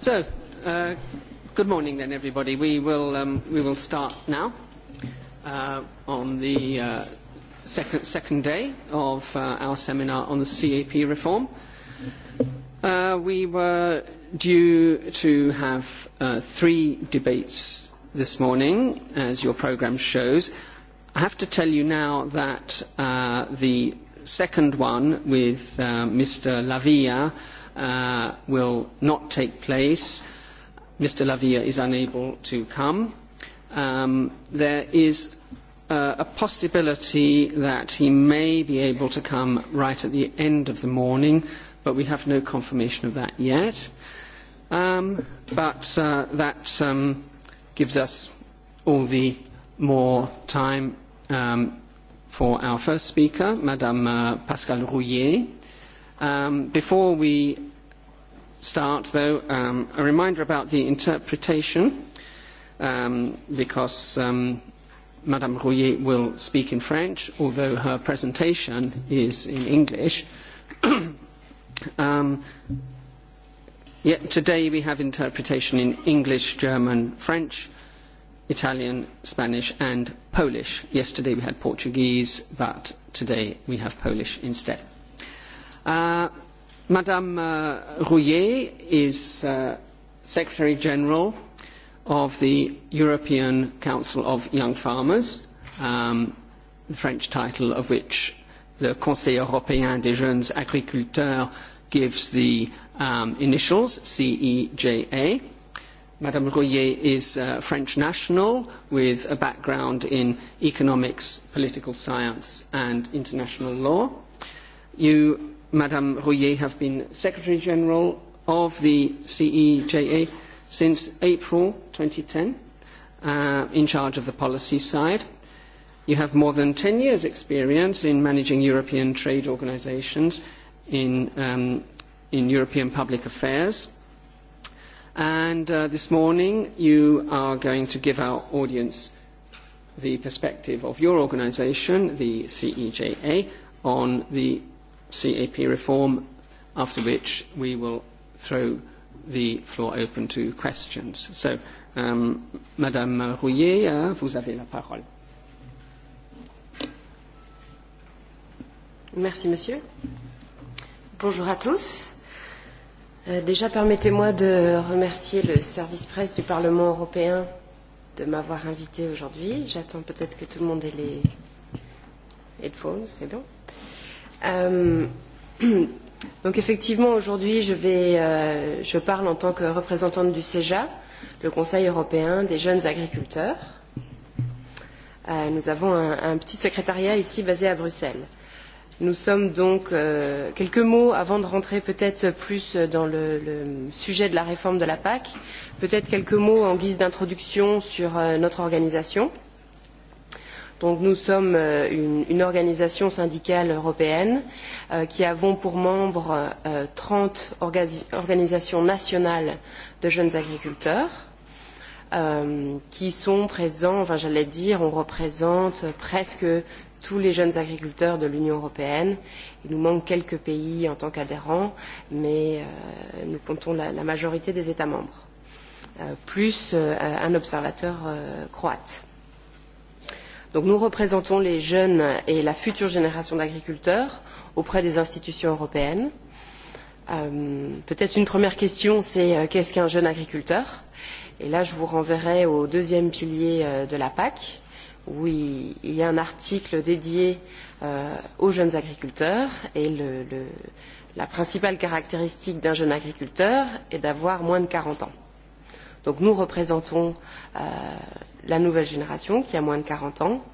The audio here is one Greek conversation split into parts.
So, good morning then everybody. We will um we will start now Uh on the uh second second day of our seminar on the CAP reform. Uh We were due to have three debates this morning, as your programme shows. I have to tell you now that the second one with Mr. Lavia will not take place. Mr. Lavia is unable to come. There is a possibility that he may be able to come right at the end of the morning but we have no confirmation of that yet. But that gives us all the more time for our first speaker, Madame Pascal Rouillet. Before we start, though, a reminder about the interpretation, because Madame Rouillet will speak in French, although her presentation is in English. Yet today we have interpretation in English, German, French, Italian, Spanish and Polish. Yesterday we had Portuguese, but today we have Polish instead. Madame Rouillet is Secretary General of the European Council of Young Farmers, the French title of which the Conseil européen des jeunes agriculteurs gives the initials CEJA. Madame Rouillet is a French national with a background in economics, political science and international law. You, Madame Rouillet, have been Secretary General of the CEJA since April 2010, in charge of the policy side You have more than 10 years' experience in managing European trade organisations in European public affairs. And this morning you are going to give our audience the perspective of your organisation, the CEJA, on the CAP reform, after which we will throw the floor open to questions. So, Madame Rouillet, vous avez la parole. Merci, monsieur. Bonjour à tous. Déjà, permettez-moi de remercier le service presse du Parlement européen de m'avoir invité aujourd'hui. J'attends peut-être que tout le monde ait les headphones, c'est bon. Euh, donc effectivement, aujourd'hui, je, vais, je parle en tant que représentante du CEJA, le Conseil européen des jeunes agriculteurs. nous avons un petit secrétariat ici basé à Bruxelles Nous sommes donc quelques mots avant de rentrer peut-être plus dans le sujet de la réforme de la PAC, peut-être quelques mots en guise d'introduction sur notre organisation. Donc nous sommes une organisation syndicale européenne qui avons pour membres 30 organisations nationales de jeunes agriculteurs qui sont présents, enfin j'allais dire, on représente presque tous les jeunes agriculteurs de l'Union européenne. Il nous manque quelques pays en tant qu'adhérents, mais nous comptons la majorité des États membres, plus un observateur croate. Donc nous représentons les jeunes et la future génération d'agriculteurs auprès des institutions européennes. Peut-être une première question, c'est qu'est-ce qu'un jeune agriculteur Et là, je vous renverrai au deuxième pilier de la PAC où il y a un article dédié aux jeunes agriculteurs et la principale caractéristique d'un jeune agriculteur est d'avoir moins de 40 ans. Donc nous représentons la nouvelle génération qui a moins de 40 ans,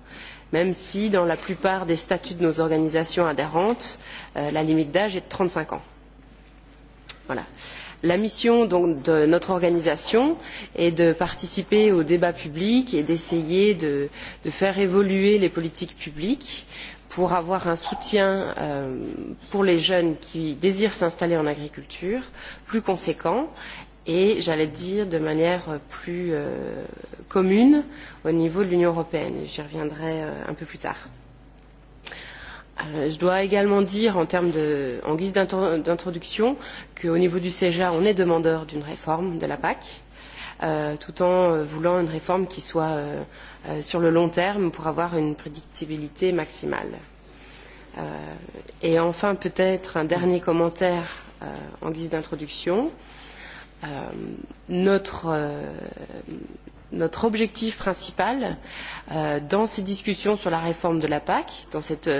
même si dans la plupart des statuts de nos organisations adhérentes, la limite d'âge est de 35 ans. Voilà. La mission de notre organisation est de participer au débat public et d'essayer de faire évoluer les politiques publiques pour avoir un soutien pour les jeunes qui désirent s'installer en agriculture plus conséquent et, j'allais dire, de manière plus commune au niveau de l'Union européenne. J'y reviendrai un peu plus tard. Je dois également dire, en guise d'introduction, qu'au niveau du CEJA, on est demandeur d'une réforme de la PAC, tout en voulant une réforme qui soit sur le long terme pour avoir une prédictibilité maximale. Et enfin, peut-être un dernier commentaire en guise d'introduction. Notre notre objectif principal dans ces discussions sur la réforme de la PAC, dans cette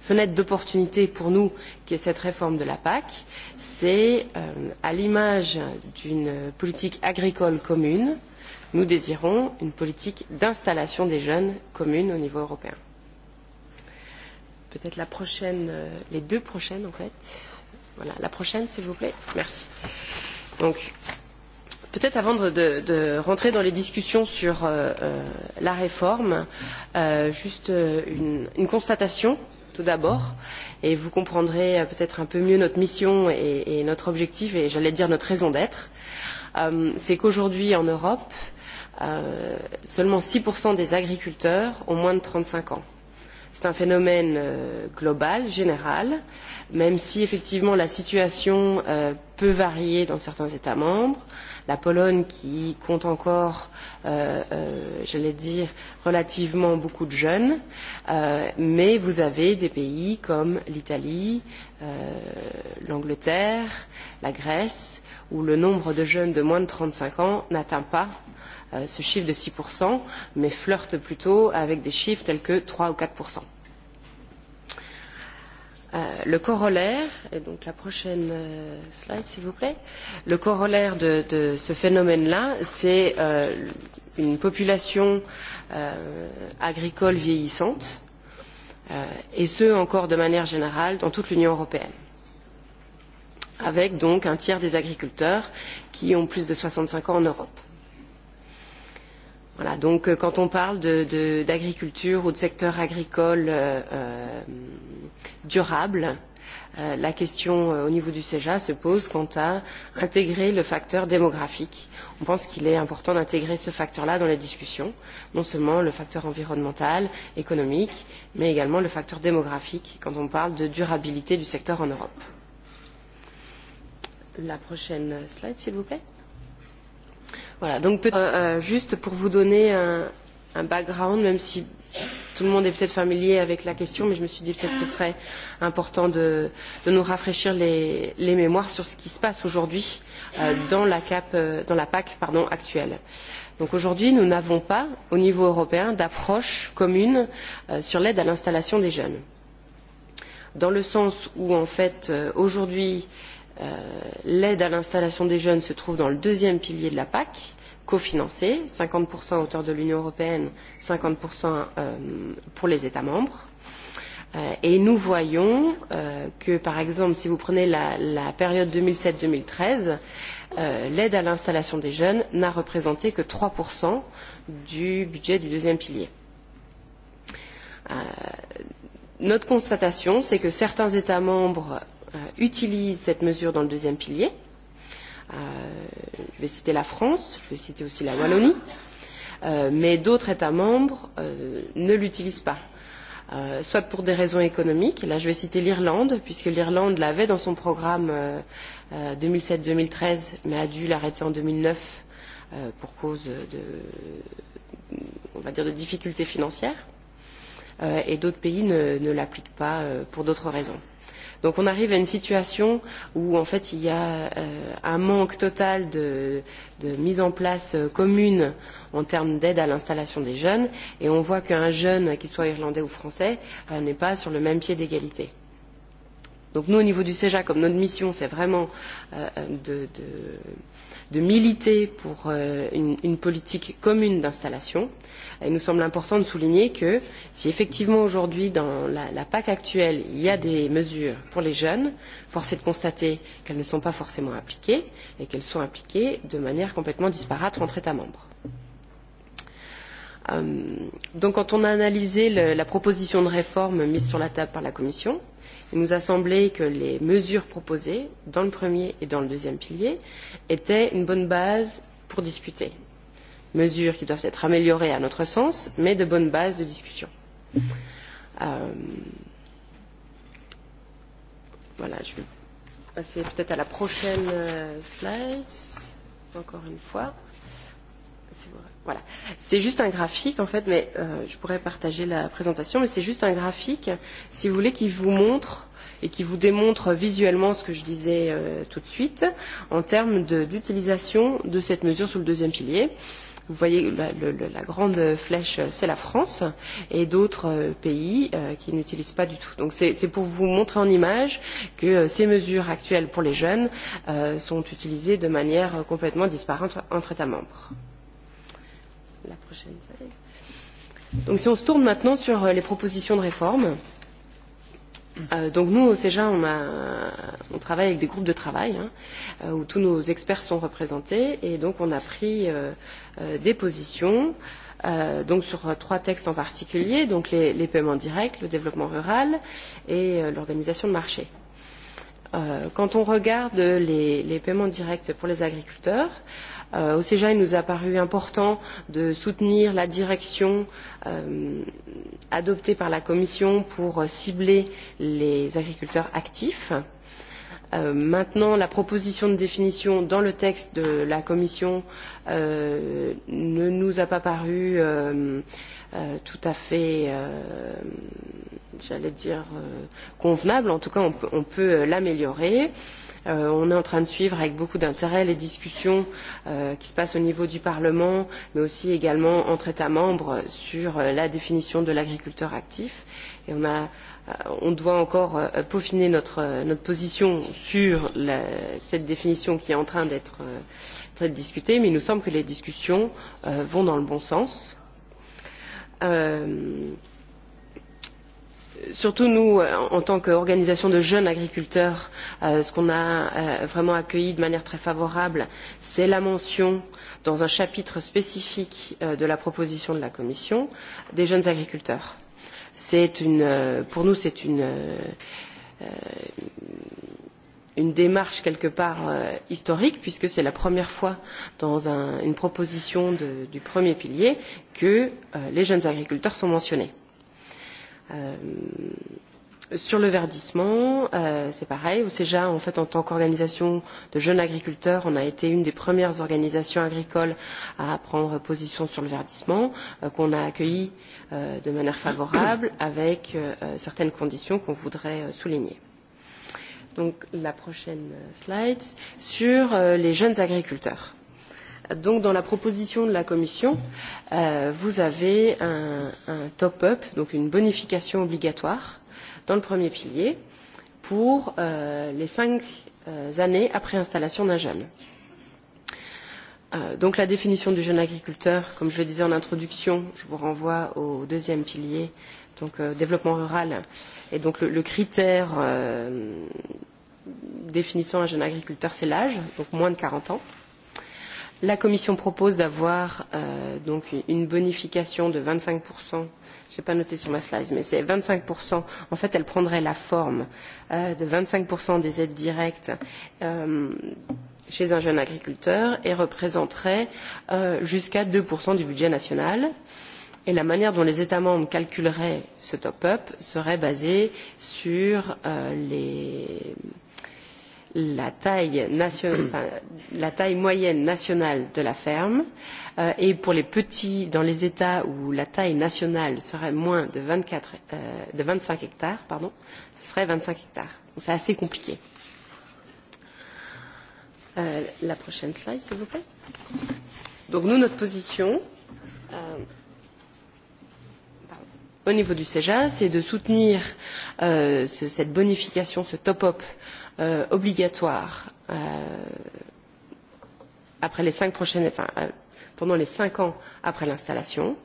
fenêtre d'opportunité pour nous qui est cette réforme de la PAC, c'est, à l'image d'une politique agricole commune, nous désirons une politique d'installation des jeunes commune au niveau européen. Peut-être la prochaine, les deux prochaines en fait. Voilà, la prochaine s'il vous plaît. Merci. Donc, Peut-être avant de rentrer dans les discussions sur la réforme, juste une constatation tout d'abord, et vous comprendrez peut-être un peu mieux notre mission et notre objectif, et j'allais dire notre raison d'être. C'est qu'aujourd'hui en Europe, seulement 6% des agriculteurs ont moins de 35 ans. C'est un phénomène global, général, même si effectivement la situation peut varier dans certains États membres la Pologne qui compte encore, j'allais dire, relativement beaucoup de jeunes, mais vous avez des pays comme l'Italie, l'Angleterre, la Grèce, où le nombre de jeunes de moins de 35 ans n'atteint pas ce chiffre de 6%, mais flirte plutôt avec des chiffres tels que 3 ou 4% le corollaire et donc la prochaine slide s'il vous plaît le corollaire de de ce phénomène là c'est une population agricole vieillissante et ce encore de manière générale dans toute l'union européenne avec donc un tiers des agriculteurs qui ont plus de 65 ans en europe Voilà, donc quand on parle d'agriculture ou de secteur agricole durable, la question au niveau du CEJA se pose quant à intégrer le facteur démographique. On pense qu'il est important d'intégrer ce facteur-là dans les discussions, non seulement le facteur environnemental, économique, mais également le facteur démographique quand on parle de durabilité du secteur en Europe. La prochaine slide, s'il vous plaît. Voilà, donc juste pour vous donner un background, même si tout le monde est peut-être familier avec la question, mais je me suis dit peut-être ce serait important de nous rafraîchir les mémoires sur ce qui se passe aujourd'hui dans la PAC actuelle. Donc aujourd'hui, nous n'avons pas, au niveau européen, d'approche commune sur l'aide à l'installation des jeunes. Dans le sens où, en fait, aujourd'hui, l'aide à l'installation des jeunes se trouve dans le deuxième pilier de la PAC, cofinancé, 50% à hauteur de l'Union européenne, 50% pour les États membres. Et nous voyons que, par exemple, si vous prenez la période 2007-2013, l'aide à l'installation des jeunes n'a représenté que 3% du budget du deuxième pilier. Notre constatation, c'est que certains États membres utilisent cette mesure dans le deuxième pilier. Je vais citer la France, je vais citer aussi la Wallonie, mais d'autres États membres ne l'utilisent pas, soit pour des raisons économiques. Là, je vais citer l'Irlande, puisque l'Irlande l'avait dans son programme 2007-2013, mais a dû l'arrêter en 2009 pour cause de, on va dire, de difficultés financières. Et d'autres pays ne l'appliquent pas pour d'autres raisons. Donc on arrive à une situation où en fait il y a un manque total de mise en place commune en termes d'aide à l'installation des jeunes et on voit qu'un jeune, qu'il soit irlandais ou français, n'est pas sur le même pied d'égalité. Donc nous, au niveau du CEJA, comme notre mission, c'est vraiment de militer pour une politique commune d'installation il nous semble important de souligner que si effectivement aujourd'hui dans la PAC actuelle il y a des mesures pour les jeunes, force est de constater qu'elles ne sont pas forcément appliquées et qu'elles sont appliquées de manière complètement disparate entre États membres. Donc quand on a analysé la proposition de réforme mise sur la table par la Commission, il nous a semblé que les mesures proposées dans le premier et dans le deuxième pilier étaient une bonne base pour discuter mesures qui doivent être améliorées à notre sens, mais de bonnes bases de discussion. Voilà, je vais passer peut-être à la prochaine slide, encore une fois. Voilà. C'est juste un graphique, en fait, mais je pourrais partager la présentation, mais c'est juste un graphique, si vous voulez, qui vous montre et qui vous démontre visuellement ce que je disais tout de suite en termes d'utilisation de cette mesure sous le deuxième pilier. Vous voyez, la grande flèche, c'est la France et d'autres pays qui n'utilisent pas du tout. Donc c'est pour vous montrer en image que ces mesures actuelles pour les jeunes sont utilisées de manière complètement disparate entre États membres. La prochaine Donc si on se tourne maintenant sur les propositions de réforme Donc nous, au CEGA, on travaille avec des groupes de travail où tous nos experts sont représentés et donc on a pris des positions donc sur trois textes en particulier, donc les paiements directs, le développement rural et l'organisation de marché. Quand on regarde les paiements directs pour les agriculteurs, Au CEJA, il nous a paru important de soutenir la direction adoptée par la Commission pour cibler les agriculteurs actifs. Maintenant, la proposition de définition dans le texte de la Commission ne nous a pas paru tout à fait, j'allais dire, convenable. En tout cas, on peut l'améliorer. On est en train de suivre avec beaucoup d'intérêt les discussions qui se passent au niveau du Parlement, mais aussi également entre États membres sur la définition de l'agriculteur actif. Et on a on doit encore peaufiner notre position sur cette définition qui est en train d'être discutée, mais il nous semble que les discussions vont dans le bon sens surtout nous en tant qu'organisation de jeunes agriculteurs ce qu'on a vraiment accueilli de manière très favorable c'est la mention dans un chapitre spécifique de la proposition de la commission des jeunes agriculteurs. pour nous c'est une démarche quelque part historique puisque c'est la première fois dans une proposition du premier pilier que les jeunes agriculteurs sont mentionnés Sur le verdissement, c'est pareil. c'est déjà en fait, en tant qu'organisation de jeunes agriculteurs, on a été une des premières organisations agricoles à prendre position sur le verdissement, qu'on a accueilli de manière favorable, avec certaines conditions qu'on voudrait souligner. Donc, la prochaine slide sur les jeunes agriculteurs Donc, dans la proposition de la Commission, vous avez un top-up, donc une bonification obligatoire, dans le premier pilier, pour les cinq années après installation d'un jeune. Donc, la définition du jeune agriculteur, comme je le disais en introduction, je vous renvoie au deuxième pilier, donc développement rural, et donc le critère définissant un jeune agriculteur, c'est l'âge, donc moins de 40 ans. La Commission propose d'avoir donc une bonification de 25 je n'ai pas noté sur ma slide, mais c'est 25%. En fait, elle prendrait la forme de 25% des aides directes chez un jeune agriculteur et représenterait jusqu'à 2% du budget national. Et la manière dont les États membres calculeraient ce top-up serait basée sur les la taille moyenne nationale de la ferme et pour les petits dans les États où la taille nationale serait moins de vingt cinq hectares, ce serait vingt cinq hectares. C'est assez compliqué. La prochaine slide, s'il vous plaît. Donc nous, notre position au niveau du CEJA, c'est de soutenir cette bonification, ce top up obligatoire après les cinq prochaines pendant les cinq ans après l'installation.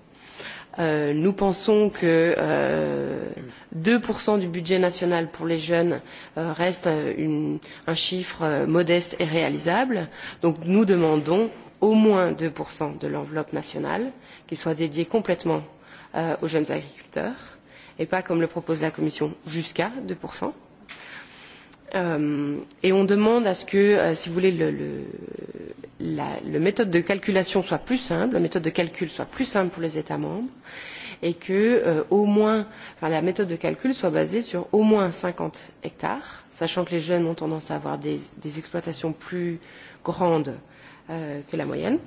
Nous pensons que 2% du budget national pour les jeunes reste un chiffre modeste et réalisable. Donc nous demandons au moins 2% de l'enveloppe nationale qui soit dédiée complètement aux jeunes agriculteurs et pas, comme le propose la Commission, jusqu'à 2% et on demande à ce que, si vous voulez, la méthode de calculation soit plus simple, la méthode de calcul soit plus simple pour les États membres et que la méthode de calcul soit basée sur au moins 50 hectares, sachant que les jeunes ont tendance à avoir des exploitations plus grandes que la moyenne,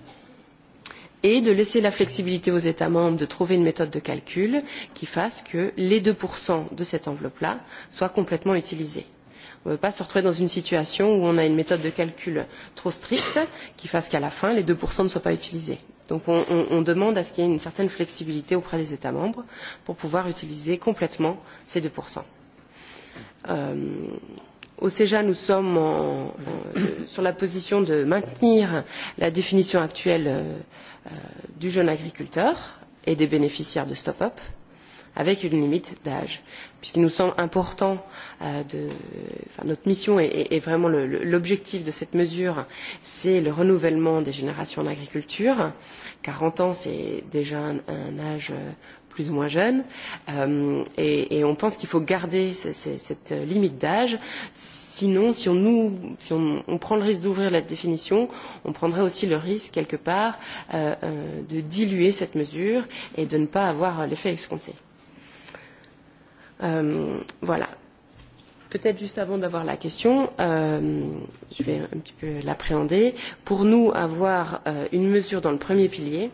et de laisser la flexibilité aux États membres de trouver une méthode de calcul qui fasse que les 2% de cette enveloppe-là soient complètement utilisés. On ne veut pas se retrouver dans une situation où on a une méthode de calcul trop stricte qui fasse qu'à la fin, les 2% ne soient pas utilisés. Donc on demande à ce qu'il y ait une certaine flexibilité auprès des États membres pour pouvoir utiliser complètement ces 2%. Au CEJA, nous sommes sur la position de maintenir la définition actuelle du jeune agriculteur et des bénéficiaires de Stop Up avec une limite d'âge puisqu'il nous semble important notre mission et vraiment l'objectif de cette mesure c'est le renouvellement des générations en agriculture 40 ans c'est déjà un âge plus ou moins jeune, et on pense qu'il faut garder cette limite d'âge sinon si on prend le risque d'ouvrir la définition on prendrait aussi le risque quelque part de diluer cette mesure et de ne pas avoir l'effet escompté. Voilà. Peut-être juste avant d'avoir la question, je vais un petit peu l'appréhender. Pour nous, avoir une mesure dans le premier pilier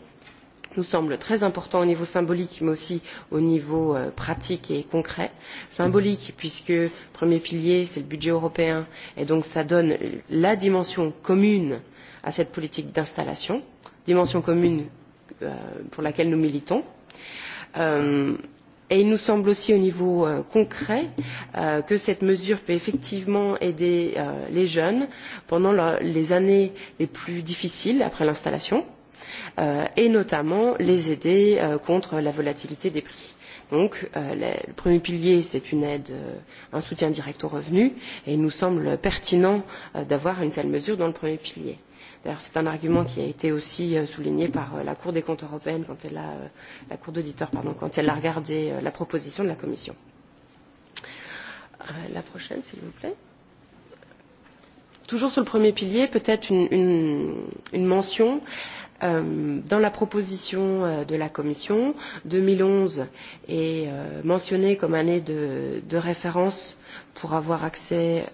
nous semble très important au niveau symbolique, mais aussi au niveau pratique et concret. Symbolique, puisque le premier pilier, c'est le budget européen, et donc ça donne la dimension commune à cette politique d'installation, dimension commune pour laquelle nous militons et il nous semble aussi au niveau concret que cette mesure peut effectivement aider les jeunes pendant les années les plus difficiles après l'installation et notamment les aider contre la volatilité des prix. Donc le premier pilier, c'est une aide, un soutien direct aux revenus, et il nous semble pertinent d'avoir une telle mesure dans le premier pilier. D'ailleurs, c'est un argument qui a été aussi souligné par la Cour des comptes européenne quand elle a, la Cour d'auditeur, pardon, quand elle a regardé la proposition de la Commission. La prochaine, s'il vous plaît. Toujours sur le premier pilier, peut-être une, une, une mention dans la proposition de la commission 2011 est mentionnée comme année de référence pour avoir accès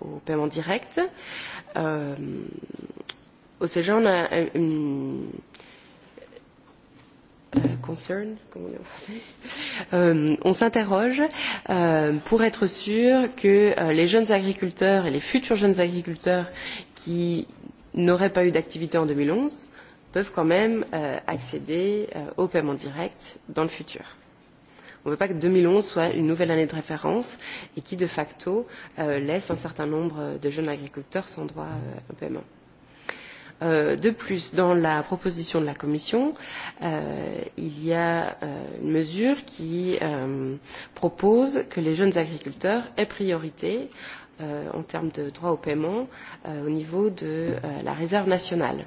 au paiement direct Seja concern, on s'interroge pour être sûr que les jeunes agriculteurs et les futurs jeunes agriculteurs qui n'auraient pas eu d'activité en 2011 peuvent quand même accéder au paiement direct dans le futur. On ne veut pas que 2011 soit une nouvelle année de référence et qui, de facto, laisse un certain nombre de jeunes agriculteurs sans droit au paiement. De plus, dans la proposition de la Commission, il y a une mesure qui propose que les jeunes agriculteurs aient priorité en termes de droit au paiement au niveau de la réserve nationale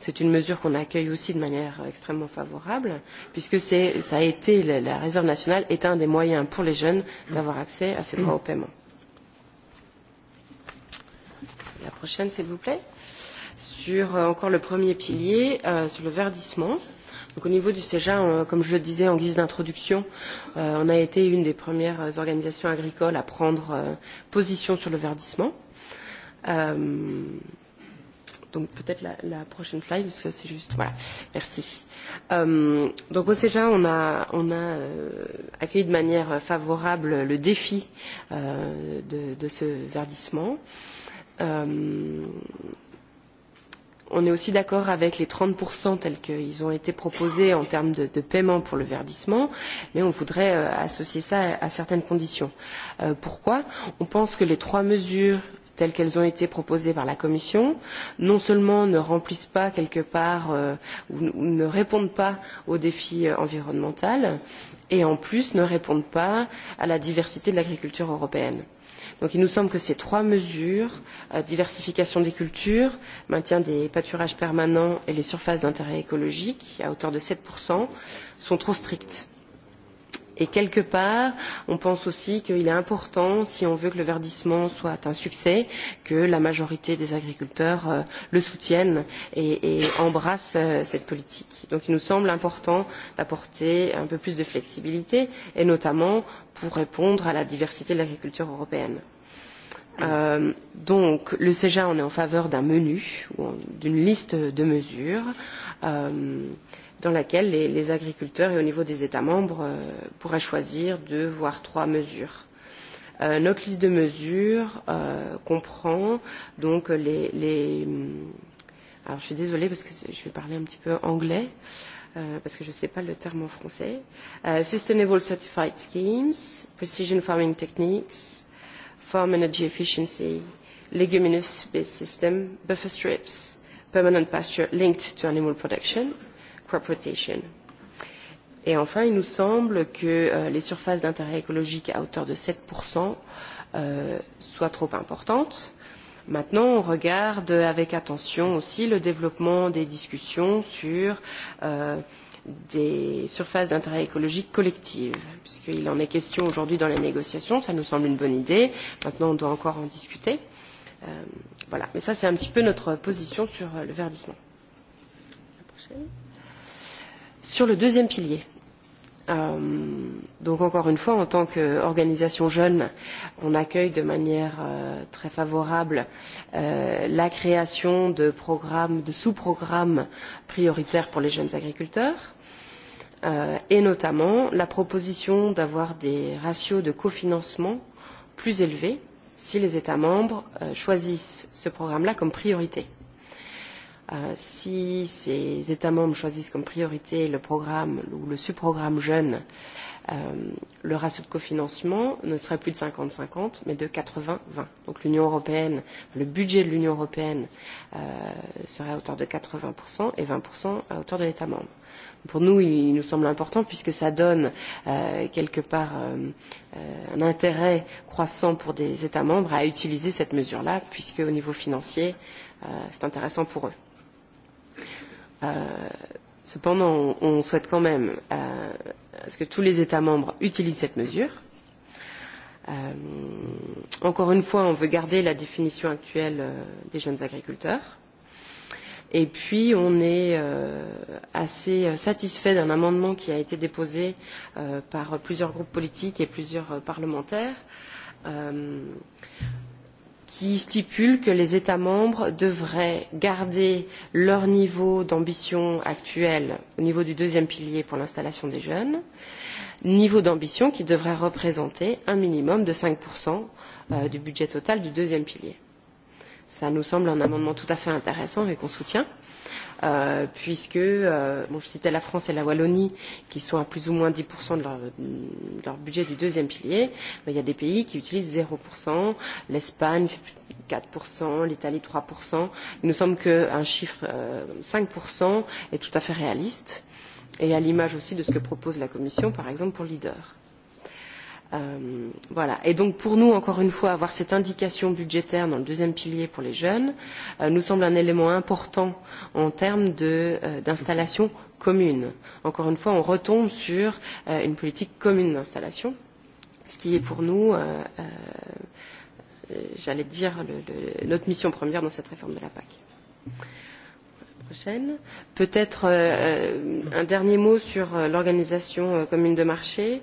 C'est une mesure qu'on accueille aussi de manière extrêmement favorable, puisque ça a été, la réserve nationale est un des moyens pour les jeunes d'avoir accès à ces droits au paiement. La prochaine, s'il vous plaît. Sur encore le premier pilier, sur le verdissement. Donc au niveau du CEJA, comme je le disais en guise d'introduction, on a été une des premières organisations agricoles à prendre position sur le verdissement donc peut-être la, la prochaine slide, parce que c'est juste, voilà, merci. donc au CEJA, on a, on a accueilli de manière favorable le défi de, de ce verdissement. on est aussi d'accord avec les 30% tels qu'ils ont été proposés en termes de, de paiement pour le verdissement, mais on voudrait associer ça à, certaines conditions. pourquoi On pense que les trois mesures telles qu'elles ont été proposées par la Commission, non seulement ne remplissent pas quelque part ou ne répondent pas aux défis environnemental, et en plus ne répondent pas à la diversité de l'agriculture européenne. Donc il nous semble que ces trois mesures, diversification des cultures, maintien des pâturages permanents et les surfaces d'intérêt écologique à hauteur de 7%, sont trop strictes Et quelque part, on pense aussi qu'il est important, si on veut que le verdissement soit un succès, que la majorité des agriculteurs le soutiennent et embrassent cette politique. Donc il nous semble important d'apporter un peu plus de flexibilité, et notamment pour répondre à la diversité de l'agriculture européenne. Donc, le CEJA, on est en faveur d'un menu, ou d'une liste de mesures dans laquelle les agriculteurs et au niveau des États membres pourraient choisir deux voire trois mesures. Notre liste de mesures comprend donc les alors je suis désolée parce que je vais parler un petit peu anglais parce que je ne sais pas le terme en français sustainable certified schemes, precision farming techniques, farm energy efficiency, leguminous based system, buffer strips, permanent pasture linked to animal production Et enfin, il nous semble que les surfaces d'intérêt écologique à hauteur de 7% soient trop importantes. Maintenant, on regarde avec attention aussi le développement des discussions sur des surfaces d'intérêt écologique collectives, puisqu'il en est question aujourd'hui dans les négociations. Ça nous semble une bonne idée. Maintenant, on doit encore en discuter. Voilà. Mais ça, c'est un petit peu notre position sur le verdissement. La prochaine. Sur le deuxième pilier, donc encore une fois, en tant qu'organisation jeune, on accueille de manière très favorable la création de programmes, de sous-programmes prioritaires pour les jeunes agriculteurs et notamment la proposition d'avoir des ratios de cofinancement plus élevés si les États membres choisissent ce programme-là comme priorité si ces États membres choisissent comme priorité le programme ou le sous-programme jeune, le ratio de cofinancement ne serait plus de 50-50, mais de 80-20. Donc l'Union européenne, le budget de l'Union européenne serait à hauteur de 80% et 20% à hauteur de l'État membre. Pour nous, il nous semble important puisque ça donne quelque part un intérêt croissant pour des États membres à utiliser cette mesure-là, puisque au niveau financier, c'est intéressant pour eux. Cependant, on souhaite quand même que tous les États membres utilisent cette mesure. Encore une fois, on veut garder la définition actuelle des jeunes agriculteurs. Et puis, on est assez satisfait d'un amendement qui a été déposé par plusieurs groupes politiques et plusieurs parlementaires qui stipule que les États membres devraient garder leur niveau d'ambition actuel au niveau du deuxième pilier pour l'installation des jeunes, niveau d'ambition qui devrait représenter un minimum de 5% du budget total du deuxième pilier ça nous semble un amendement tout à fait intéressant et qu'on soutient, puisque bon, je citais la France et la Wallonie qui sont à plus ou moins 10% de leur, leur budget du deuxième pilier. mais Il y a des pays qui utilisent 0%, l'Espagne 4%, l'Italie 3%. Il nous semble qu'un chiffre 5% est tout à fait réaliste et à l'image aussi de ce que propose la Commission, par exemple, pour Leader Voilà. Et donc pour nous, encore une fois, avoir cette indication budgétaire dans le deuxième pilier pour les jeunes nous semble un élément important en termes d'installation commune. Encore une fois, on retombe sur une politique commune d'installation, ce qui est pour nous, j'allais dire, notre mission première dans cette réforme de la PAC. Prochaine. Peut-être un dernier mot sur l'organisation commune de marché.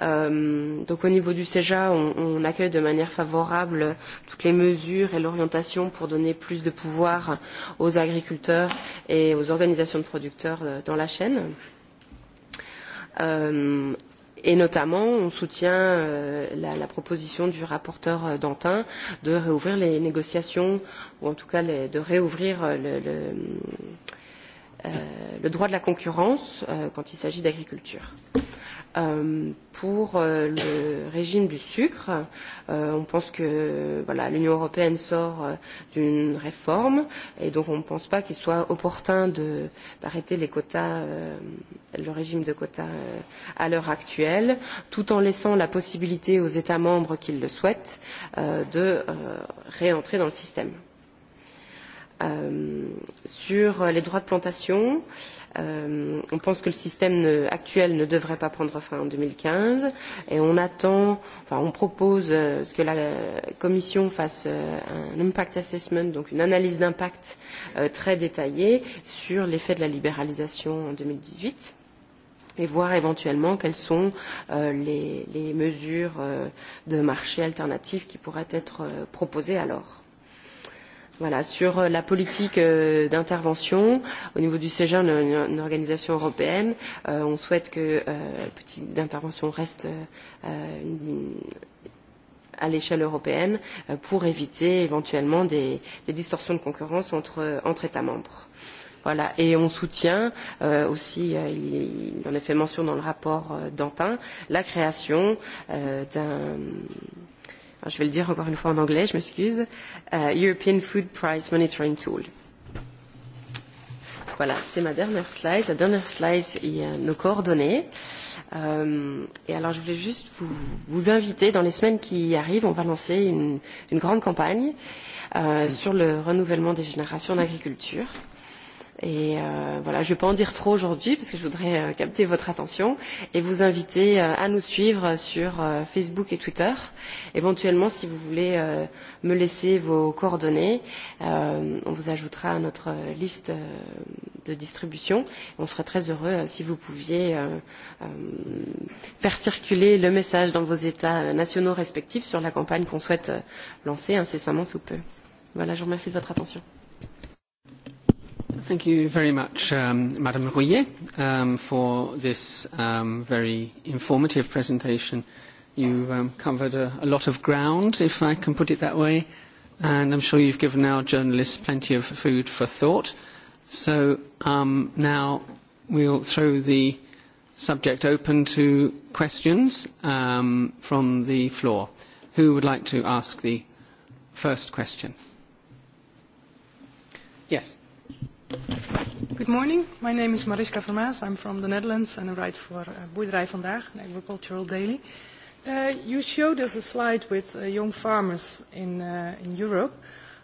Donc au niveau du CEJA, on accueille de manière favorable toutes les mesures et l'orientation pour donner plus de pouvoir aux agriculteurs et aux organisations de producteurs dans la chaîne. Et notamment, on soutient la proposition du rapporteur Dantin de réouvrir les négociations, ou en tout cas de réouvrir le droit de la concurrence quand il s'agit d'agriculture pour le régime du sucre. On pense que l'Union européenne sort d'une réforme et donc on ne pense pas qu'il soit opportun d'arrêter les quotas, le régime de quotas à l'heure actuelle, tout en laissant la possibilité aux États membres qui le souhaitent de réentrer dans le système. Sur les droits de plantation, On pense que le système actuel ne devrait pas prendre fin en 2015 et on attend, on propose que la Commission fasse un impact assessment, donc une analyse d'impact très détaillée sur l'effet de la libéralisation en 2018 et voir éventuellement quelles sont les mesures de marché alternatives qui pourraient être proposées alors. Voilà, sur la politique d'intervention au niveau du CEGEN, une organisation européenne, on souhaite que la politique d'intervention reste à l'échelle européenne pour éviter éventuellement des distorsions de concurrence entre États membres. Voilà, et on soutient aussi, il en est fait mention dans le rapport d'Antin, la création d'un je vais le dire encore une fois en anglais, je m'excuse, European Food Price Monitoring Tool. Voilà, c'est ma dernière slide. La dernière slide est nos coordonnées. Et alors, je voulais juste vous inviter, dans les semaines qui arrivent, on va lancer une grande campagne sur le renouvellement des générations d'agriculture Et voilà, je ne vais pas en dire trop aujourd'hui parce que je voudrais capter votre attention et vous inviter à nous suivre sur Facebook et Twitter. Éventuellement, si vous voulez me laisser vos coordonnées, on vous ajoutera à notre liste de distribution. On serait très heureux si vous pouviez faire circuler le message dans vos États nationaux respectifs sur la campagne qu'on souhaite lancer incessamment sous peu. Voilà, je vous remercie de votre attention. Thank you very much, Madame Rouillet, for this very informative presentation. You covered a lot of ground, if I can put it that way, and I'm sure you've given our journalists plenty of food for thought. So now we'll throw the subject open to questions from the floor. Who would like to ask the first question? Yes. Good morning. My name is Mariska Vermaas. I'm from the Netherlands and I write for Boerderij Vandaag, an agricultural daily. You showed us a slide with young farmers in Europe.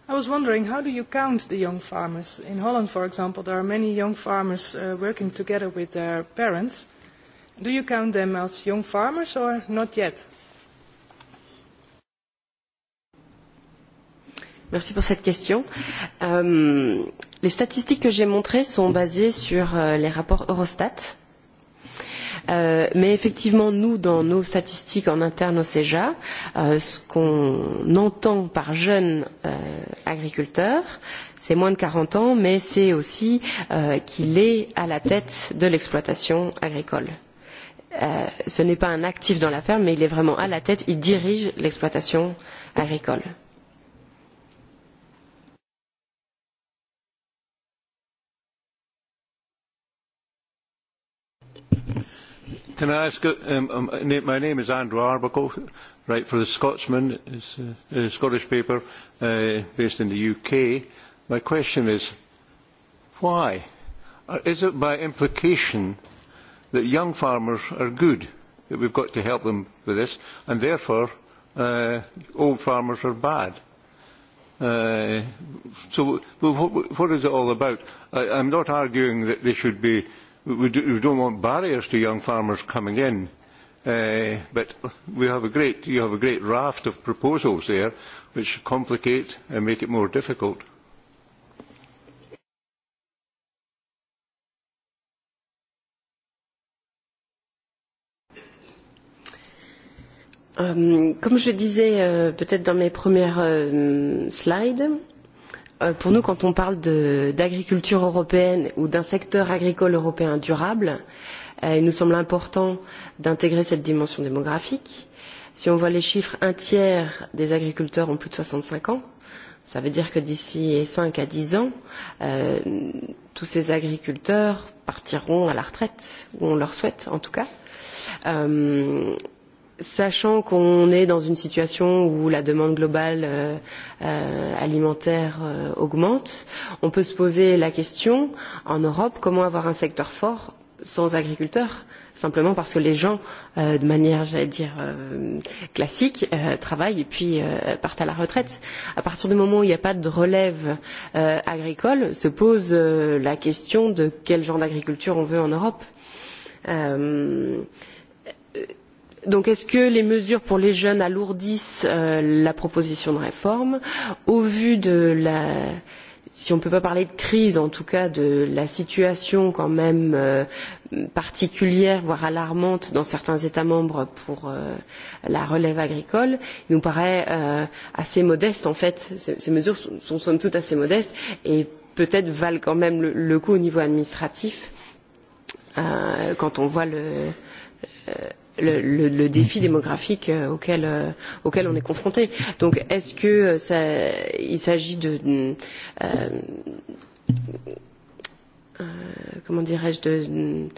I was wondering, how do you count the young farmers? In Holland, for example, there are many young farmers working together with their parents. Do you count them as young farmers or not yet? Merci pour cette question. Les statistiques que j'ai montrées sont basées sur les rapports Eurostat. Mais effectivement, nous, dans nos statistiques en interne au CEJA, ce qu'on entend par jeune agriculteur, c'est moins de 40 ans, mais c'est aussi qu'il est à la tête de l'exploitation agricole. Ce n'est pas un actif dans la ferme, mais il est vraiment à la tête, il dirige l'exploitation agricole. Can I ask? My name is Andrew Arbuckle, write for the Scotsman, a Scottish paper based in the UK. My question is, why? Is it by implication that young farmers are good, that we've got to help them with this, and therefore old farmers are bad? So what is it all about? I'm not arguing that they should be we do we don't want barriers to young farmers coming in, but we have a great, you have a great raft of proposals there which complicate and make it more difficult. Comme je disais peut-être dans mes premières slides, pour nous quand on parle d'agriculture européenne ou d'un secteur agricole européen durable il nous semble important d'intégrer cette dimension démographique. si on voit les chiffres un tiers des agriculteurs ont plus de soixante cinq ans ça veut dire que d'ici cinq à dix ans tous ces agriculteurs partiront à la retraite ou on leur souhaite en tout cas sachant qu'on est dans une situation où la demande globale alimentaire augmente on peut se poser la question en europe comment avoir un secteur fort sans agriculteurs simplement parce que les gens de manière j'allais dire classique travaillent et puis partent à la retraite. à partir du moment où il n'y a pas de relève agricole se pose la question de quel genre d'agriculture on veut en europe donc est ce que les mesures pour les jeunes alourdissent la proposition de réforme au vu de la si on ne peut pas parler de crise en tout cas de la situation quand même particulière voire alarmante dans certains états membres pour la relève agricole il nous paraît assez modeste en fait ces mesures sont somme toute assez modestes et peut être valent quand même le coup au niveau administratif quand on voit le le le défi démographique auquel on est confronté. Donc est-ce qu'il s'agit de. Comment dirais-je de.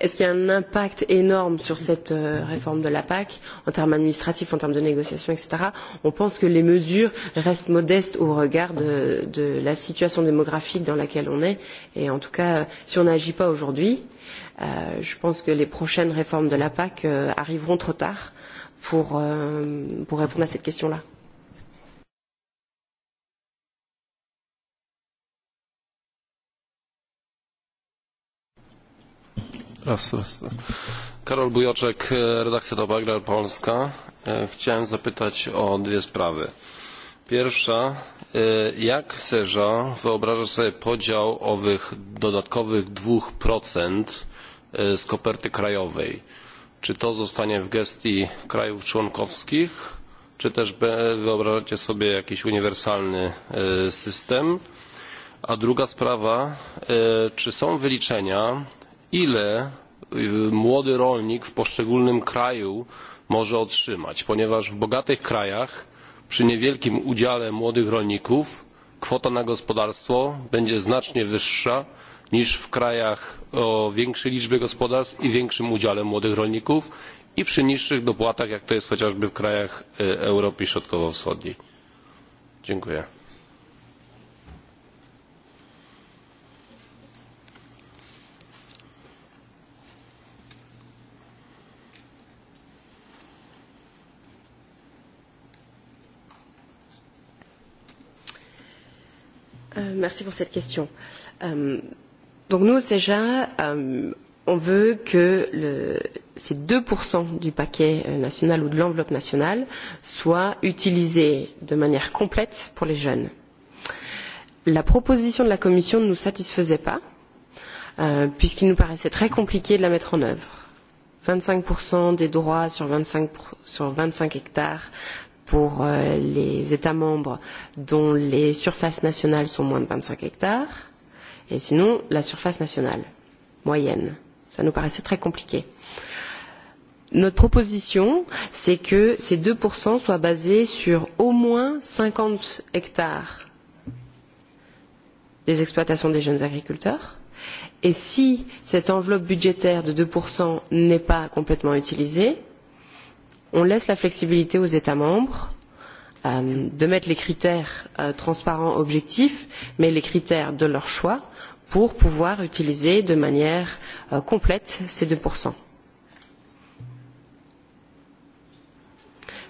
Est-ce qu'il y a un impact énorme sur cette réforme de la PAC en termes administratifs, en termes de négociations, etc. On pense que les mesures restent modestes au regard de la situation démographique dans laquelle on est. Et en tout cas, si on n'agit pas aujourd'hui Je pense que les prochaines réformes de la PAC arriveront trop tard pour répondre à cette question-là. Karol Bujoczek, redakcja Dobra Polska. Chciałem zapytać o dwie sprawy. Pierwsza, jak Serza wyobraża sobie podział owych dodatkowych 2% z koperty krajowej? Czy to zostanie w gestii krajów członkowskich, czy też wyobrażacie sobie jakiś uniwersalny system? A druga sprawa, czy są wyliczenia, ile młody rolnik w poszczególnym kraju może otrzymać? Ponieważ w bogatych krajach przy niewielkim udziale młodych rolników kwota na gospodarstwo będzie znacznie wyższa niż w krajach o większej liczbie gospodarstw i większym udziale młodych rolników i przy niższych dopłatach jak to jest chociażby w krajach europy środkowo wschodniej. dziękuję. Merci pour cette question. Donc nous, au CEJA, on veut que ces 2% du paquet national ou de l'enveloppe nationale soient utilisés de manière complète pour les jeunes. La proposition de la Commission ne nous satisfaisait pas, puisqu'il nous paraissait très compliqué de la mettre en œuvre. 25% des droits sur 25 hectares pour les États membres dont les surfaces nationales sont moins de 25 hectares, et sinon la surface nationale moyenne. Ça nous paraissait très compliqué. Notre proposition, c'est que ces 2% soient basés sur au moins 50 hectares des exploitations des jeunes agriculteurs. Et si cette enveloppe budgétaire de 2% n'est pas complètement utilisée, on laisse la flexibilité aux États membres de mettre les critères transparents objectifs, mais les critères de leur choix pour pouvoir utiliser de manière complète ces 2%.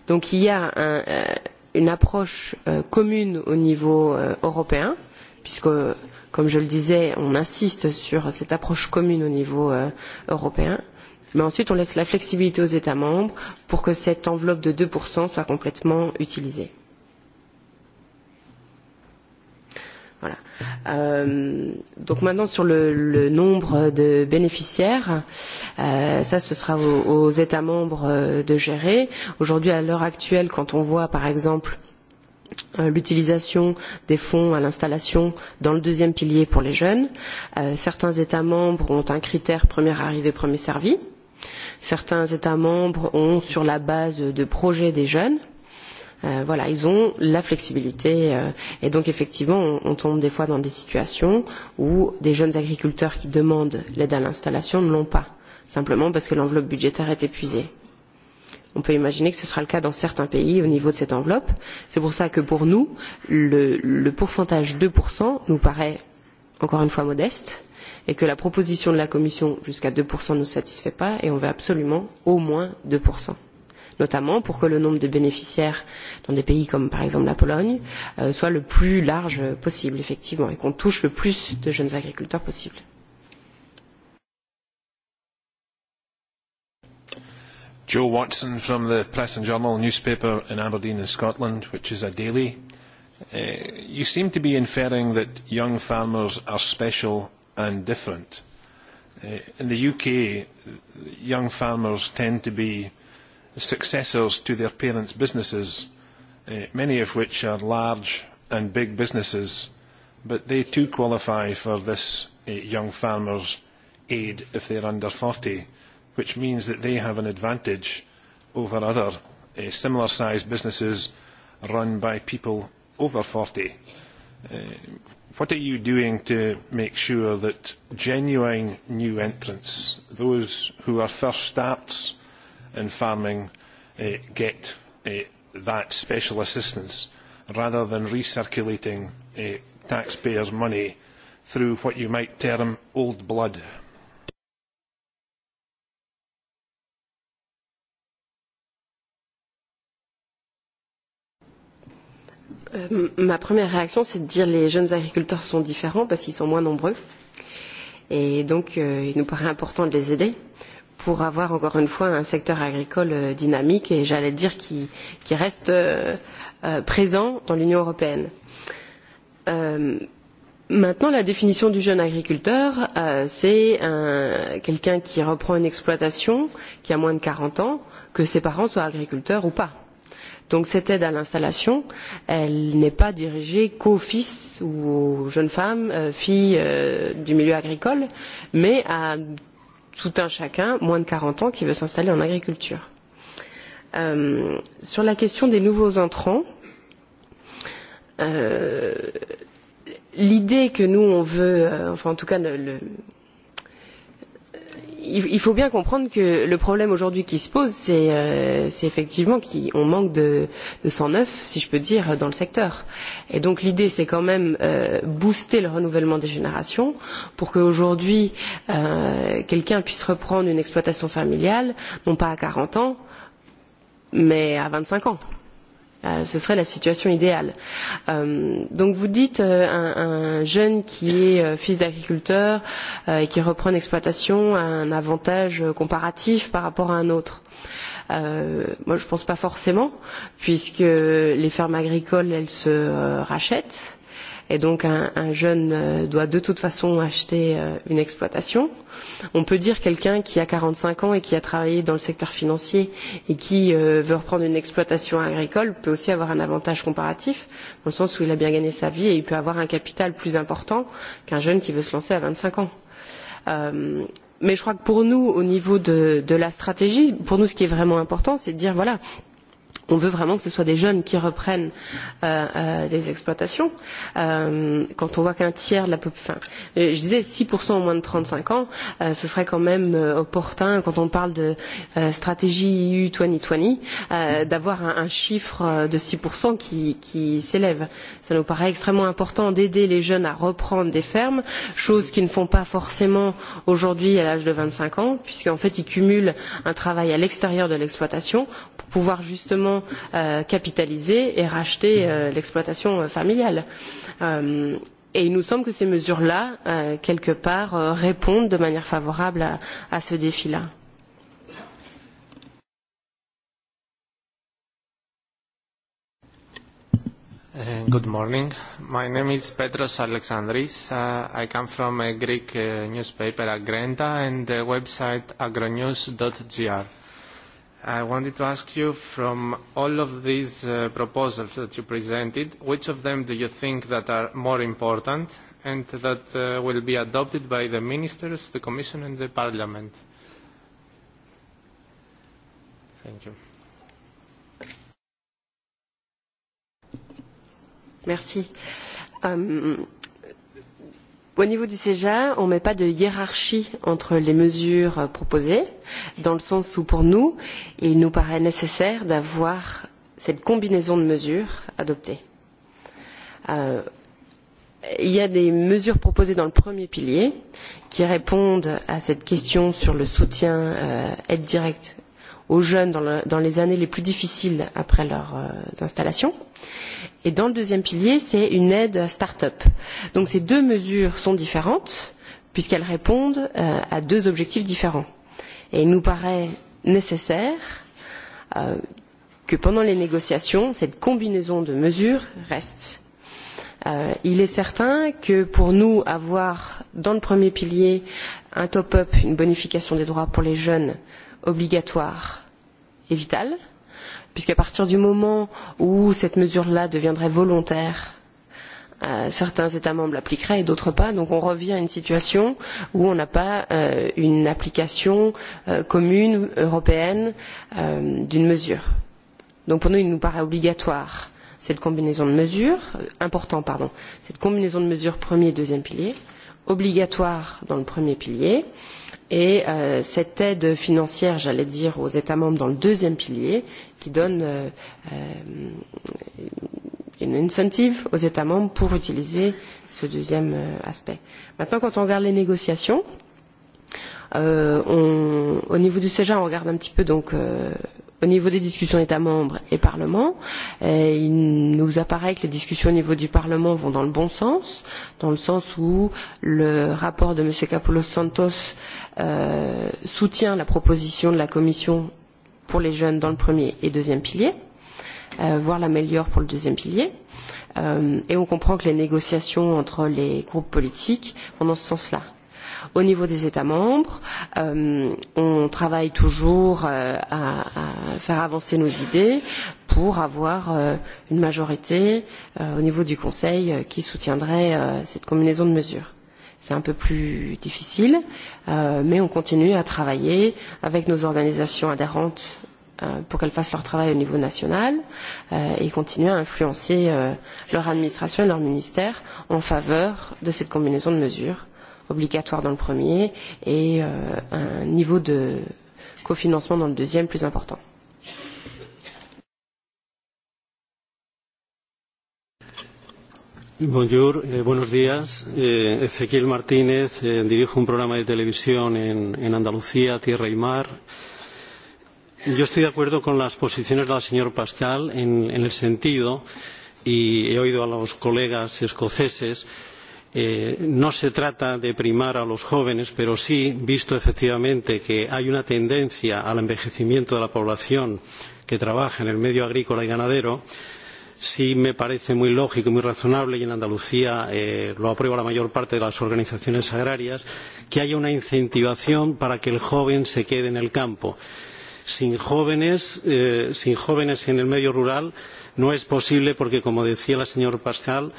Donc il y a une approche commune au niveau européen, puisque, comme je le disais, on insiste sur cette approche commune au niveau européen mais ensuite on laisse la flexibilité aux États membres pour que cette enveloppe de 2% soit complètement utilisée. Voilà. donc maintenant sur le, nombre de bénéficiaires, ça ce sera aux, États membres de gérer. Aujourd'hui, à l'heure actuelle, quand on voit par exemple l'utilisation des fonds à l'installation dans le deuxième pilier pour les jeunes, certains États membres ont un critère premier arrivé, premier servi certains États membres ont sur la base de projets des jeunes. Voilà, ils ont la flexibilité et donc effectivement on tombe des fois dans des situations où des jeunes agriculteurs qui demandent l'aide à l'installation ne l'ont pas, simplement parce que l'enveloppe budgétaire est épuisée. On peut imaginer que ce sera le cas dans certains pays au niveau de cette enveloppe. C'est pour ça que pour nous, le pourcentage 2% nous paraît encore une fois modeste et que la proposition de la Commission jusqu'à 2% ne nous satisfait pas et on veut absolument au moins 2%, notamment pour que le nombre de bénéficiaires dans des pays comme par exemple la Pologne soit le plus large possible, effectivement, et qu'on touche le plus de jeunes agriculteurs possible. Joe Watson from the Press and Journal newspaper in Aberdeen in Scotland, which is a daily. inferring that young farmers are special and different. In the UK, young farmers tend to be successors to their parents' businesses, many of which are large and big businesses, but they too qualify for this young farmers' aid if they're under 40, which means that they have an advantage over other similar-sized businesses run by people over 40 What are you doing to make sure that genuine new entrants, those who are first starts in farming, get that special assistance rather than recirculating taxpayers' money through what you might term old blood? Ma première réaction, c'est de dire les jeunes agriculteurs sont différents parce qu'ils sont moins nombreux. Et donc, il nous paraît important de les aider pour avoir, encore une fois, un secteur agricole dynamique et, j'allais dire, qui reste présent dans l'Union européenne. Maintenant, la définition du jeune agriculteur, c'est quelqu'un qui reprend une exploitation, qui a moins de 40 ans, que ses parents soient agriculteurs ou pas Donc cette aide à l'installation, elle n'est pas dirigée qu'aux fils ou aux jeunes femmes, filles du milieu agricole, mais à tout un chacun, moins de 40 ans, qui veut s'installer en agriculture. Sur la question des nouveaux entrants, l'idée que nous on veut, enfin en tout cas le il faut bien comprendre que le problème aujourd'hui qui se pose c'est effectivement qu'on manque de cent neuf si je peux dire dans le secteur et donc l'idée c'est quand même booster le renouvellement des générations pour qu'aujourd'hui quelqu'un puisse reprendre une exploitation familiale non pas à quarante ans mais à vingt cinq ans ce serait la situation idéale. Donc vous dites un jeune qui est fils d'agriculteur et qui reprend une exploitation a un avantage comparatif par rapport à un autre. Moi je ne pense pas forcément, puisque les fermes agricoles elles se rachètent Et donc un jeune doit de toute façon acheter une exploitation. On peut dire quelqu'un qui a 45 ans et qui a travaillé dans le secteur financier et qui veut reprendre une exploitation agricole peut aussi avoir un avantage comparatif, dans le sens où il a bien gagné sa vie et il peut avoir un capital plus important qu'un jeune qui veut se lancer à 25 ans. Mais je crois que pour nous, au niveau de la stratégie, pour nous ce qui est vraiment important, c'est de dire voilà on veut vraiment que ce soit des jeunes qui reprennent des exploitations. Quand on voit qu'un tiers de la population, je disais 6% au moins de 35 ans, ce serait quand même opportun, quand on parle de stratégie EU 2020, d'avoir un chiffre de 6% qui s'élève. Ça nous paraît extrêmement important d'aider les jeunes à reprendre des fermes, chose qu'ils ne font pas forcément aujourd'hui à l'âge de 25 ans, puisqu'en fait ils cumulent un travail à l'extérieur de l'exploitation pour pouvoir justement capitaliser et racheter l'exploitation familiale. Et il nous semble que ces mesures-là, quelque part, répondent de manière favorable à ce défi-là. Good morning. My name is Petros Alexandris. I come from a Greek newspaper, Agrenta, and the website agronews.gr I wanted to ask you, from all of these proposals that you presented, which of them do you think that are more important and that will be adopted by the ministers, the Commission and the Parliament? Thank you. Merci. Au niveau du CEJA, on ne met pas de hiérarchie entre les mesures proposées, dans le sens où, pour nous, il nous paraît nécessaire d'avoir cette combinaison de mesures adoptées. Il y a des mesures proposées dans le premier pilier qui répondent à cette question sur le soutien aide directe aux jeunes dans les années les plus difficiles après leurs installations. Et dans le deuxième pilier, c'est une aide start-up. Donc ces deux mesures sont différentes puisqu'elles répondent à deux objectifs différents. Et il nous paraît nécessaire que pendant les négociations, cette combinaison de mesures reste. Il est certain que pour nous, avoir dans le premier pilier un top-up, une bonification des droits pour les jeunes, obligatoire et vital, puisqu'à partir du moment où cette mesure-là deviendrait volontaire, certains États membres l'appliqueraient et d'autres pas. Donc on revient à une situation où on n'a pas une application commune, européenne, d'une mesure. Donc pour nous, il nous paraît obligatoire cette combinaison de mesures, important, pardon, cette combinaison de mesures premier et deuxième pilier, obligatoire dans le premier pilier et cette aide financière j'allais dire aux états membres dans le deuxième pilier qui donne une incentive aux états membres pour utiliser ce deuxième aspect. maintenant quand on regarde les négociations au niveau du CEJA, on regarde un petit peu donc au niveau des discussions États membres et Parlement. Il nous apparaît que les discussions au niveau du Parlement vont dans le bon sens, dans le sens où le rapport de M. Capoulos Santos soutient la proposition de la Commission pour les jeunes dans le premier et deuxième pilier, voire l'améliore pour le deuxième pilier. Et on comprend que les négociations entre les groupes politiques vont dans ce sens-là. Au niveau des États membres, on travaille toujours à faire avancer nos idées pour avoir une majorité au niveau du Conseil qui soutiendrait cette combinaison de mesures. C'est un peu plus difficile, mais on continue à travailler avec nos organisations adhérentes pour qu'elles fassent leur travail au niveau national et continuer à influencer leur administration et leur ministère en faveur de cette combinaison de mesures obligatoire dans le premier et un niveau de cofinancement dans le deuxième plus important. Bonjour, buenos días. Ezequiel Martínez, dirijo un programa de televisión en Andalucía, Tierra y Mar. Yo estoy de acuerdo con las posiciones de la señora Pascal en el sentido, y he oído a los colegas escoceses, no se trata de primar a los jóvenes, pero sí, visto efectivamente que hay una tendencia al envejecimiento de la población que trabaja en el medio agrícola y ganadero, sí me parece muy lógico y muy razonable y en Andalucía lo aprueba la mayor parte de las organizaciones agrarias que haya una incentivación para que el joven se quede en el campo. Sin jóvenes en el medio rural no es posible porque, como decía la señora Pascal,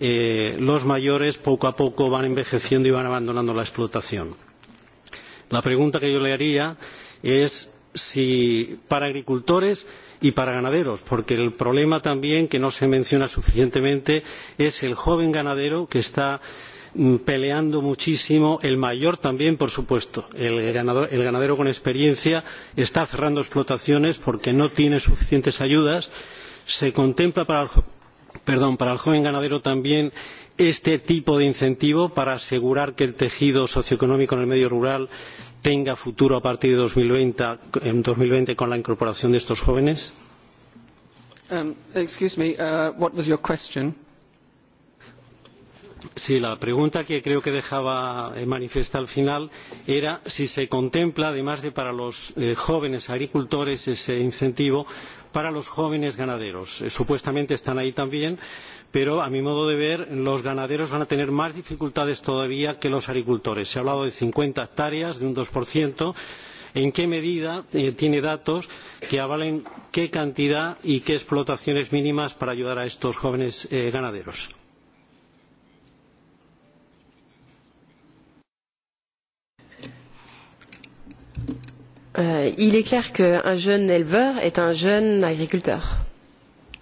los mayores poco a poco van envejeciendo y van abandonando la explotación. La pregunta que yo le haría es si para agricultores y para ganaderos porque el problema también que no se menciona suficientemente es el joven ganadero que está peleando muchísimo el mayor también por supuesto el ganadero con experiencia está cerrando explotaciones porque no tiene suficientes ayudas se contempla para el joven ganadero también este tipo de incentivo para asegurar que el tejido socioeconómico en el medio rural tenga futuro a partir de 2020 con la incorporación de estos jóvenes? Excuse Sí, la pregunta que creo que dejaba manifiesta al final era si se contempla, además de para los jóvenes agricultores, ese incentivo para los jóvenes ganaderos. Supuestamente están ahí también pero a mi modo de ver los ganaderos van a tener más dificultades todavía que los agricultores. se ha hablado de cincuenta hectáreas de un dos en qué medida tiene datos que avalen qué cantidad y qué explotaciones mínimas para ayudar a estos jóvenes ganaderos? il est clair un jeune éleveur est un jeune agriculteur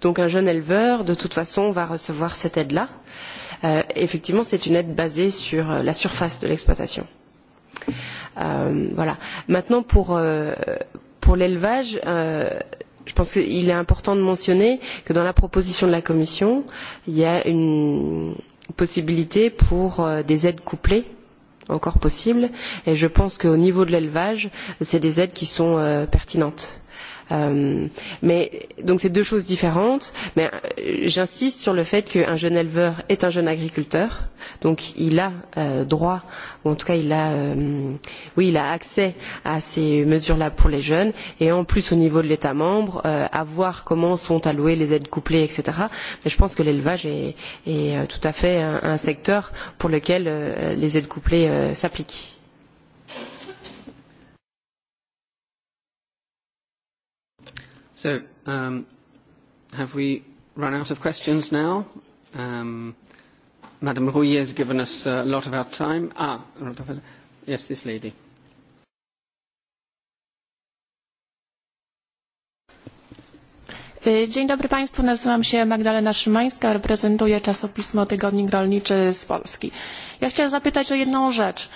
Donc un jeune éleveur, de toute façon, va recevoir cette aide-là. Effectivement, c'est une aide basée sur la surface de l'exploitation. Voilà. Maintenant, pour l'élevage, je pense qu'il est important de mentionner que dans la proposition de la Commission, il y a une possibilité pour des aides couplées encore possibles, et je pense qu'au niveau de l'élevage c'est des aides qui sont pertinentes Mais donc c'est deux choses différentes. Mais j'insiste sur le fait qu'un jeune éleveur est un jeune agriculteur, donc il a droit, ou en tout cas il a, oui, il a accès à ces mesures-là pour les jeunes. Et en plus au niveau de l'État membre, à voir comment sont allouées les aides couplées, etc. Mais je pense que l'élevage est tout à fait un secteur pour lequel les aides couplées s'appliquent. So have we run out of questions now? Madam Rouillet has given us a lot of our time. Ah, yes, this lady. Dzień dobry Państwu, nazywam się Magdalena Szymańska, reprezentuję czasopismo Tygodnik Rolniczy z Polski. Ja chciałam zapytać o jedną rzecz.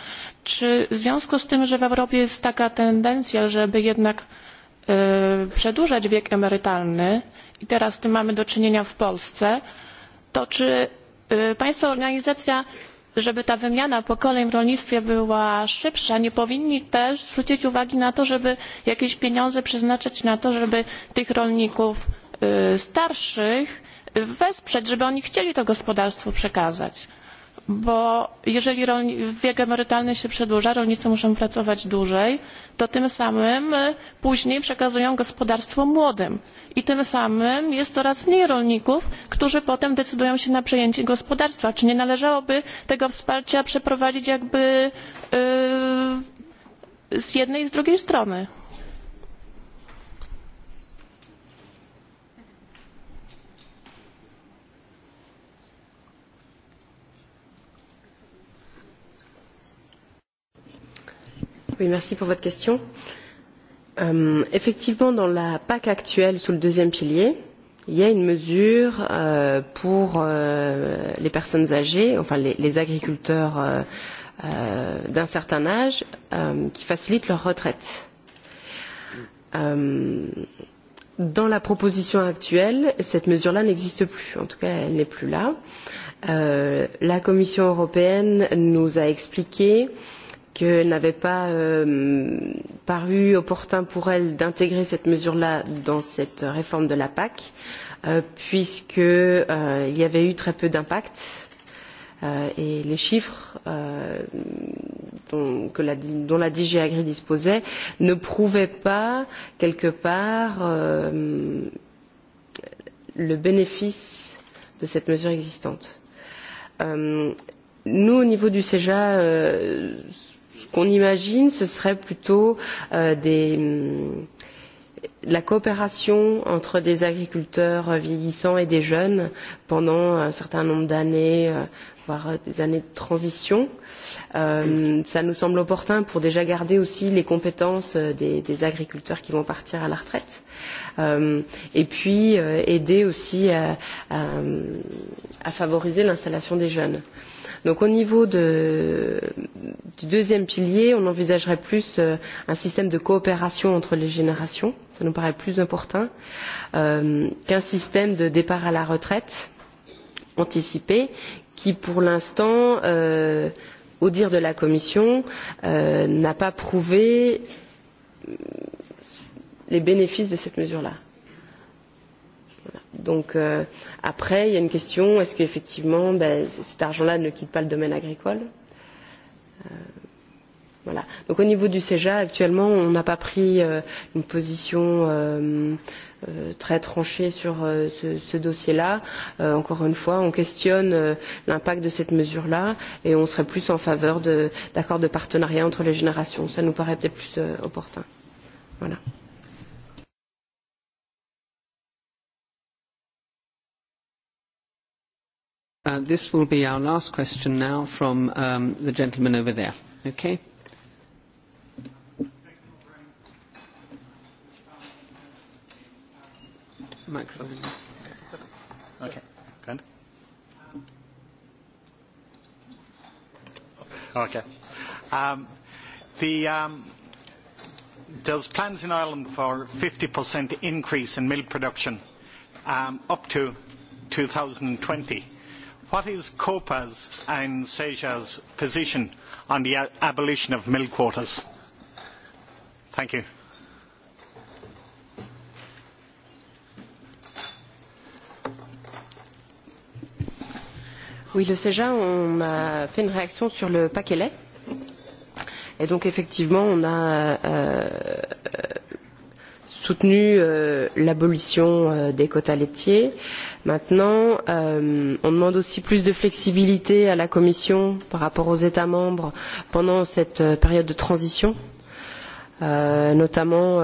Czy w związku z tym, że w Europie jest taka tendencja, żeby jednak przedłużać wiek emerytalny i teraz z tym mamy do czynienia w Polsce, to czy Państwa organizacja, żeby ta wymiana pokoleń w rolnictwie była szybsza, nie powinni też zwrócić uwagi na to, żeby jakieś pieniądze przeznaczyć na to, żeby tych rolników starszych wesprzeć, żeby oni chcieli to gospodarstwo przekazać bo jeżeli wiek emerytalny się przedłuża, rolnicy muszą pracować dłużej, to tym samym później przekazują gospodarstwo młodym i tym samym jest coraz mniej rolników, którzy potem decydują się na przejęcie gospodarstwa. Czy nie należałoby tego wsparcia przeprowadzić jakby z jednej i z drugiej strony? Oui, merci pour votre question. Effectivement, dans la PAC actuelle, sous le deuxième pilier, il y a une mesure pour les personnes âgées, enfin les agriculteurs d'un certain âge, qui facilite leur retraite. Dans la proposition actuelle, cette mesure-là n'existe plus. En tout cas, elle n'est plus là. La Commission européenne nous a expliqué qu'elle n'avait pas paru opportun pour elle d'intégrer cette mesure-là dans cette réforme de la PAC, puisqu'il y avait eu très peu d'impact. Et les chiffres dont la DG Agri disposait ne prouvaient pas, quelque part, le bénéfice de cette mesure existante. Nous, au niveau du CEJA, qu'on imagine, ce serait plutôt la coopération entre des agriculteurs vieillissants et des jeunes pendant un certain nombre d'années, voire des années de transition. Ça nous semble opportun pour déjà garder aussi les compétences des agriculteurs qui vont partir à la retraite et puis aider aussi à favoriser l'installation des jeunes. Donc au niveau du deuxième pilier, on envisagerait plus un système de coopération entre les générations, ça nous paraît plus important, qu'un système de départ à la retraite anticipé qui, pour l'instant, au dire de la Commission, n'a pas prouvé les bénéfices de cette mesure-là. Donc après, il y a une question, est-ce qu'effectivement cet argent-là ne quitte pas le domaine agricole Voilà. Donc au niveau du CEJA, actuellement, on n'a pas pris une position très tranchée sur ce dossier-là. Encore une fois, on questionne l'impact de cette mesure-là et on serait plus en faveur d'accords de partenariat entre les générations. Ça nous paraît peut-être plus opportun. Voilà. This will be our last question now from the gentleman over there. Okay. Microphone. Okay. Okay. The there's plans in Ireland for 50% increase in milk production up to 2020 What is COPA's and SEJA's position on the abolition of milk quotas? Thank you. Oui, le CEJA, on a fait une réaction sur le paquet lait. Et donc, effectivement, on a soutenu l'abolition des quotas laitiers Maintenant, on demande aussi plus de flexibilité à la Commission par rapport aux États membres pendant cette période de transition, notamment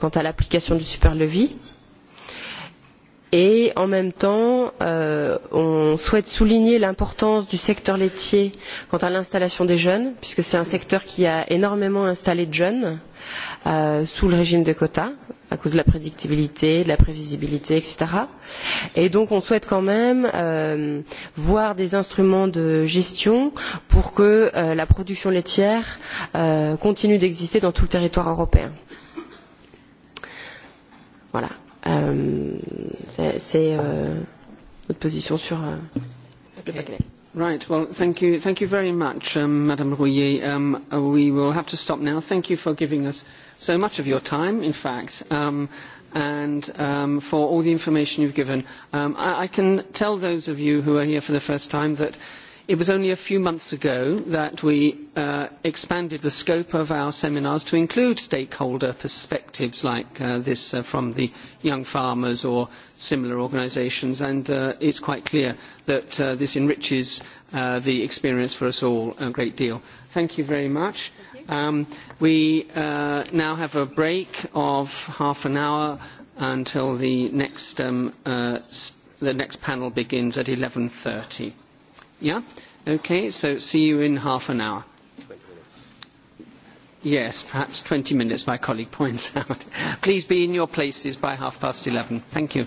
quant à l'application du superlevis et en même temps on souhaite souligner l'importance du secteur laitier quant à l'installation des jeunes puisque c'est un secteur qui a énormément installé de jeunes sous le régime de quotas à cause de la prédictibilité de la prévisibilité etc. et donc on souhaite quand même voir des instruments de gestion pour que la production laitière continue d'exister dans tout le territoire européen. voilà. C'est notre position sur Right. Well, thank you. Thank you very much, Madame Rouillet. We will have to stop now. Thank you for giving us so much of your time, in fact, and for all the information you've given. I can tell those of you who are here for the first time that It was only a few months ago that we expanded the scope of our seminars to include stakeholder perspectives like this from the young farmers or similar organisations, and it's quite clear that this enriches the experience for us all a great deal. Thank you very much. We now have a break of half an hour until the next panel begins at 11.30. Yeah? Okay, so see you in half an hour. Yes, perhaps 20 minutes, my colleague points out. Please be in your places by half past 11. Thank you.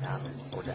Namen oder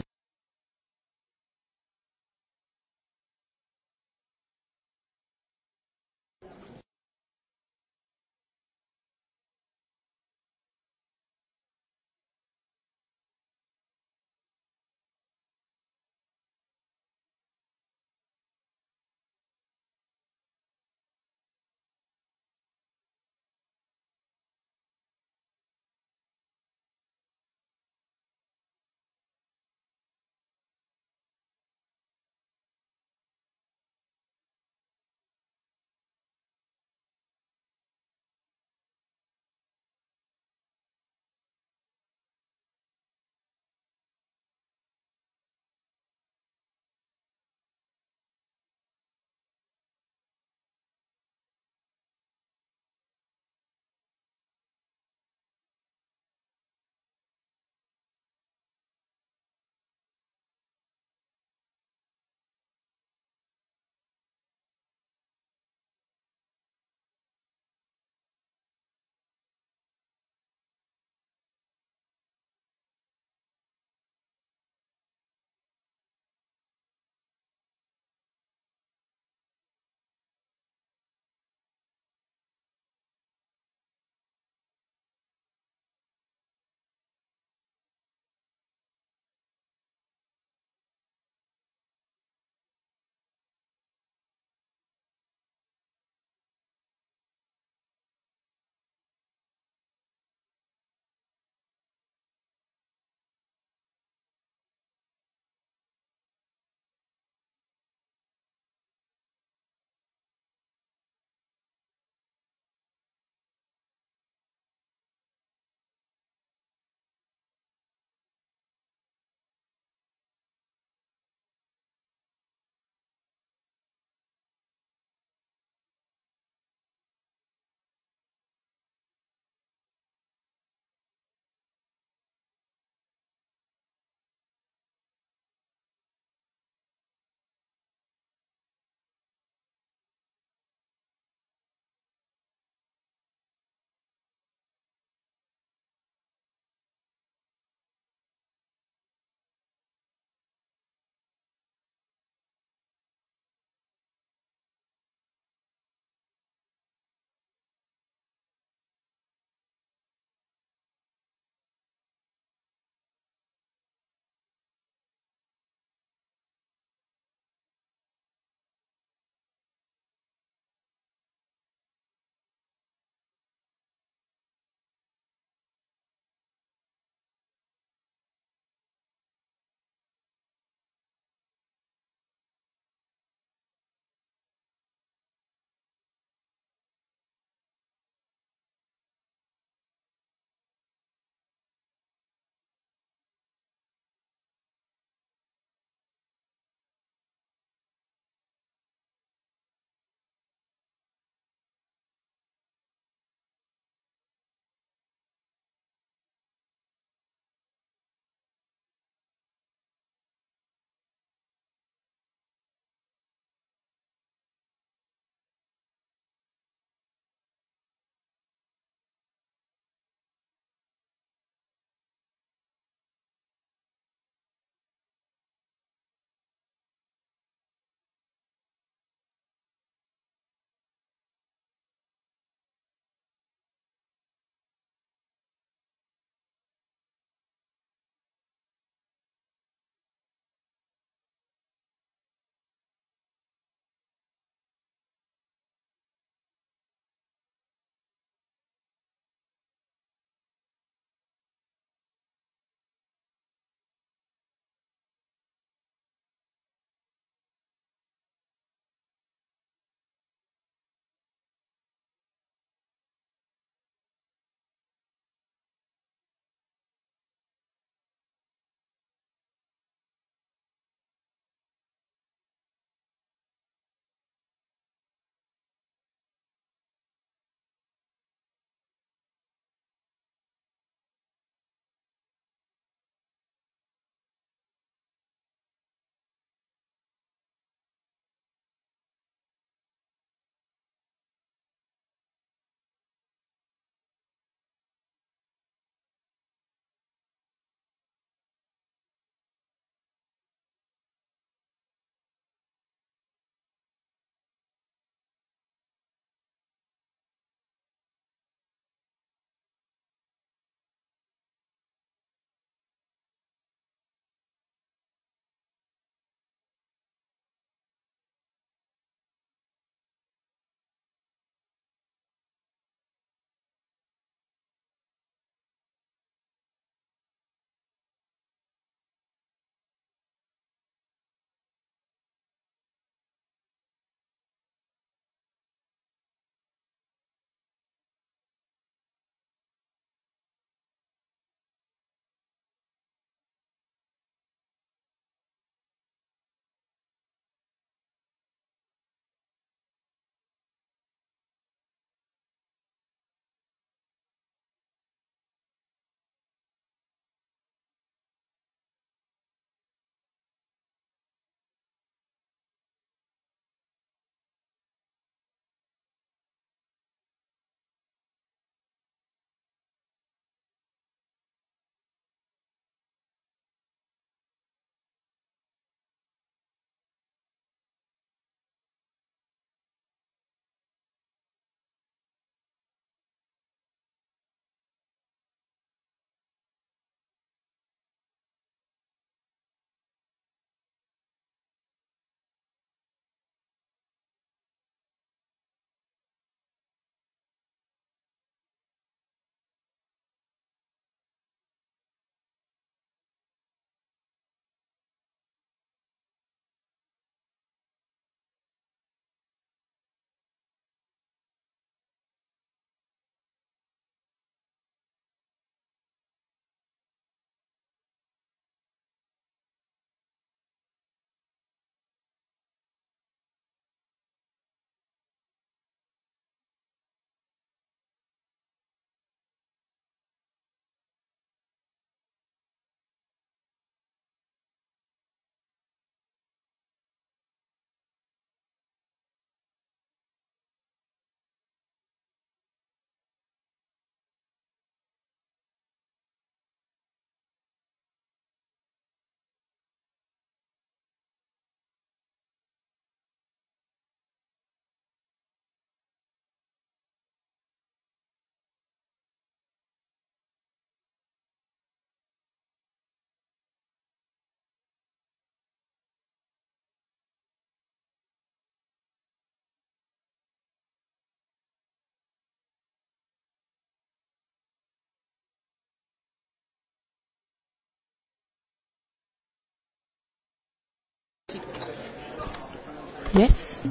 Yes.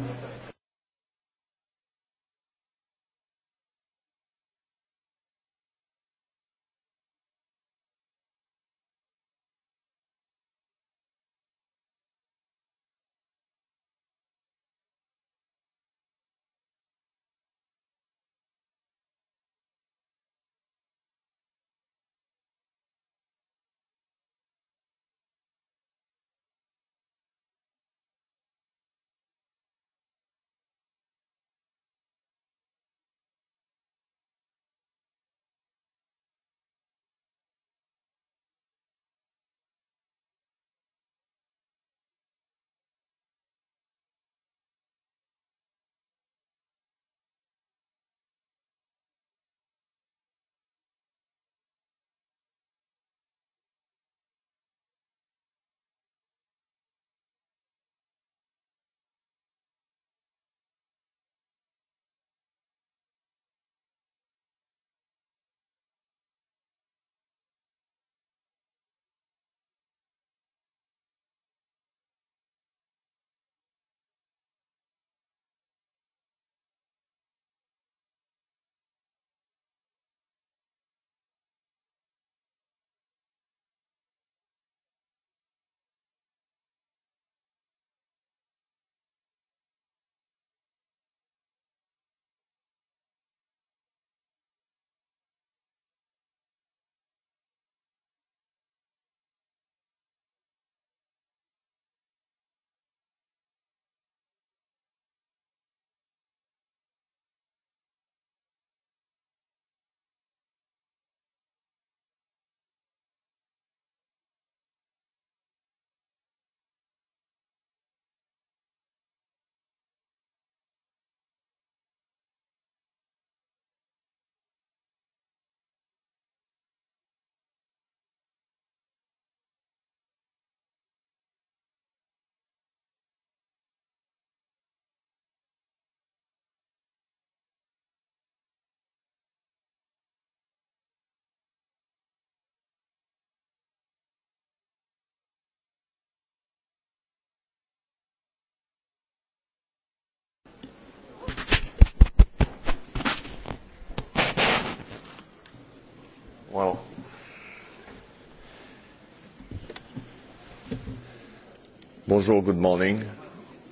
Bonjour, good morning.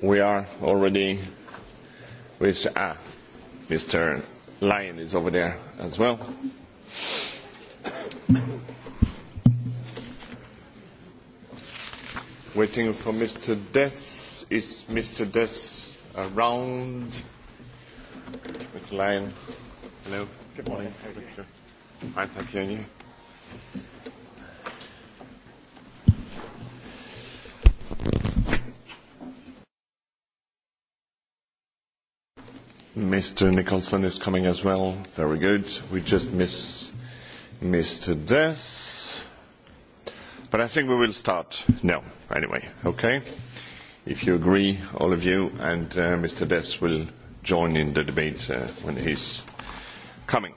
We are already with ah, Mr. Lyon is over there as well. Waiting for Mr. Dess. Is Mr. Dess around? Mr. Lyon, hello. Good morning. Hi, thank you. Mr. Nicholson is coming as well. Very good. We just miss Mr. Dess. But I think we will start now, anyway. Okay? If you agree, all of you, and Mr. Dess will join in the debate when he's coming.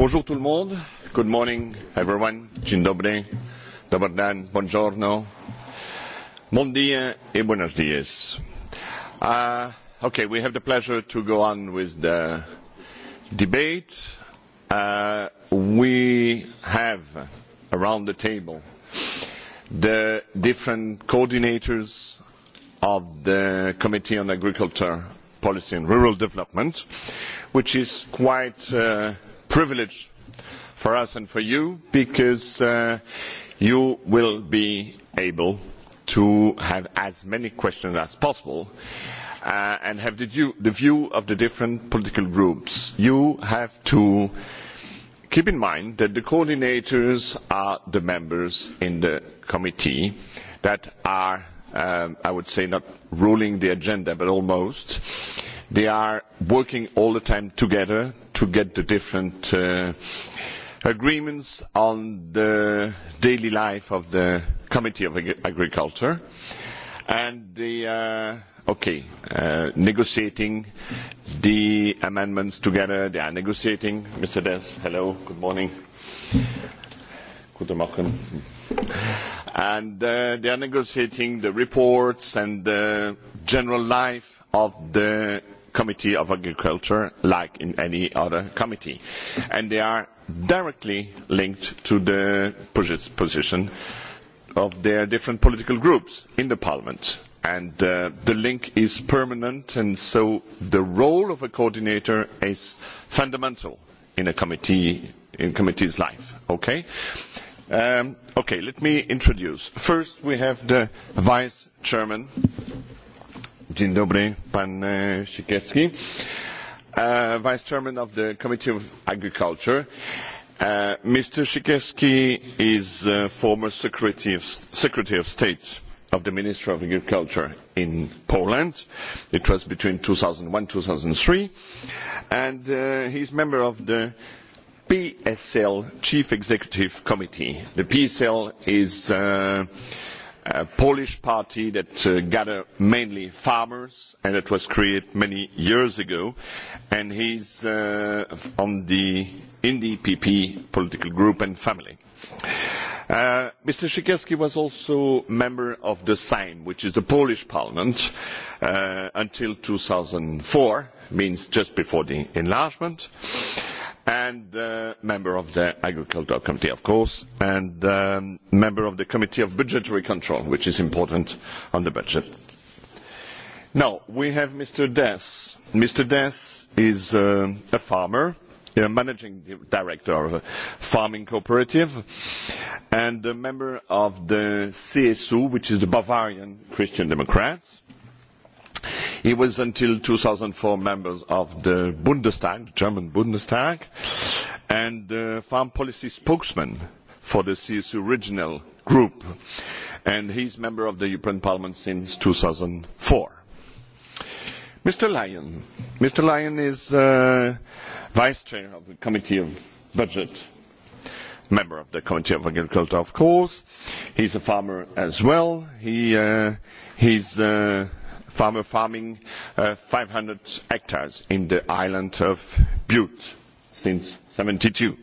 Bonjour tout le monde. Good morning everyone. Dzień dobry. Dobar dan. Buongiorno. Bon dia e buenos dias. Okay, we have the pleasure to go on with the debate. We have around the table the different coordinators of the Committee on Agriculture, Policy and Rural Development, which is quite privilege for us and for you because you will be able to have as many questions as possible and have the view of the different political groups. You have to keep in mind that the coordinators are the members in the committee that are, I would say, not ruling the agenda, but almost They are working all the time together to get the different agreements on the daily life of the Committee of Agriculture and they are negotiating the amendments together. They are negotiating. Mr. Dess, hello, good morning. Guten Morgen. And they are negotiating the reports and the general life of the Committee of Agriculture, like in any other committee, and they are directly linked to the position of their different political groups in the Parliament. And the link is permanent, and so the role of a coordinator is fundamental in a committee in committee's life. Okay, okay. Let me introduce. First, we have the vice chairman Dzień dobry, pan Vice Chairman of the Committee of Agriculture. Mr. Siekierski is former Secretary of State of the Minister of Agriculture in Poland. It was between 2001 and 2003. And he is member of the PSL Chief Executive Committee. The PSL is Polish party that gathered mainly farmers and it was created many years ago and is on the NDPP political group and family. Mr. Siekierski was also member of the Sejm, which is the Polish parliament, until 2004, means just before the enlargement and member of the Agricultural Committee, of course, and member of the Committee of Budgetary Control, which is important on the budget. Now, we have Mr. Dess. Mr. Dess is a farmer, a managing director of a farming cooperative, and a member of the CSU, which is the Bavarian Christian Democrats He was until 2004 member of the Bundestag, the German Bundestag, and farm policy spokesman for the CSU regional group. And he's is member of the European Parliament since 2004. Mr. Lyon. Mr. Lyon is vice chair of the Committee of Budget, member of the Committee of Agriculture, of course. He's a farmer as well. He farmer farming 500 hectares in the island of Bute since 72.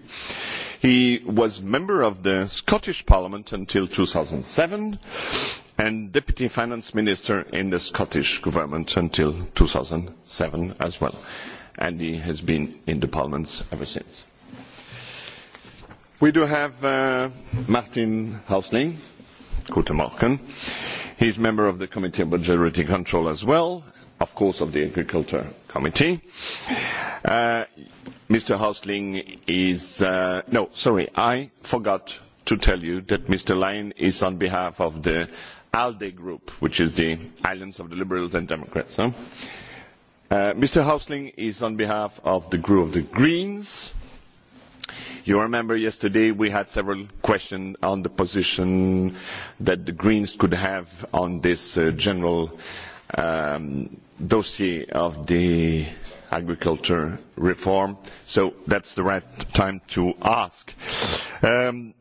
He was member of the Scottish Parliament until 2007 and Deputy Finance Minister in the Scottish Government until 2007 as well. And he has been in the Parliament ever since. We do have Martin Hausling. Guten Morgen. He is member of the Committee on Budgetary Control as well, of course of the Agriculture Committee. Mr. Hausling is... No, sorry, I forgot to tell you that Mr. Lyon is on behalf of the ALDE group, which is the Islands of the Liberals and Democrats. Mr. Hausling is on behalf of the group of the Greens. You remember yesterday we had several questions on the position that the Greens could have on this general dossier of the agriculture reform, so that's the right time to ask.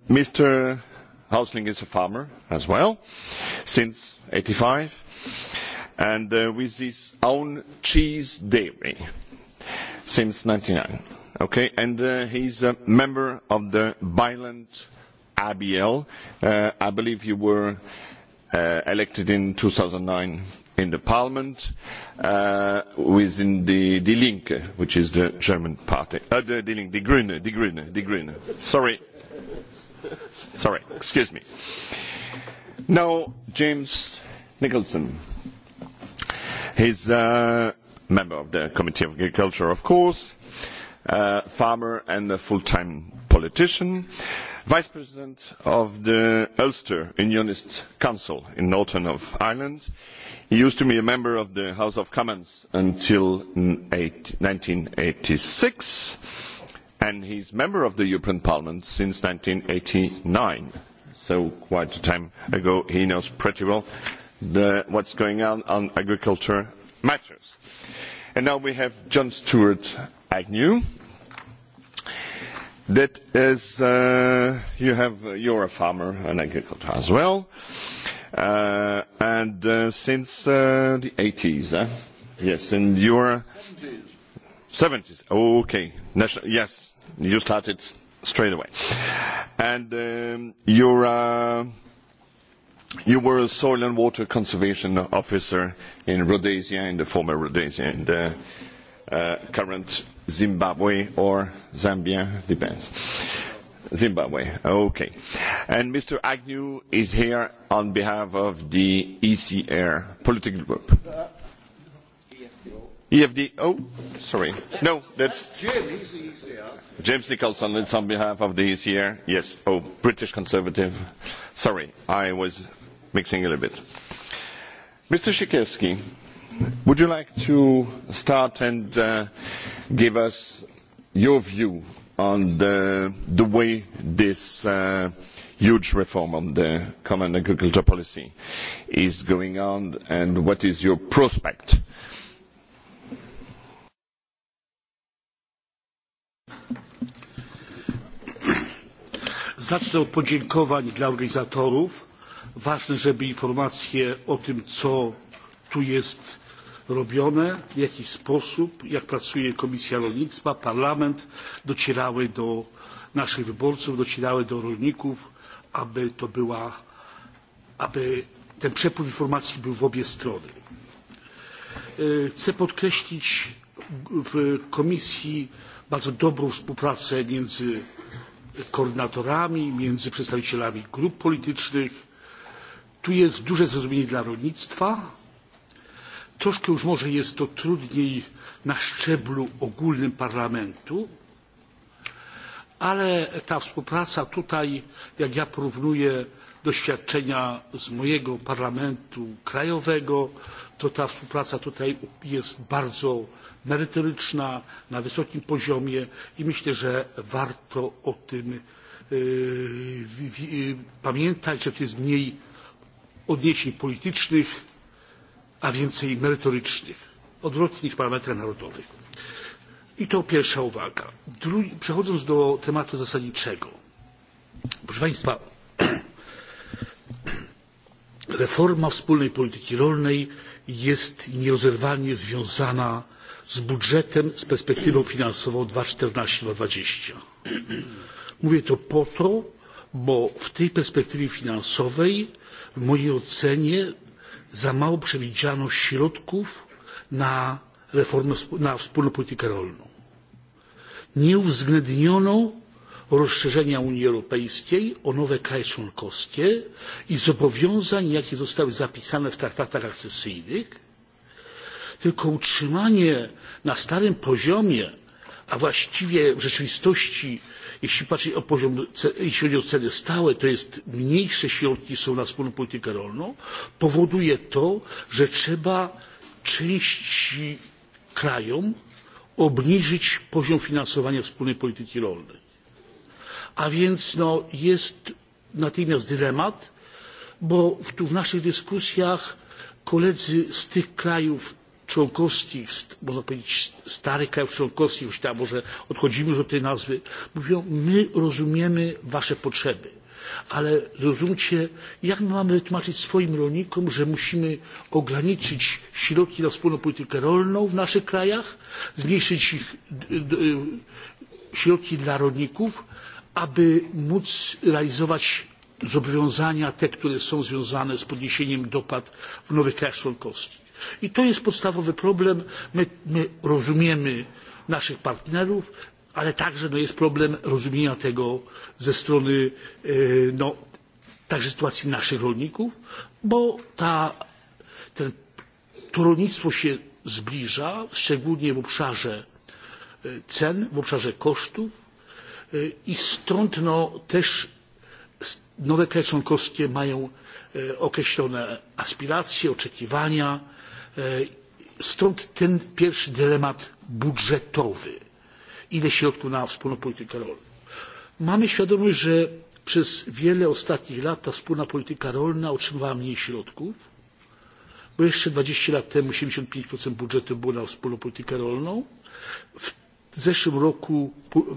Mr. Hausling is a farmer as well, since 85, and with his own cheese dairy since 99 Okay, and he's a member of the Violent ABL. I believe you were elected in 2009 in the Parliament within the Die Linke, which is the German party. The Die Linke, Die Grüne, Die Grüne, Die Grüne. Sorry, sorry, excuse me. Now, James Nicholson. He's a member of the Committee of Agriculture, of course farmer and a full time politician, Vice President of the Ulster Unionist Council in Northern Ireland. He used to be a member of the House of Commons until 1986 and he is member of the European Parliament since 1989. So quite a time ago he knows pretty well what's going on on agriculture matters. And now we have John Stewart Agnew That is, you have, you're a farmer an agriculture as well, and since the 80s, yes, and you're 70s. Okay, yes, you started straight away, and you're you were a soil and water conservation officer in Rhodesia, in the former Rhodesia, in the current Zimbabwe or Zambia, depends. Zimbabwe, okay. And Mr. Agnew is here on behalf of the ECR political group. EFD, oh, sorry. No, that's James Nicholson, it's on behalf of the ECR. Yes, oh, British Conservative. Sorry, I was mixing a little bit. Mr. Sikorski Would you like to start and give us your view on the the way this huge reform on the common agricultural policy is going on and what is your prospect? Zacznę od podziękowań dla organizatorów. Ważne, żeby informacje o tym, co tu jest robione, w jaki sposób, jak pracuje Komisja Rolnictwa, Parlament, docierały do naszych wyborców, docierały do rolników, aby to była, aby ten przepływ informacji był w obie strony. Chcę podkreślić w Komisji bardzo dobrą współpracę między koordynatorami, między przedstawicielami grup politycznych. Tu jest duże zrozumienie dla rolnictwa Troszkę już może jest to trudniej na szczeblu ogólnym parlamentu, ale ta współpraca tutaj, jak ja porównuję doświadczenia z mojego parlamentu krajowego, to ta współpraca tutaj jest bardzo merytoryczna, na wysokim poziomie i myślę, że warto o tym pamiętać, że to jest mniej odniesień politycznych, a więcej merytorycznych, odwrotnie niż w parlamentach narodowych. I to pierwsza uwaga. Przechodząc do tematu zasadniczego. Proszę Państwa, reforma wspólnej polityki rolnej jest nierozerwalnie związana z budżetem, z perspektywą finansową 2014-2020. Mówię to po to, bo w tej perspektywie finansowej w mojej ocenie za mało przewidziano środków na reformę, na wspólną politykę rolną. Nie uwzględniono rozszerzenia Unii Europejskiej o nowe kraje członkowskie i zobowiązań, jakie zostały zapisane w traktatach akcesyjnych, tylko utrzymanie na starym poziomie, a właściwie w rzeczywistości Jeśli patrzeć o poziom, jeśli chodzi o ceny stałe, to jest mniejsze środki są na wspólną politykę rolną. Powoduje to, że trzeba części krajom obniżyć poziom finansowania wspólnej polityki rolnej. A więc jest natychmiast dylemat, bo tu w naszych dyskusjach koledzy z tych krajów członkowskich, można powiedzieć starych krajów członkowskich, już tam może odchodzimy już od tej nazwy, mówią my rozumiemy wasze potrzeby, ale zrozumcie, jak my mamy wytłumaczyć swoim rolnikom, że musimy ograniczyć środki na wspólną politykę rolną w naszych krajach, zmniejszyć ich środki dla rolników, aby móc realizować zobowiązania te, które są związane z podniesieniem dopłat w nowych krajach członkowskich I to jest podstawowy problem. My rozumiemy naszych partnerów, ale także jest problem rozumienia tego ze strony także sytuacji naszych rolników, bo to rolnictwo się zbliża, szczególnie w obszarze cen, w obszarze kosztów i stąd też nowe kraje członkowskie mają określone aspiracje, oczekiwania Stąd ten pierwszy dylemat budżetowy. Ile środków na wspólną politykę rolną? Mamy świadomość, że przez wiele ostatnich lat ta wspólna polityka rolna otrzymywała mniej środków, bo jeszcze 20 lat temu 75% budżetu było na wspólną politykę rolną. W zeszłym roku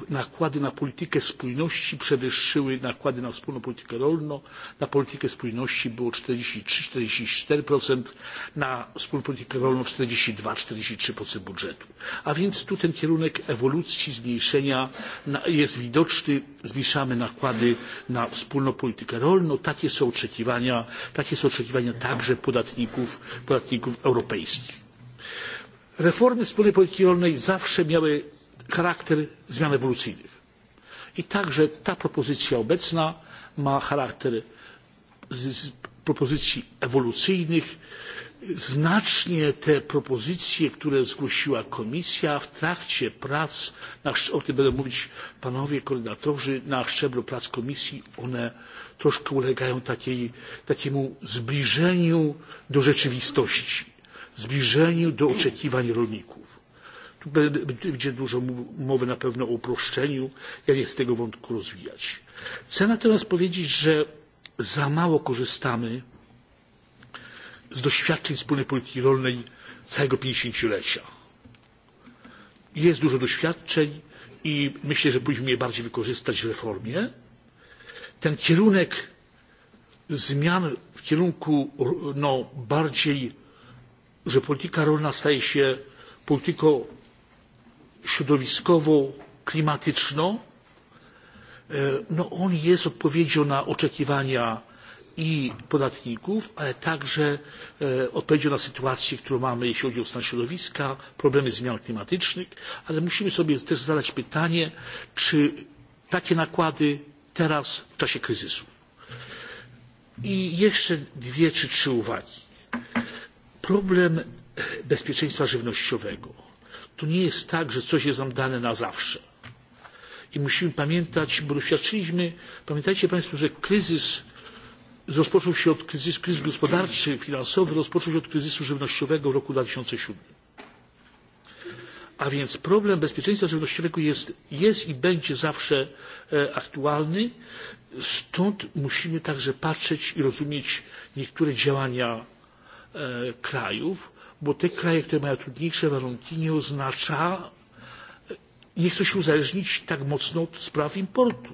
nakłady na politykę spójności przewyższyły nakłady na wspólną politykę rolną. Na politykę spójności było 43-44%, na wspólną politykę rolną 42-43% budżetu. A więc tu ten kierunek ewolucji, zmniejszenia jest widoczny. Zmniejszamy nakłady na wspólną politykę rolną. Takie są oczekiwania, takie są oczekiwania także podatników, podatników europejskich. Reformy wspólnej polityki rolnej zawsze miały charakter zmian ewolucyjnych. I także ta propozycja obecna ma charakter propozycji ewolucyjnych. Znacznie te propozycje, które zgłosiła Komisja w trakcie prac, o tym będą mówić panowie koordynatorzy, na szczeblu prac Komisji, one troszkę ulegają takiemu zbliżeniu do rzeczywistości, zbliżeniu do oczekiwań rolników Tu będzie dużo mowy na pewno o uproszczeniu. Ja nie chcę tego wątku rozwijać. Chcę natomiast powiedzieć, że za mało korzystamy z doświadczeń wspólnej polityki rolnej całego lecia. Jest dużo doświadczeń i myślę, że powinniśmy je bardziej wykorzystać w reformie. Ten kierunek zmian w kierunku bardziej, że polityka rolna staje się polityką środowiskowo klimatyczną on jest odpowiedzią na oczekiwania i podatników ale także odpowiedzią na sytuację którą mamy jeśli chodzi o stan środowiska problemy zmian klimatycznych ale musimy sobie też zadać pytanie czy takie nakłady teraz w czasie kryzysu. i jeszcze dwie czy trzy uwagi. problem bezpieczeństwa żywnościowego to nie jest tak, że coś jest nam dane na zawsze. I musimy pamiętać, bo doświadczyliśmy, pamiętajcie Państwo, że kryzys rozpoczął się od kryzysu, kryzys gospodarczy, finansowy rozpoczął się od kryzysu żywnościowego w roku 2007. A więc problem bezpieczeństwa żywnościowego jest, jest i będzie zawsze aktualny. Stąd musimy także patrzeć i rozumieć niektóre działania krajów bo te kraje, które mają trudniejsze warunki, nie oznacza, nie chcą się uzależnić tak mocno od spraw importu.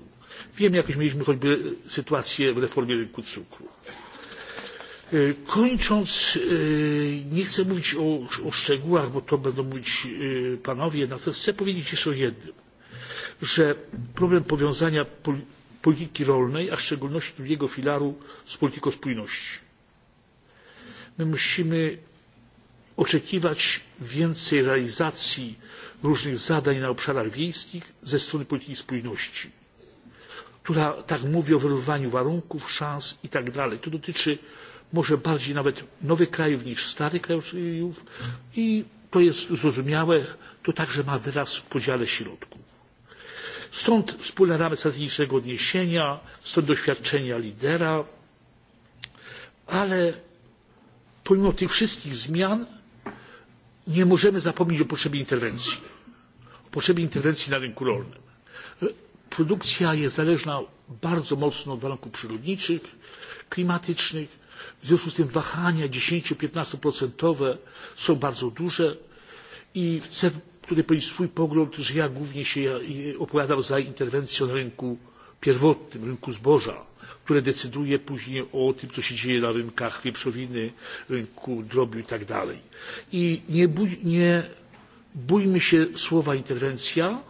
Wiemy, jakoś mieliśmy choćby sytuację w reformie rynku cukru. Kończąc, nie chcę mówić o szczegółach, bo to będą mówić panowie, natomiast chcę powiedzieć jeszcze o jednym, że problem powiązania polityki rolnej, a w szczególności drugiego filaru z polityką spójności. My musimy oczekiwać więcej realizacji różnych zadań na obszarach wiejskich ze strony polityki spójności, która tak mówi o wyrównywaniu warunków, szans itd. To dotyczy może bardziej nawet nowych krajów niż starych krajów i to jest zrozumiałe, to także ma wyraz w podziale środków. Stąd wspólne ramy strategicznego odniesienia, stąd doświadczenia lidera, ale pomimo tych wszystkich zmian nie możemy zapomnieć o potrzebie interwencji, o potrzebie interwencji na rynku rolnym. Produkcja jest zależna bardzo mocno od warunków przyrodniczych, klimatycznych, w związku z tym wahania 10-15% są bardzo duże i chcę tutaj powiedzieć swój pogląd, że ja głównie się opowiadam za interwencją na rynku pierwotnym, rynku zboża, które decyduje później o tym, co się dzieje na rynkach wieprzowiny, rynku drobiu itd I nie bójmy się słowa interwencja,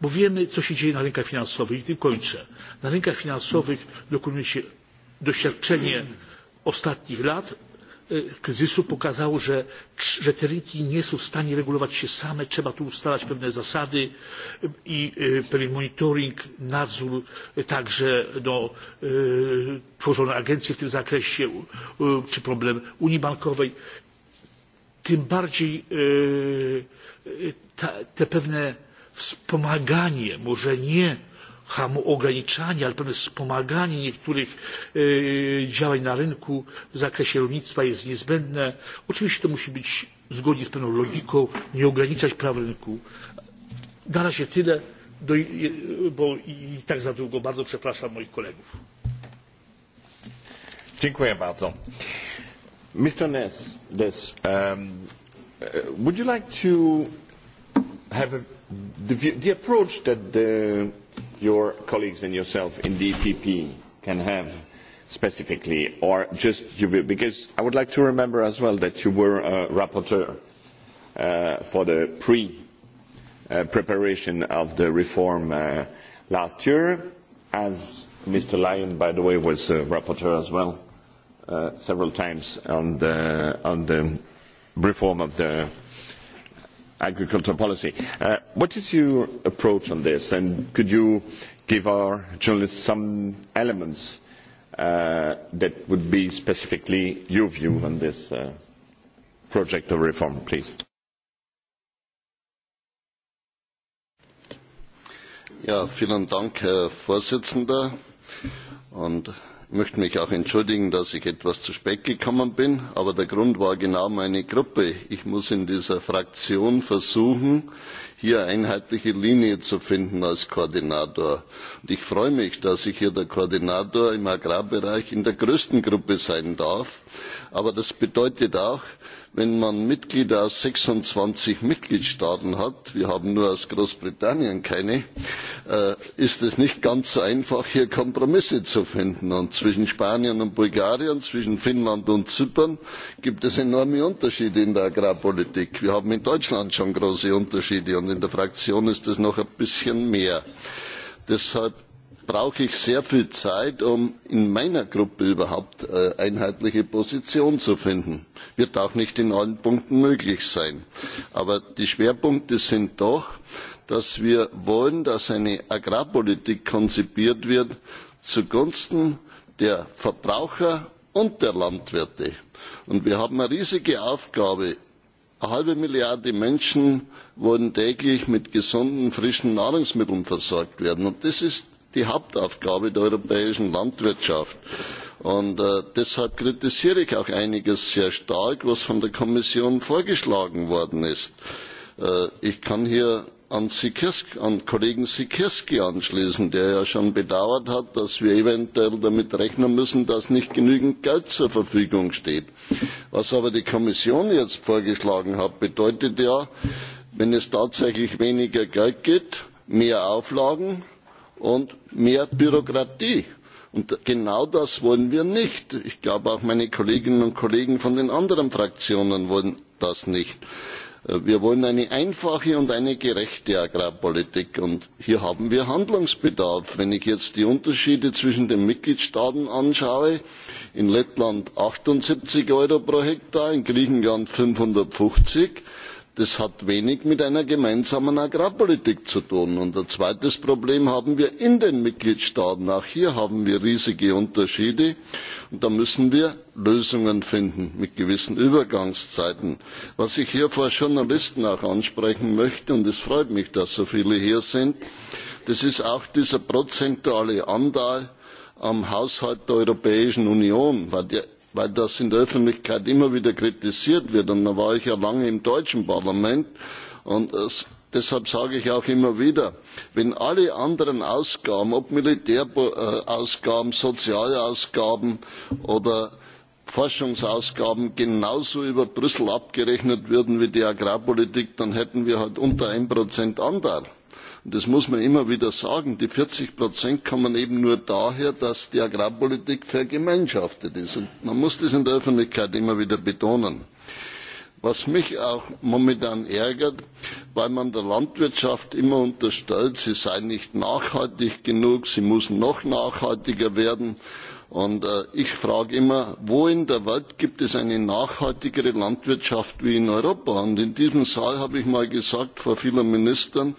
bo wiemy, co się dzieje na rynkach finansowych. I tym kończę. Na rynkach finansowych dokonuje się doświadczenie ostatnich lat kryzysu pokazało, że te rynki nie są w stanie regulować się same. Trzeba tu ustalać pewne zasady i pewien monitoring, nadzór, także tworzone agencje w tym zakresie, czy problem Unii Bankowej tym bardziej te pewne wspomaganie, może nie ograniczanie, ale pewne wspomaganie niektórych działań na rynku w zakresie rolnictwa jest niezbędne. Oczywiście to musi być zgodnie z pewną logiką, nie ograniczać praw rynku. Na razie tyle, bo i tak za długo. Bardzo przepraszam moich kolegów. Dziękuję bardzo. Mr. Ness, would you like to have the approach that your colleagues and yourself in the EPP can have specifically, or just Because I would like to remember as well that you were a rapporteur for the pre-preparation of the reform last year, as Mr. Lyon, by the way, was a rapporteur as well several times on the reform of the agricultural policy. What is your approach on this, and could you give our journalists some elements that would be specifically your view on this project of reform, please? Vielen Dank, Herr Vorsitzender. Und Ich möchte mich auch entschuldigen, dass ich etwas zu spät gekommen bin, aber der Grund war genau meine Gruppe. Ich muss in dieser Fraktion versuchen, hier einheitliche Linie zu finden als Koordinator. Und ich freue mich, dass ich hier der Koordinator im Agrarbereich in der größten Gruppe sein darf. Aber das bedeutet auch, wenn man mitglieder aus 26 mitgliedstaaten hat wir haben nur aus großbritannien keine ist es nicht ganz so einfach hier kompromisse zu finden und zwischen spanien und bulgarien zwischen finnland und zypern gibt es enorme unterschiede in der agrarpolitik. wir haben in deutschland schon große unterschiede und in der fraktion ist es noch ein bisschen mehr. deshalb brauche ich sehr viel zeit um in meiner gruppe überhaupt eine einheitliche position zu finden. wird auch nicht in allen punkten möglich sein. aber die schwerpunkte sind doch dass wir wollen dass eine agrarpolitik konzipiert wird zugunsten der verbraucher und der landwirte. wir haben eine riesige aufgabe eine halbe milliarde menschen wollen täglich mit gesunden frischen nahrungsmitteln versorgt werden und das ist die hauptaufgabe der europäischen landwirtschaft. deshalb kritisiere ich auch einiges sehr stark was von der kommission vorgeschlagen worden ist. ich kann hier an kollegen siekierski anschließen der ja schon bedauert hat dass wir eventuell damit rechnen müssen dass nicht genügend geld zur verfügung steht. was aber die kommission jetzt vorgeschlagen hat bedeutet ja wenn es tatsächlich weniger geld gibt mehr auflagen und mehr bürokratie. und genau das wollen wir nicht. ich glaube auch meine kolleginnen und kollegen von den anderen fraktionen wollen das nicht. wir wollen eine einfache und eine gerechte agrarpolitik und hier haben wir handlungsbedarf. wenn ich jetzt die unterschiede zwischen den mitgliedstaaten anschaue in lettland 78 euro pro hektar in griechenland 550 das hat wenig mit einer gemeinsamen agrarpolitik zu tun. und ein zweites problem haben wir in den mitgliedstaaten auch hier haben wir riesige unterschiede und da müssen wir lösungen finden mit gewissen übergangszeiten. was ich hier vor journalisten auch ansprechen möchte und es freut mich dass so viele hier sind das ist auch dieser prozentuale anteil am haushalt der europäischen union weil das in der Öffentlichkeit immer wieder kritisiert wird. Und da war ich ja lange im deutschen Parlament. Und deshalb sage ich auch immer wieder, wenn alle anderen Ausgaben, ob Militärausgaben, Sozialausgaben oder Forschungsausgaben genauso über Brüssel abgerechnet würden wie die Agrarpolitik, dann hätten wir halt unter 1% Anteil das muss man immer wieder sagen die vierzig kommen eben nur daher dass die agrarpolitik vergemeinschaftet ist und man muss das in der öffentlichkeit immer wieder betonen. was mich auch momentan ärgert weil man der landwirtschaft immer unterstellt sie sei nicht nachhaltig genug sie muss noch nachhaltiger werden. Und ich frage immer, wo in der Welt gibt es eine nachhaltigere Landwirtschaft wie in Europa? Und in diesem Saal habe ich mal gesagt vor vielen Ministern,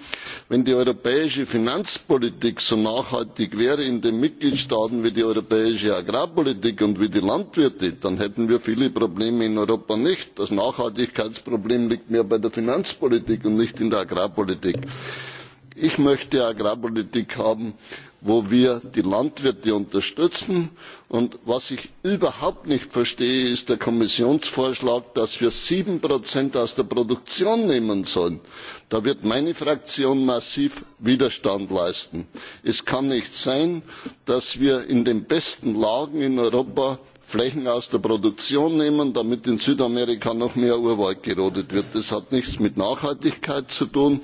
wenn die europäische Finanzpolitik so nachhaltig wäre in den Mitgliedstaaten wie die europäische Agrarpolitik und wie die Landwirte, dann hätten wir viele Probleme in Europa nicht. Das Nachhaltigkeitsproblem liegt mehr bei der Finanzpolitik und nicht in der Agrarpolitik. Ich möchte Agrarpolitik haben wo wir die landwirte unterstützen. und was ich überhaupt nicht verstehe ist der kommissionsvorschlag dass wir sieben aus der produktion nehmen sollen. da wird meine fraktion massiv widerstand leisten. es kann nicht sein dass wir in den besten lagen in europa flächen aus der produktion nehmen damit in südamerika noch mehr urwald gerodet wird. das hat nichts mit nachhaltigkeit zu tun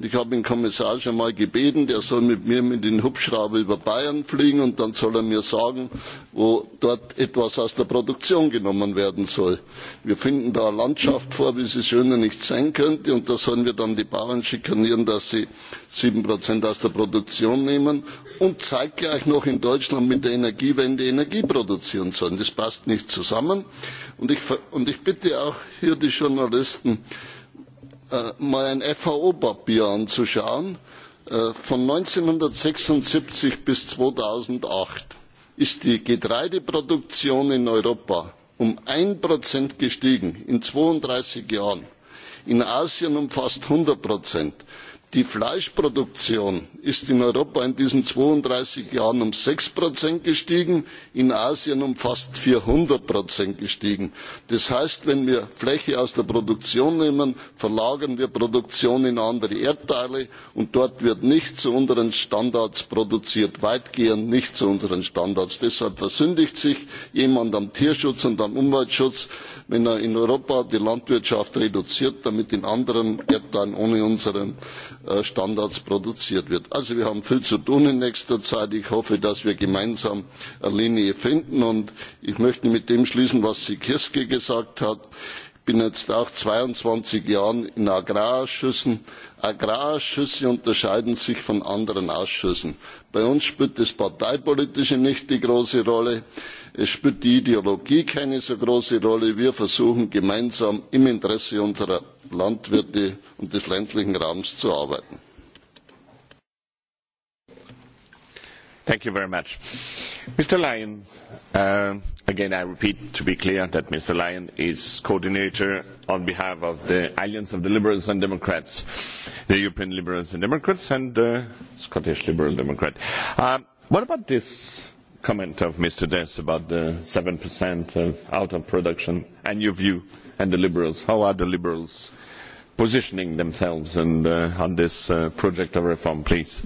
ich habe den kommissar schon mal gebeten der soll mit mir mit dem hubschrauber über bayern fliegen und dann soll er mir sagen wo dort etwas aus der produktion genommen werden soll. wir finden da eine landschaft vor wie sie schöner nicht sein könnte und da sollen wir dann die bauern schikanieren dass sie sieben aus der produktion nehmen und zeitgleich noch in deutschland mit der energiewende energie produzieren sollen. das passt nicht zusammen. und ich bitte auch hier die journalisten mal ein FAO papier anzuschauen von 1976 bis 2008 ist die getreideproduktion in europa um 1% gestiegen in 32 jahren in asien um fast 100 die fleischproduktion ist in europa in diesen zweiunddreißig jahren um sechs gestiegen in asien um fast 400% gestiegen. das heißt wenn wir fläche aus der produktion nehmen verlagern wir produktion in andere erdteile und dort wird nicht zu unseren standards produziert weitgehend nicht zu unseren standards. deshalb versündigt sich jemand am tierschutz und am umweltschutz wenn er in europa die landwirtschaft reduziert damit in anderen erdteilen ohne unseren Standards produziert wird. Also wir haben viel zu tun in nächster Zeit. Ich hoffe, dass wir gemeinsam eine Linie finden. Und ich möchte mit dem schließen, was Sie Sikerski gesagt hat. Ich bin jetzt auch 22 Jahren in Agrarausschüssen. Agrarausschüsse unterscheiden sich von anderen Ausschüssen. Bei uns spielt das Parteipolitische nicht die große Rolle, es spielt die Ideologie keine so große Rolle. Wir versuchen gemeinsam im Interesse unserer Landwirte und des ländlichen Raums zu arbeiten. Thank Mr. Lyon, again I repeat to be clear that Mr. Lyon is coordinator on behalf of the Alliance of the Liberals and Democrats, the European Liberals and Democrats and the Scottish Liberal Democrat. What about this comment of Mr. Dess about the 7% out of production and your view and the Liberals? How are the Liberals positioning themselves on this project of reform, please?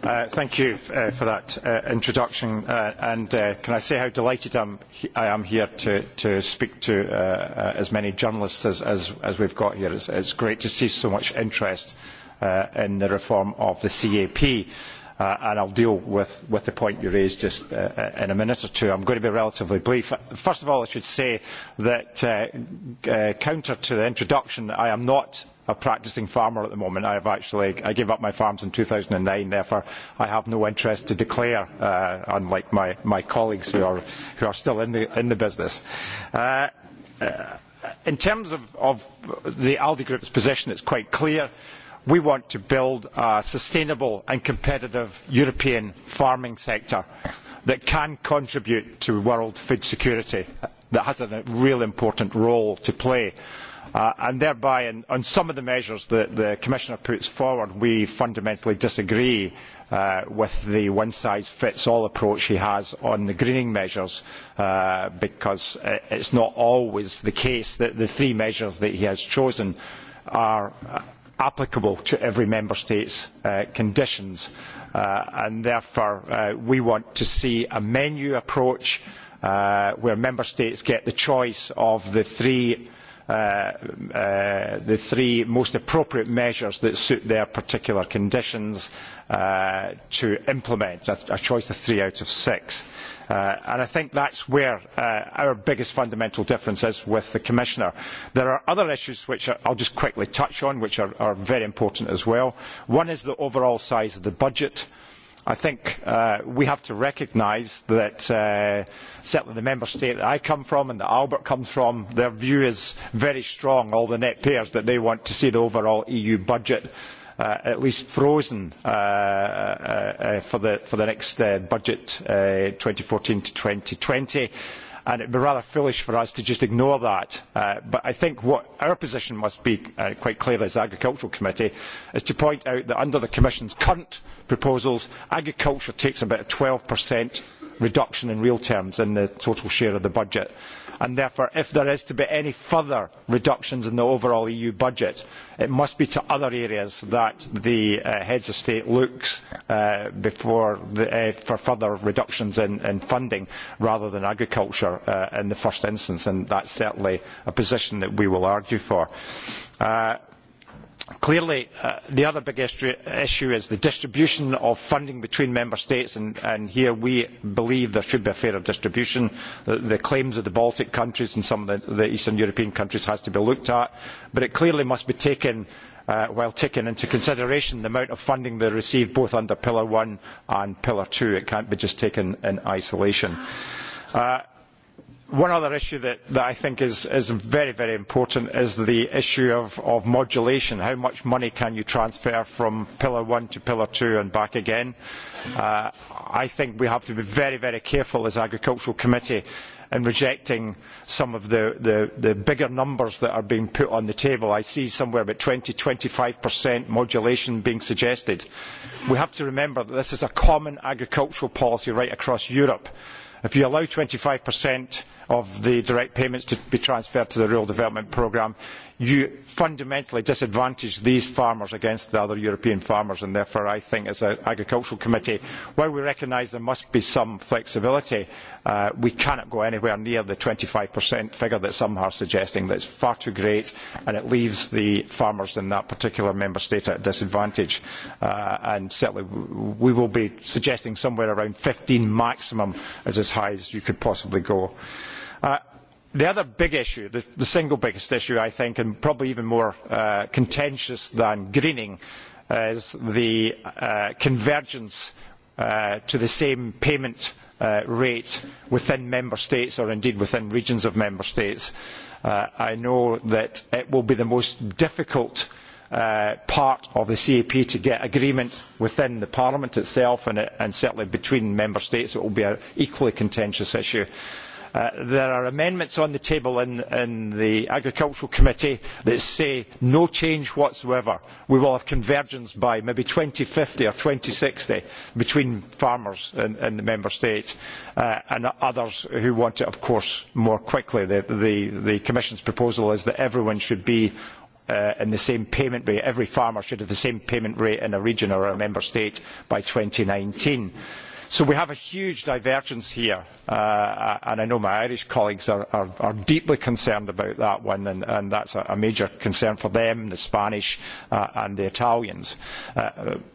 Thank you for that introduction, and can I say how delighted I am here to speak to as many journalists as we've got here. It's great to see so much interest in the reform of the CAP and I'll deal with the point you raised just in a minute or two. I'm going to be relatively brief. First of all, I should say that counter to the introduction, I am not a practising farmer at the moment. I have actually I gave up my farms in 2009. Therefore, I have no interest to declare, unlike my my colleagues who are who are still in the in the business. In terms of the Aldi Group's position, it's quite clear we want to build a sustainable and competitive European farming sector that can contribute to world food security, that has a real important role to play. And thereby, on some of the measures that the Commissioner puts forward, we fundamentally disagree with the one-size-fits-all approach he has on the greening measures, because it's not always the case that the three measures that he has chosen are applicable to every member state's conditions and therefore we want to see a menu approach where member states get the choice of the three most appropriate measures that suit their particular conditions to implement a choice of three out of six. And I think that's where our biggest fundamental difference is with the Commissioner. There are other issues which I'll just quickly touch on, which are very important as well. One is the overall size of the budget. I think we have to recognise that certainly the member state that I come from and that Albert comes from, their view is very strong, all the net payers, that they want to see the overall EU budget at least frozen for the next budget 2014 to 2020 and it would be rather foolish for us to just ignore that. But I think what our position must be quite clearly as the Agricultural Committee is to point out that under the Commission's current proposals, agriculture takes about a 12% reduction in real terms in the total share of the budget and therefore if there is to be any further reductions in the overall eu budget it must be to other areas that the heads of state looks for further reductions in funding rather than agriculture in the first instance and that is certainly a position that we will argue for. Clearly, the other big issue is the distribution of funding between member states, and here we believe there should be a fairer distribution. The claims of the Baltic countries and some of the Eastern European countries has to be looked at, but it clearly must be taken while taking into consideration the amount of funding they receive both under Pillar 1 and Pillar 2. It can't be just taken in isolation. One other issue that I think is very, very important is the issue of modulation. How much money can you transfer from Pillar one to Pillar two and back again? I think we have to be very, very careful as Agricultural Committee in rejecting some of the bigger numbers that are being put on the table. I see somewhere about 20-25% modulation being suggested. We have to remember that this is a common agricultural policy right across Europe. If you allow 25% of the direct payments to be transferred to the rural development programme, you fundamentally disadvantage these farmers against the other European farmers, and therefore I think as an agricultural committee, while we recognise there must be some flexibility, we cannot go anywhere near the 25% figure that some are suggesting. That's far too great, and it leaves the farmers in that particular member state at disadvantage. And certainly we will be suggesting somewhere around 15 maximum, is as high as you could possibly go. The other big issue, the single biggest issue I think, and probably even more contentious than greening, is the convergence to the same payment rate within member states or indeed within regions of member states. I know that it will be the most difficult part of the CAP to get agreement within the Parliament itself and certainly between member states. It will be an equally contentious issue. There are amendments on the table in the Agricultural Committee that say no change whatsoever. We will have convergence by maybe 2050 or 2060 between farmers in the member states and others who want it, of course, more quickly. The Commission's proposal is that everyone should be in the same payment rate. Every farmer should have the same payment rate in a region or a member state by 2019. So we have a huge divergence here, and I know my Irish colleagues are deeply concerned about that one, and that's a major concern for them, the Spanish and the Italians.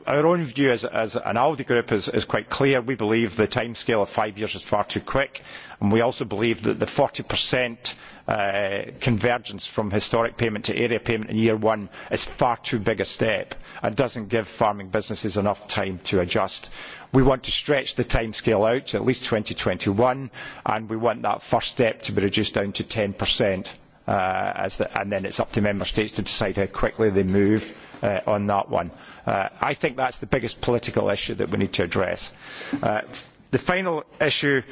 Our own view as an ALDE group is quite clear. We believe the timescale of five years is far too quick, and we also believe that the 40% convergence from historic payment to area payment in year one is far too big a step and does not give farming businesses enough time to adjust. We want to stretch the timescale out to at least 2021, and we want that first step to be reduced down to 10%, and then it's up to member states to decide how quickly they move on that one. I think that's the biggest political issue that we need to address. The final issue,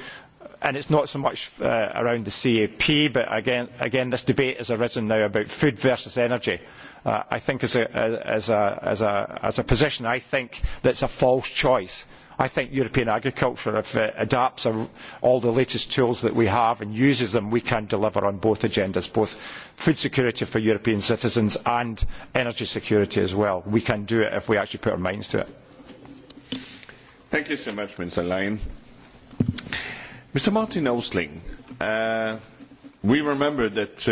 and it's not so much around the CAP, but again, this debate has arisen now about food versus energy. I think as a position, I think that's a false choice I think European agriculture, if it adapts all the latest tools that we have and uses them, we can deliver on both agendas, both food security for European citizens and energy security as well. We can do it if we actually put our minds to it. Thank you so much, Mr. Lyon. Mr. Martin Osling, we remember that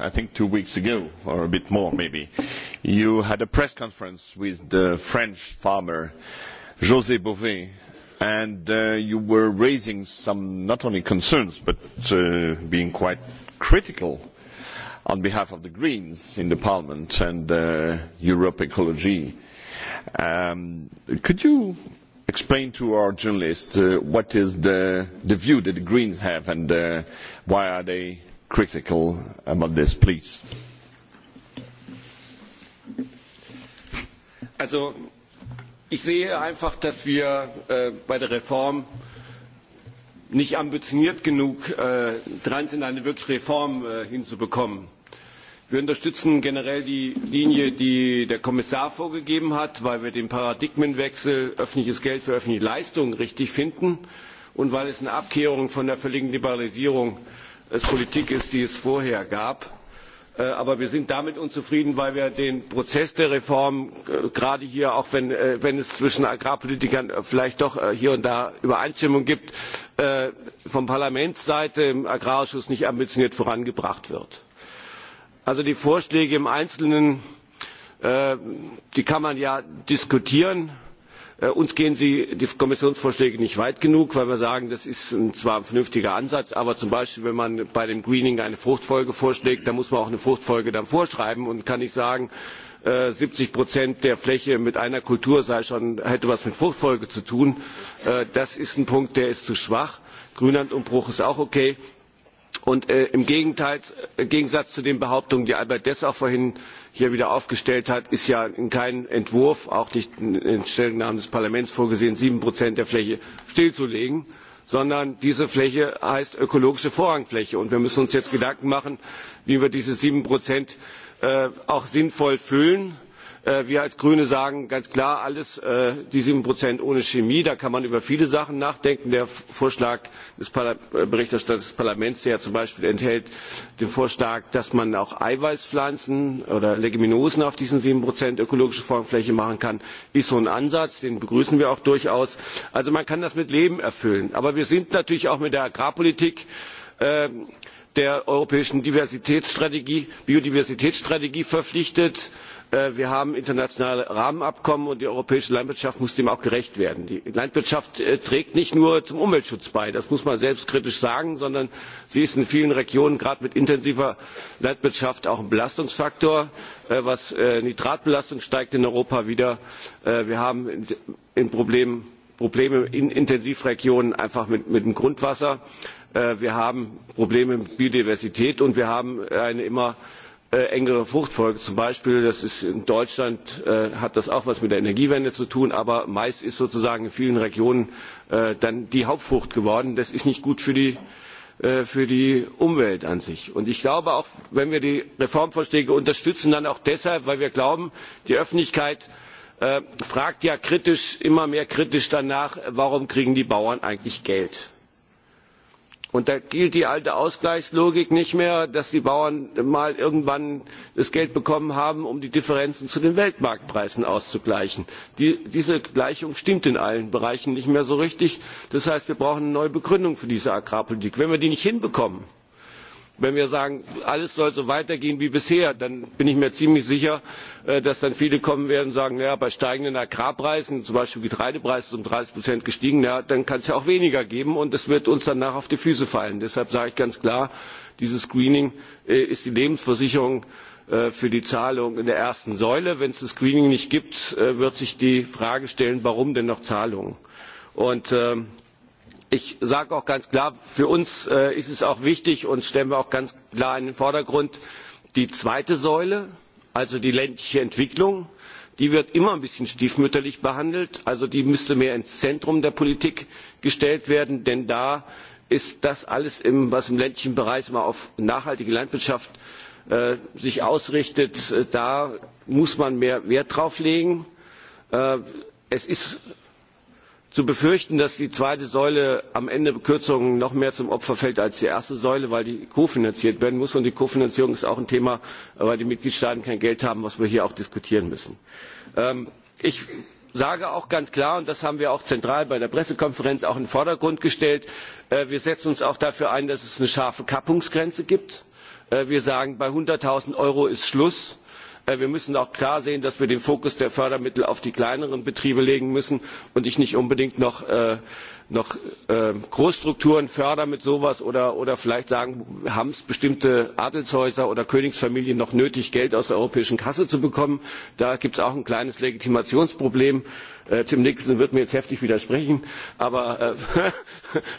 I think two weeks ago, or a bit more maybe, you had a press conference with the French farmer José Bové, and you were raising some not only concerns but being quite critical on behalf of the Greens in the Parliament and Europe Ecology. Could you explain to our journalists what is the view that the Greens have and why are they critical about this, please? ich sehe einfach dass wir bei der reform nicht ambitioniert genug dran sind eine wirkliche reform hinzubekommen. wir unterstützen generell die linie die der kommissar vorgegeben hat weil wir den paradigmenwechsel öffentliches geld für öffentliche leistungen richtig finden und weil es eine abkehrung von der völligen liberalisierung der politik ist die es vorher gab aber wir sind damit unzufrieden weil wir den prozess der reform gerade hier auch wenn es zwischen agrarpolitikern vielleicht doch hier und da übereinstimmung gibt von parlamentsseite im agrarausschuss nicht ambitioniert vorangebracht wird. also die vorschläge im einzelnen kann man ja diskutieren Uns gehen die Kommissionsvorschläge nicht weit genug, weil wir sagen, das ist zwar ein vernünftiger Ansatz, aber zum Beispiel, wenn man bei dem Greening eine Fruchtfolge vorschlägt, dann muss man auch eine Fruchtfolge dann vorschreiben und kann nicht sagen, 70 der Fläche mit einer Kultur sei schon, hätte etwas mit Fruchtfolge zu tun. Das ist ein Punkt, der ist zu schwach. Grünlandumbruch ist auch okay und im gegensatz zu den behauptungen die albert deß auch vorhin hier wieder aufgestellt hat ist ja in keinem entwurf auch nicht in stellungnahmen des parlaments vorgesehen sieben der fläche stillzulegen sondern diese fläche heißt ökologische vorrangfläche und wir müssen uns jetzt gedanken machen wie wir diese sieben auch sinnvoll füllen wir als grüne sagen ganz klar alles die sieben ohne chemie da kann man über viele sachen nachdenken. der vorschlag des berichterstatters des parlaments der ja zum beispiel enthält den vorschlag dass man auch eiweißpflanzen oder leguminosen auf diesen sieben ökologische formfläche machen kann ist so ein ansatz den begrüßen wir auch durchaus. also man kann das mit leben erfüllen. aber wir sind natürlich auch mit der agrarpolitik der europäischen biodiversitätsstrategie verpflichtet wir haben internationale rahmenabkommen und die europäische landwirtschaft muss dem auch gerecht werden. die landwirtschaft trägt nicht nur zum umweltschutz bei das muss man selbstkritisch sagen sondern sie ist in vielen regionen gerade mit intensiver landwirtschaft auch ein belastungsfaktor was nitratbelastung steigt in europa wieder wir haben probleme in intensivregionen einfach mit dem grundwasser wir haben probleme mit biodiversität und wir haben eine immer engere Fruchtfolge. Zum Beispiel, das ist in Deutschland hat das auch etwas mit der Energiewende zu tun, aber Mais ist sozusagen in vielen Regionen dann die Hauptfrucht geworden. Das ist nicht gut für die Umwelt an sich. Und ich glaube auch, wenn wir die Reformvorschläge unterstützen, dann auch deshalb, weil wir glauben, die Öffentlichkeit fragt ja kritisch, immer mehr kritisch danach, warum kriegen die Bauern eigentlich Geld? Und da gilt die alte Ausgleichslogik nicht mehr, dass die Bauern mal irgendwann das Geld bekommen haben, um die Differenzen zu den Weltmarktpreisen auszugleichen. Diese Gleichung stimmt in allen Bereichen nicht mehr so richtig. Das heißt, wir brauchen eine neue Begründung für diese Agrarpolitik. Wenn wir die nicht hinbekommen, wenn wir sagen alles soll so weitergehen wie bisher dann bin ich mir ziemlich sicher dass dann viele kommen werden und sagen bei steigenden agrarpreisen zum beispiel getreidepreis ist um dreißig gestiegen dann kann es ja auch weniger geben und das wird uns danach auf die füße fallen. deshalb sage ich ganz klar dieses screening ist die lebensversicherung für die zahlung in der ersten säule. wenn es das screening nicht gibt wird sich die frage stellen warum denn noch zahlungen? und ich sage auch ganz klar für uns ist es auch wichtig und stellen wir auch ganz klar in den vordergrund die zweite säule also die ländliche entwicklung die wird immer ein bisschen stiefmütterlich behandelt also die müsste mehr ins zentrum der politik gestellt werden denn da ist das alles was im ländlichen bereich mal auf nachhaltige landwirtschaft ausrichtet da muss man mehr wert drauf legen. es ist zu befürchten dass die zweite säule am ende kürzungen noch mehr zum opfer fällt als die erste säule weil die kofinanziert werden muss und die kofinanzierung ist auch ein thema weil die mitgliedstaaten kein geld haben was wir hier auch diskutieren müssen. ich sage auch ganz klar und das haben wir auch zentral bei der pressekonferenz in den vordergrund gestellt wir setzen uns auch dafür ein dass es eine scharfe kappungsgrenze gibt. wir sagen bei null euro ist schluss wir müssen auch klar sehen dass wir den fokus der fördermittel auf die kleineren betriebe legen müssen und ich nicht unbedingt noch noch Großstrukturen fördern mit so etwas oder vielleicht sagen, haben es bestimmte Adelshäuser oder Königsfamilien noch nötig, Geld aus der europäischen Kasse zu bekommen. Da gibt es auch ein kleines Legitimationsproblem. Tim Nicholson wird mir jetzt heftig widersprechen, aber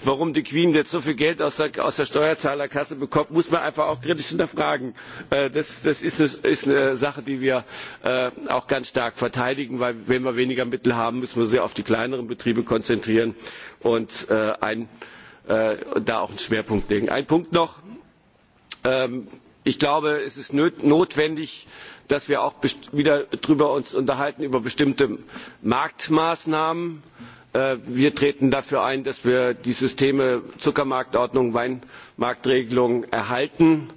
warum die Queen jetzt so viel Geld aus der Steuerzahlerkasse bekommt, muss man einfach auch kritisch hinterfragen. Das ist eine Sache, die wir auch ganz stark verteidigen, weil wenn wir weniger Mittel haben, müssen wir sie auf die kleineren Betriebe konzentrieren und da auch einen Schwerpunkt legen. Ein Punkt noch. Ich glaube, es ist notwendig, dass wir uns auch wieder darüber unterhalten, über bestimmte Marktmaßnahmen. Wir treten dafür ein, dass wir die Systeme Zuckermarktordnung, Weinmarktregelung erhalten.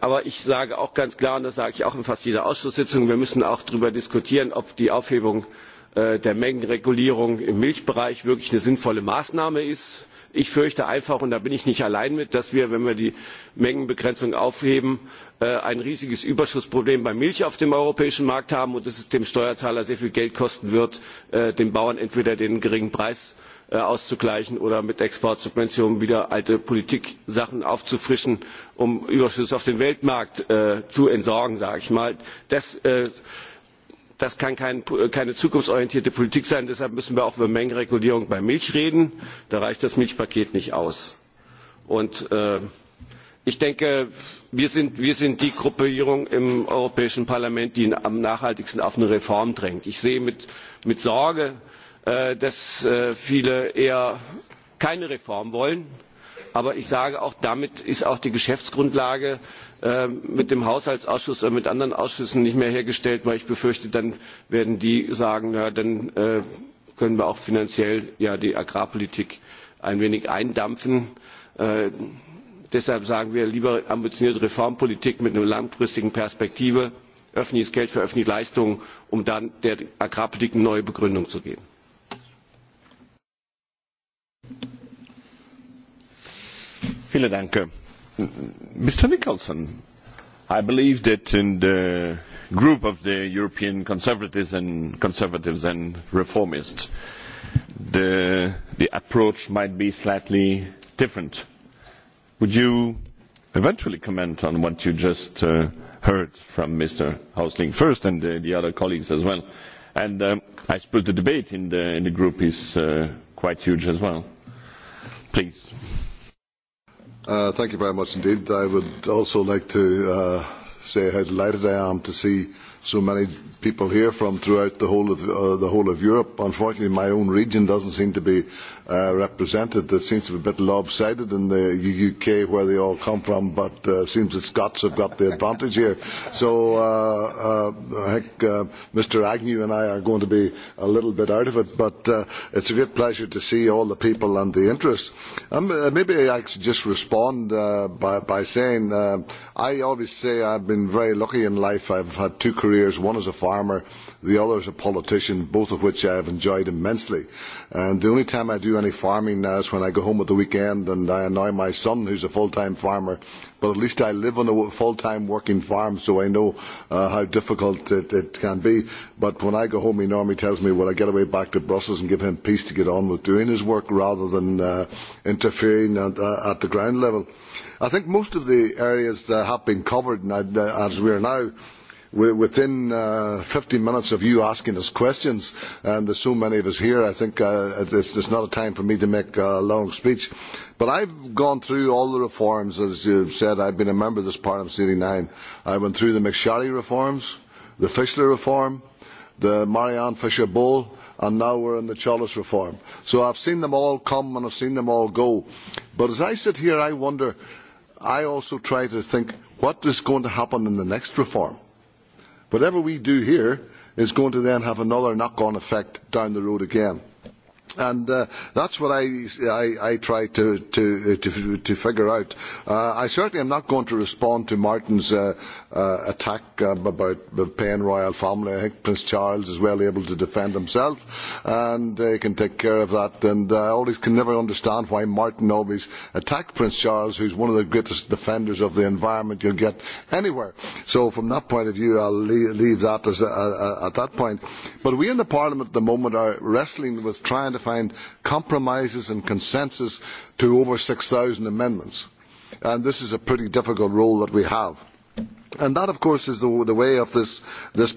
Aber ich sage auch ganz klar, und das sage ich auch in fast jeder Ausschusssitzung, wir müssen auch darüber diskutieren, ob die Aufhebung der Mengenregulierung im Milchbereich wirklich eine sinnvolle Maßnahme ist. Ich fürchte einfach, und da bin ich nicht allein mit, dass wir, wenn wir die Mengenbegrenzung aufheben, ein riesiges Überschussproblem bei Milch auf dem europäischen Markt haben und dass es dem Steuerzahler sehr viel Geld kosten wird, den Bauern entweder den geringen Preis auszugleichen oder mit Exportsubventionen wieder alte Politiksachen aufzufrischen, um Überschüsse auf dem Weltmarkt zu entsorgen, sage ich mal. Das das kann keine zukunftsorientierte politik sein deshalb müssen wir auch über mengenregulierung bei milch reden da reicht das milchpaket nicht aus. ich denke wir sind die gruppierung im europäischen parlament die am nachhaltigsten auf eine reform drängt. ich sehe mit sorge dass viele eher keine reform wollen aber ich sage auch damit ist auch die geschäftsgrundlage mit dem Haushaltsausschuss oder mit anderen Ausschüssen nicht mehr hergestellt, weil ich befürchte, dann werden die sagen, na, dann können wir auch finanziell ja die Agrarpolitik ein wenig eindampfen. Deshalb sagen wir lieber ambitionierte Reformpolitik mit einer langfristigen Perspektive, öffentliches Geld für öffentliche Leistungen, um dann der Agrarpolitik eine neue Begründung zu geben. Vielen Dank. Mr. Nicholson, I believe that in the group of the European conservatives and conservatives and reformists, the approach might be slightly different. Would you eventually comment on what you just heard from Mr. Hausling first and the other colleagues as well? And I suppose the debate in the group is quite huge as well. Please. Thank you very much indeed. I would also like to say how delighted I am to see so many people here from throughout the whole of Europe. Unfortunately, my own region doesn't seem to be represented that seems to be a bit lopsided in the UK where they all come from, but it seems the Scots have got the advantage here. So I think Mr Agnew and I are going to be a little bit out of it, but it's a great pleasure to see all the people and the interest. Maybe I should just respond by saying I always say I've been very lucky in life. I've had two careers, one as a farmer, the other as a politician, both of which I have enjoyed immensely. And the only time I do any farming now is when I go home at the weekend and I annoy my son, who's a full-time farmer. But at least I live on a full-time working farm, so I know how difficult it can be. But when I go home, he normally tells me, well, I get away back to Brussels and give him peace to get on with doing his work rather than interfering at the ground level. I think most of the areas that have been covered as we are now within 15 minutes of you asking us questions, and are so many of us here, I think it's not a time for me to make a long speech. But I've gone through all the reforms, as you've said. I've been a member of this Parliament since nine. I went through the McSharry reforms, the Fischler reform, the Marianne Fisher Bowl, and now we're in the Chalice reform. So I've seen them all come and I've seen them all go. But as I sit here, I wonder, I also try to think, what is going to happen in the next reform? Whatever we do here is going to then have another knock-on effect down the road again. And that's what I try to figure out. I certainly am not going to respond to Martin's attack the paying royal family. I think Prince Charles is well able to defend himself and he can take care of that. And I always can never understand why Martin always attacked Prince Charles, who is one of the greatest defenders of the environment you get anywhere. So from that point of view, I'll leave that at that point. But we in the Parliament at the moment are wrestling with trying to find compromises and consensus to over 6,000 amendments. And this is a pretty difficult role that we have And that, of course, is the way of this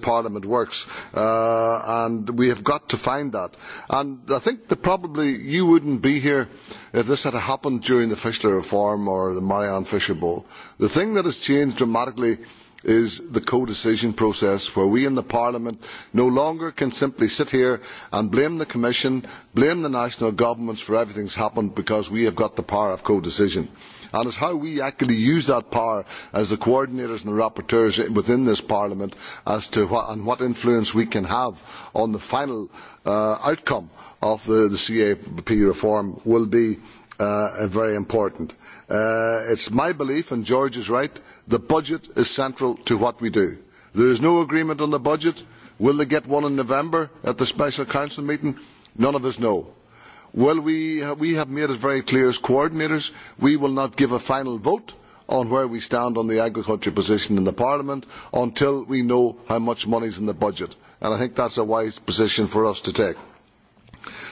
Parliament works, and we have got to find that. And I think that probably you wouldn't be here if this had happened during the Fischler Reform or the Marianne Fisher Bowl. The thing that has changed dramatically is the codecision process, where we in the Parliament no longer can simply sit here and blame the Commission, blame the national governments for everything that has happened, because we have got the power of codecision and is how we actually use that power as the coordinators and rapporteurs within this parliament as to what influence we can have on the final outcome of the cap reform will be very important. it is my belief and george is right the budget is central to what we do. there is no agreement on the budget. will they get one in november at the special council meeting? none of us know. Well, we have made it very clear as coordinators we will not give a final vote on where we stand on the agriculture position in Parliament until we know how much money is in the budget. And I think that's a wise position for us to take.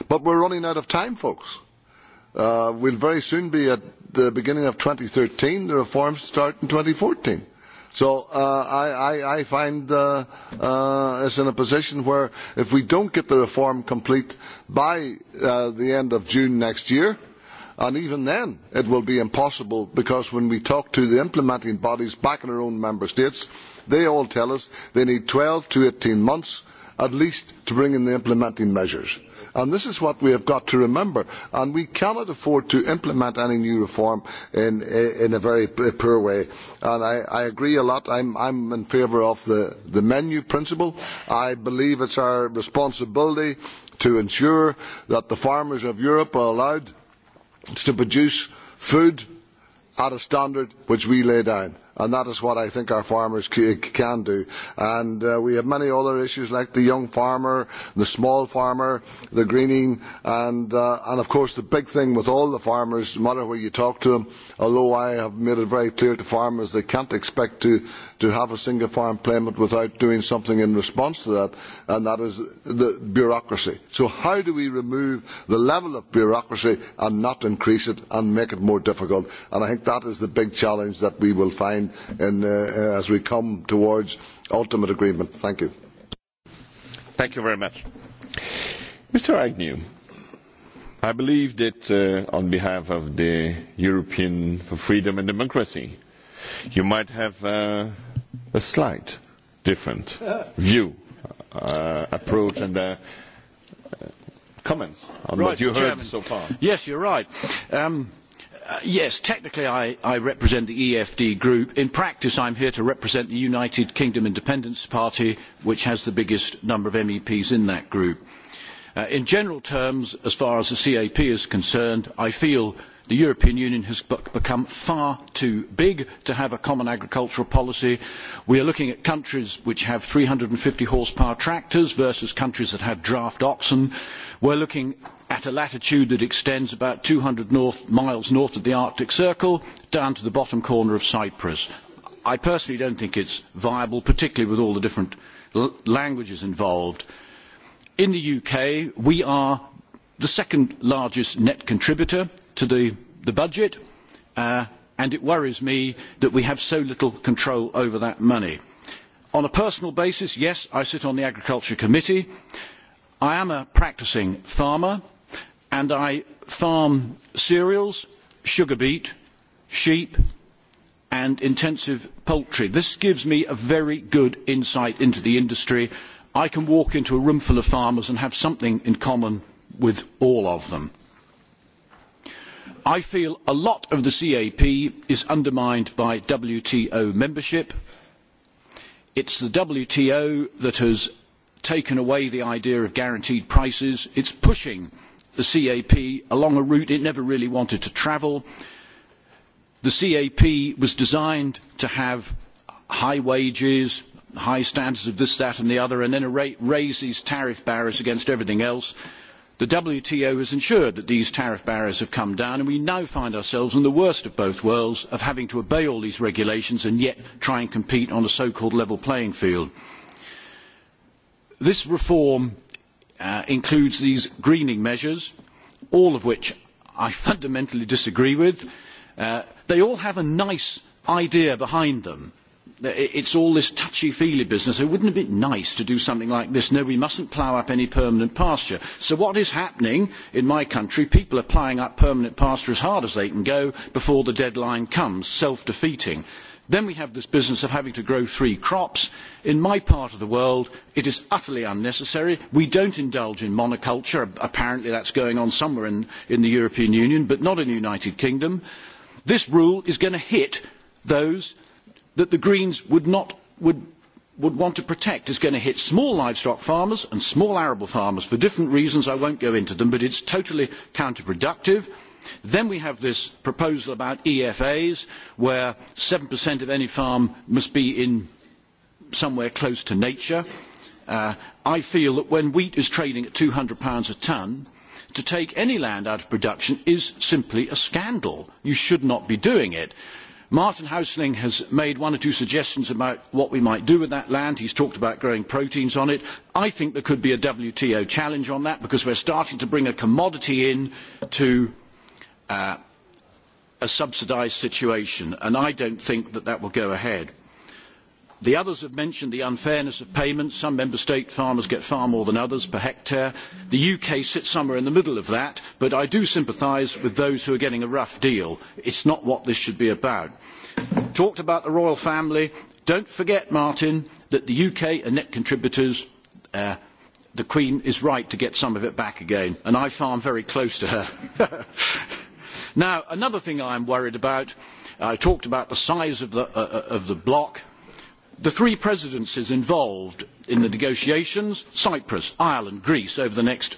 But we're running out of time, folks. We'll very soon be at the beginning of 2013. The reforms start in 2014. So I find us in a position where if we don't get the reform complete by the end of June next year, and even then it will be impossible because when we talk to the implementing bodies back in our own member states, they all tell us they need 12 to 18 months at least to bring in the implementing measures and this is what we have got to remember and we cannot afford to implement any new reform in a very poor way i agree a lot i am in favour of the menu principle i believe it is our responsibility to ensure that the farmers of europe are allowed to produce food at a standard which we lay down and that is what I think our farmers can do. And we have many other issues like the young farmer, the small farmer, the greening, and of course the big thing with all the farmers, no matter where you talk to them, although I have made it very clear to farmers they can't expect to to have a single farm payment without doing something in response to that, and that is the bureaucracy. So how do we remove the level of bureaucracy and not increase it and make it more difficult? And I think that is the big challenge that we will find as we come towards ultimate agreement. Thank you. Thank you very much. Mr. Agnew, I believe that on behalf of the European for Freedom and Democracy, you might have a slight different view, approach and comments on what you heard so far. Yes, you're right. Yes, technically I I represent the EFD group. In practice, I'm here to represent the United Kingdom Independence Party, which has the biggest number of MEPs in that group. In general terms, as far as the CAP is concerned, I feel The European Union has become far too big to have a common agricultural policy. We are looking at countries which have 350 horsepower tractors versus countries that have draft oxen. We are looking at a latitude that extends about 200 miles north of the Arctic Circle down to the bottom corner of Cyprus. I personally don't think it's viable, particularly with all the different languages involved. In the UK, we are the second largest net contributor to the budget and it worries me that we have so little control over that money. On a personal basis, yes, I sit on the Agriculture Committee. I am a practising farmer and I farm cereals, sugar beet, sheep and intensive poultry. This gives me a very good insight into the industry. I can walk into a room full of farmers and have something in common with all of them. I feel a lot of the CAP is undermined by WTO membership. It is the WTO that has taken away the idea of guaranteed prices. It is pushing the CAP along a route it never really wanted to travel. The CAP was designed to have high wages, high standards of this, that and the other, and then raise these tariff barriers against everything else The WTO has ensured that these tariff barriers have come down and we now find ourselves in the worst of both worlds of having to obey all these regulations and yet try and compete on a so-called level playing field. This reform includes these greening measures, all of which I fundamentally disagree with. They all have a nice idea behind them It's all this touchy-feely business. It wouldn't have be nice to do something like this? No, we mustn't plough up any permanent pasture. So what is happening in my country? People are ploughing up permanent pasture as hard as they can go before the deadline comes, self-defeating. Then we have this business of having to grow three crops. In my part of the world, it is utterly unnecessary. We don't indulge in monoculture. Apparently that's going on somewhere in the European Union, but not in the United Kingdom. This rule is going to hit those that the Greens would want to protect is going to hit small livestock farmers and small arable farmers for different reasons. I will not go into them, but it is totally counterproductive. Then we have this proposal about EFAs, where 7% of any farm must be in somewhere close to nature. I feel that when wheat is trading at 200 pounds a tonne, to take any land out of production is simply a scandal. You should not be doing it. Martin Hausling has made one or two suggestions about what we might do with that land. He has talked about growing proteins on it. I think there could be a WTO challenge on that because we are starting to bring a commodity in to a subsidised situation, and I not think that that will go ahead. The others have mentioned the unfairness of payments. Some member state farmers get far more than others per hectare. The UK sits somewhere in the middle of that, but I do sympathise with those who are getting a rough deal. It's not what this should be about. Talked about the royal family. Don't forget, Martin, that the UK are net contributors. The Queen is right to get some of it back again, and I farm very close to her. Now, another thing I am worried about, I talked about the size of the block. The three presidencies involved in the negotiations, Cyprus, Ireland, Greece, over the next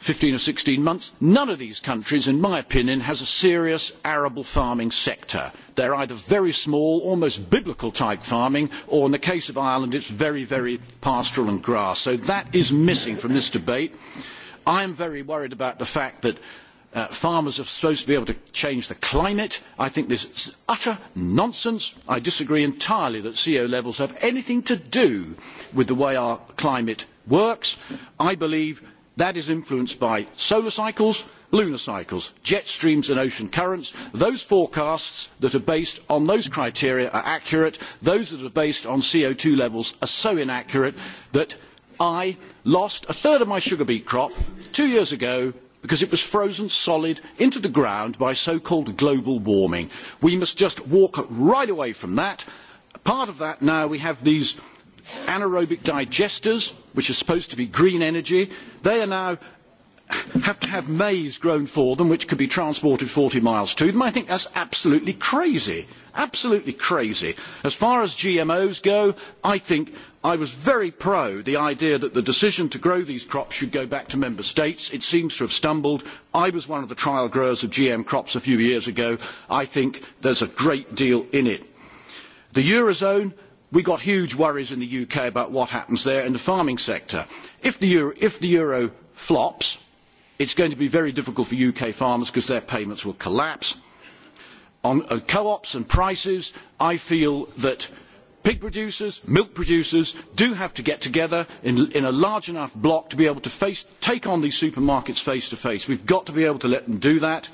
15 or 16 months, none of these countries, in my opinion, has a serious arable farming sector. They are either very small, almost biblical-type farming, or in the case of Ireland, it's very, very pastoral and grass. So that is missing from this debate. I am very worried about the fact that farmers are supposed to be able to change the climate. I think this is utter nonsense. I disagree entirely that CO levels have anything to do with the way our climate works. I believe that is influenced by solar cycles, lunar cycles, jet streams and ocean currents. Those forecasts that are based on those criteria are accurate. Those that are based on CO2 levels are so inaccurate that I lost a third of my sugar beet crop two years ago because it was frozen solid into the ground by so called global warming. we must just walk right away from that. part of that now we have these anaerobic digesters which are supposed to be green energy. they now have to have maize grown for them which could be transported 40 miles to them. i think that's absolutely crazy. absolutely crazy. as far as gmos go i think I was very pro the idea that the decision to grow these crops should go back to member states. It seems to have stumbled. I was one of the trial growers of GM crops a few years ago. I think there's a great deal in it. The Eurozone, we got huge worries in the UK about what happens there in the farming sector. If the euro flops, it's going to be very difficult for UK farmers because their payments will collapse. On co-ops and prices, I feel that pig producers milk producers do have to get together in a large enough block to be able to take on these supermarkets face to face. we have got to be able to let them do that.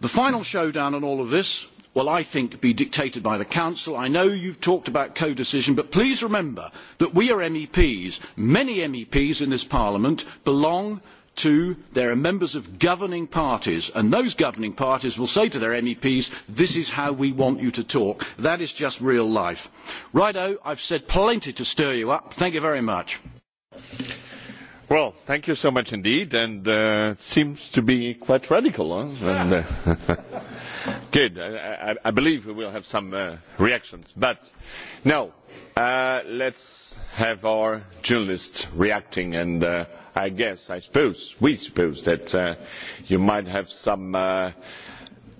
the final showdown on all of this will i think be dictated by the council. i know you have talked about codecision but please remember that we are meps many meps in this parliament belong Two, there are members of governing parties, and those governing parties will say to their MEPs, this is how we want you to talk. That is just real life. Righto, I've said plenty to stir you up. Thank you very much. Well, thank you so much indeed, and it seems to be quite radical. Good. I believe we will have some reactions. But now, let's have our journalists reacting. And I guess, I suppose, we suppose that you might have some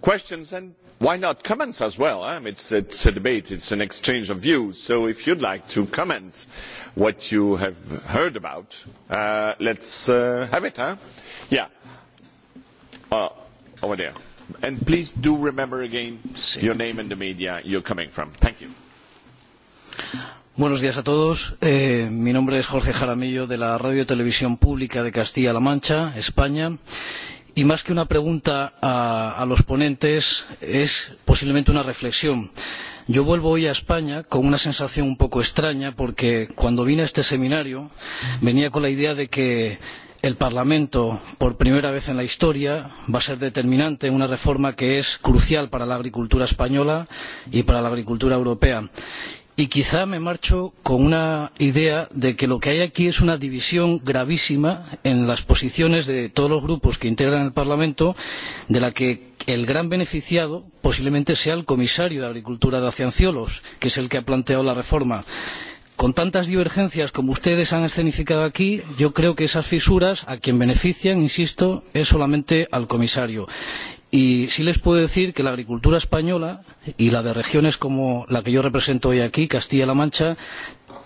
questions and why not comments as well. It's a debate. It's an exchange of views. So if you'd like to comment what you have heard about, let's have it. Yeah. Over there. And please do remember again your name and the media you're coming from. Thank you. Buenos días a todos. Mi nombre es Jorge Jaramillo de la Radio Televisión Pública de Castilla-La Mancha, España. Y más que una pregunta a los ponentes, es posiblemente una reflexión. Yo vuelvo hoy a España con una sensación un poco extraña porque cuando vine a este seminario venía con la idea de que el Parlamento, por primera vez en la historia, va a ser determinante en una reforma que es crucial para la agricultura española y para la agricultura europea. Y quizá me marcho con una idea de que lo que hay aquí es una división gravísima en las posiciones de todos los grupos que integran el Parlamento, de la que el gran beneficiado posiblemente sea el comisario de Agricultura de Acianciolos, que es el que ha planteado la reforma con tantas divergencias como ustedes han escenificado aquí yo creo que esas fisuras a quien benefician insisto es solamente al comisario y sí les puedo decir que la agricultura española y la de regiones como la que yo represento hoy aquí castilla la mancha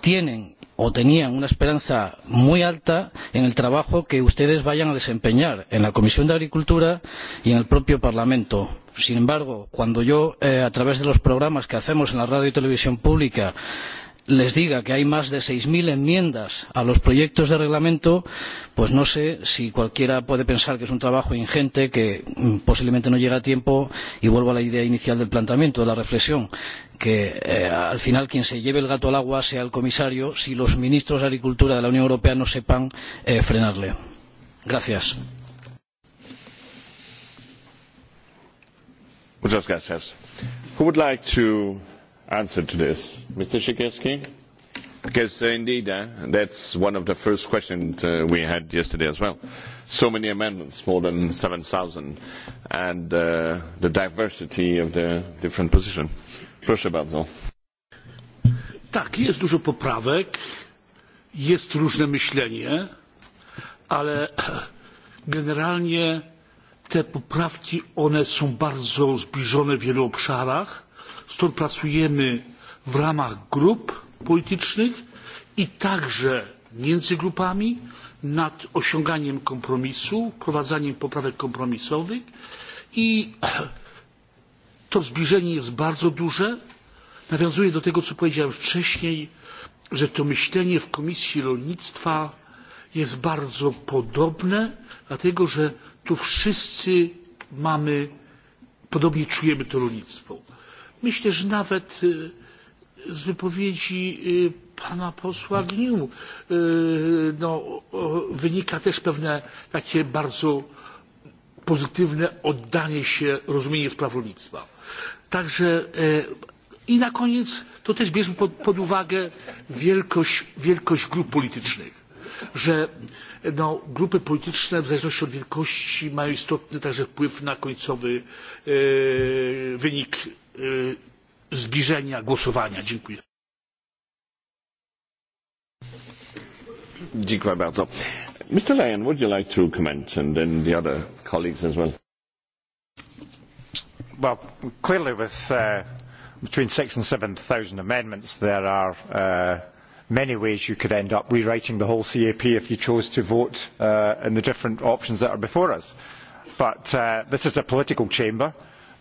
tienen o tenían una esperanza muy alta en el trabajo que ustedes vayan a desempeñar en la comisión de agricultura y en el propio parlamento. sin embargo cuando yo a través de los programas que hacemos en la radio y televisión pública les diga que hay más de 6.000 enmiendas a los proyectos de reglamento, pues no sé si cualquiera puede pensar que es un trabajo ingente, que posiblemente no llega a tiempo, y vuelvo a la idea inicial del planteamiento, de la reflexión, que al final quien se lleve el gato al agua sea el comisario si los ministros de Agricultura de la Unión Europea no sepan frenarle. Gracias answer to this. Mr. Sikorski? Because indeed, that's one of the first questions we had yesterday as well. So many amendments, more than 7,000, and the diversity of the different positions. Proszę bardzo. Tak, jest dużo poprawek, jest różne myślenie, ale generalnie te poprawki, one są bardzo zbliżone w wielu obszarach stąd pracujemy w ramach grup politycznych i także między grupami nad osiąganiem kompromisu wprowadzaniem poprawek kompromisowych i to zbliżenie jest bardzo duże. nawiązuje do tego co powiedziałem wcześniej że to myślenie w komisji rolnictwa jest bardzo podobne dlatego że tu wszyscy mamy podobnie czujemy to rolnictwo. Myślę, że nawet z wypowiedzi pana posła no, wynika też pewne takie bardzo pozytywne oddanie się, rozumienie spraw rolnictwa. Także i na koniec to też bierzmy pod uwagę wielkość grup politycznych że grupy polityczne w zależności od wielkości mają istotny także wpływ na końcowy wynik zbliżenia głosowania. Dziękuję. Dziękuję Mr. Lyon, would you like to comment and then the other colleagues as well? Well, clearly with between 6 and seven thousand amendments, there are many ways you could end up rewriting the whole CAP if you chose to vote in the different options that are before us. But this is a political chamber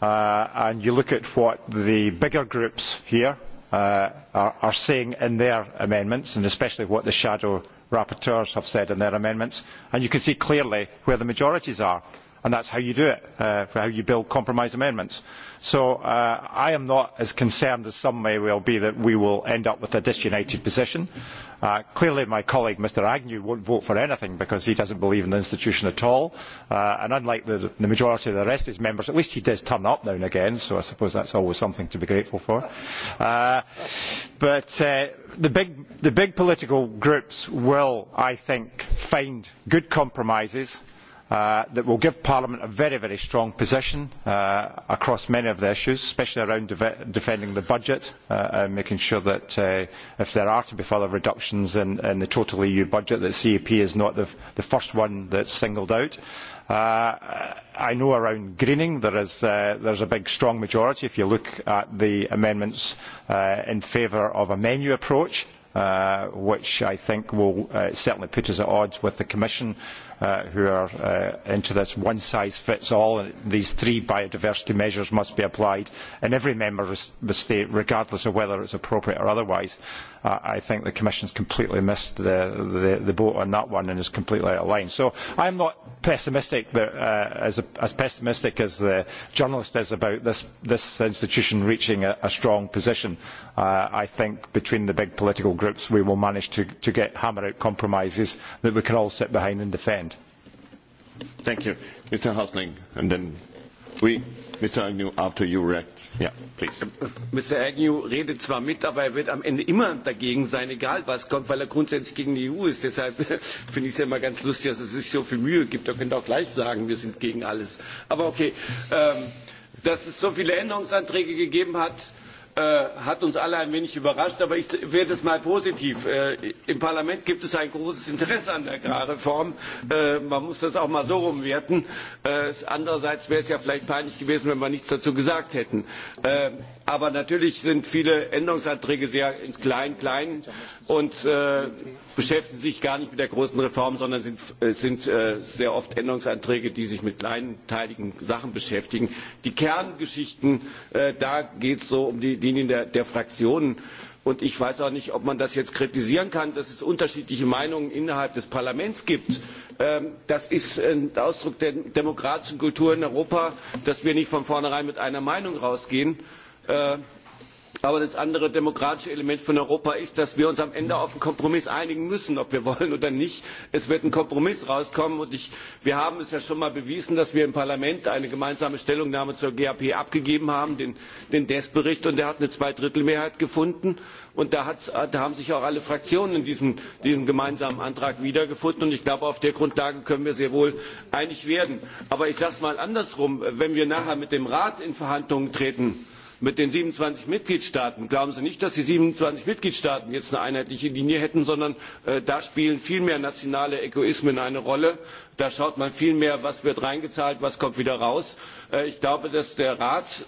and you look at what the bigger groups here are saying in their amendments, and especially what the shadow rapporteurs have said in their amendments, and you can see clearly where the majorities are, and that's how you do it, how you build compromise amendments. So I am not as concerned as some may well be that we will end up with a disunited position. Clearly, my colleague, Mr. Agnew, won't vote for anything because he does not believe in the institution at all. And unlike the majority of the rest of his members, at least he does turn up now and again, so I suppose that is always something to be grateful for. But the big political groups will, I think, find good compromises that will give Parliament a very, very strong position across many of the issues, especially around defending the budget and making sure that if there are to be further reductions in the total EU budget, that CEP is not the first one that's singled out. I know around greening there is a big strong majority if you look at the amendments in favour of a menu approach, which I think will certainly put us at odds with the Commission who are into this one size fits all and these three biodiversity measures must be applied in every member state regardless of whether it is appropriate or otherwise. I think the Commission has completely missed the boat on that one and is completely out of line. So I'm not pessimistic, but as pessimistic as the journalist is about this institution reaching a strong position. I think between the big political groups we will manage to get hammer out compromises that we can all sit behind and defend. Thank you. Mr. Hosling, and then we. Mr. Agnew, after you react. Yeah, please. Mr. Agnew redet zwar mit, aber er wird am Ende immer dagegen sein, egal was kommt, weil er grundsätzlich gegen die EU ist. Deshalb finde ich es ja immer ganz lustig, dass es sich so viel Mühe gibt. Er könnte auch gleich sagen, wir sind gegen alles. Aber okay, dass es so viele Änderungsanträge gegeben hat, hat uns alle ein wenig überrascht, aber ich werde es mal positiv. Im Parlament gibt es ein großes Interesse an der Agrarreform. Man muss das auch mal so rumwerten. Andererseits wäre es ja vielleicht peinlich gewesen, wenn wir nichts dazu gesagt hätten aber natürlich sind viele änderungsanträge sehr ins klein klein und beschäftigen sich gar nicht mit der großen reform sondern sind sehr oft änderungsanträge die sich mit kleinteiligen sachen beschäftigen. die kerngeschichten da geht es so um die linien der fraktionen. Und ich weiß auch nicht, ob man das jetzt kritisieren kann, dass es unterschiedliche Meinungen innerhalb des Parlaments gibt. Das ist ein Ausdruck der demokratischen Kultur in Europa, dass wir nicht von vornherein mit einer Meinung rausgehen aber das andere demokratische element von europa ist dass wir uns am ende auf einen kompromiss einigen müssen ob wir wollen oder nicht. es wird ein kompromiss herauskommen und wir haben es ja schon einmal bewiesen dass wir im parlament eine gemeinsame stellungnahme zur gap abgegeben haben den des bericht und der hat eine zweidrittelmehrheit gefunden und da haben sich auch alle fraktionen in diesem gemeinsamen antrag wiedergefunden und ich glaube auf der grundlage können wir sehr wohl einig werden. aber ich sage es mal andersrum wenn wir nachher mit dem rat in verhandlungen treten mit den 27 Mitgliedstaaten. Glauben Sie nicht, dass die 27 Mitgliedstaaten jetzt eine einheitliche Linie hätten, sondern da spielen viel mehr nationale Egoismen eine Rolle. Da schaut man viel mehr, was wird reingezahlt, was kommt wieder raus. Ich glaube, dass der Rat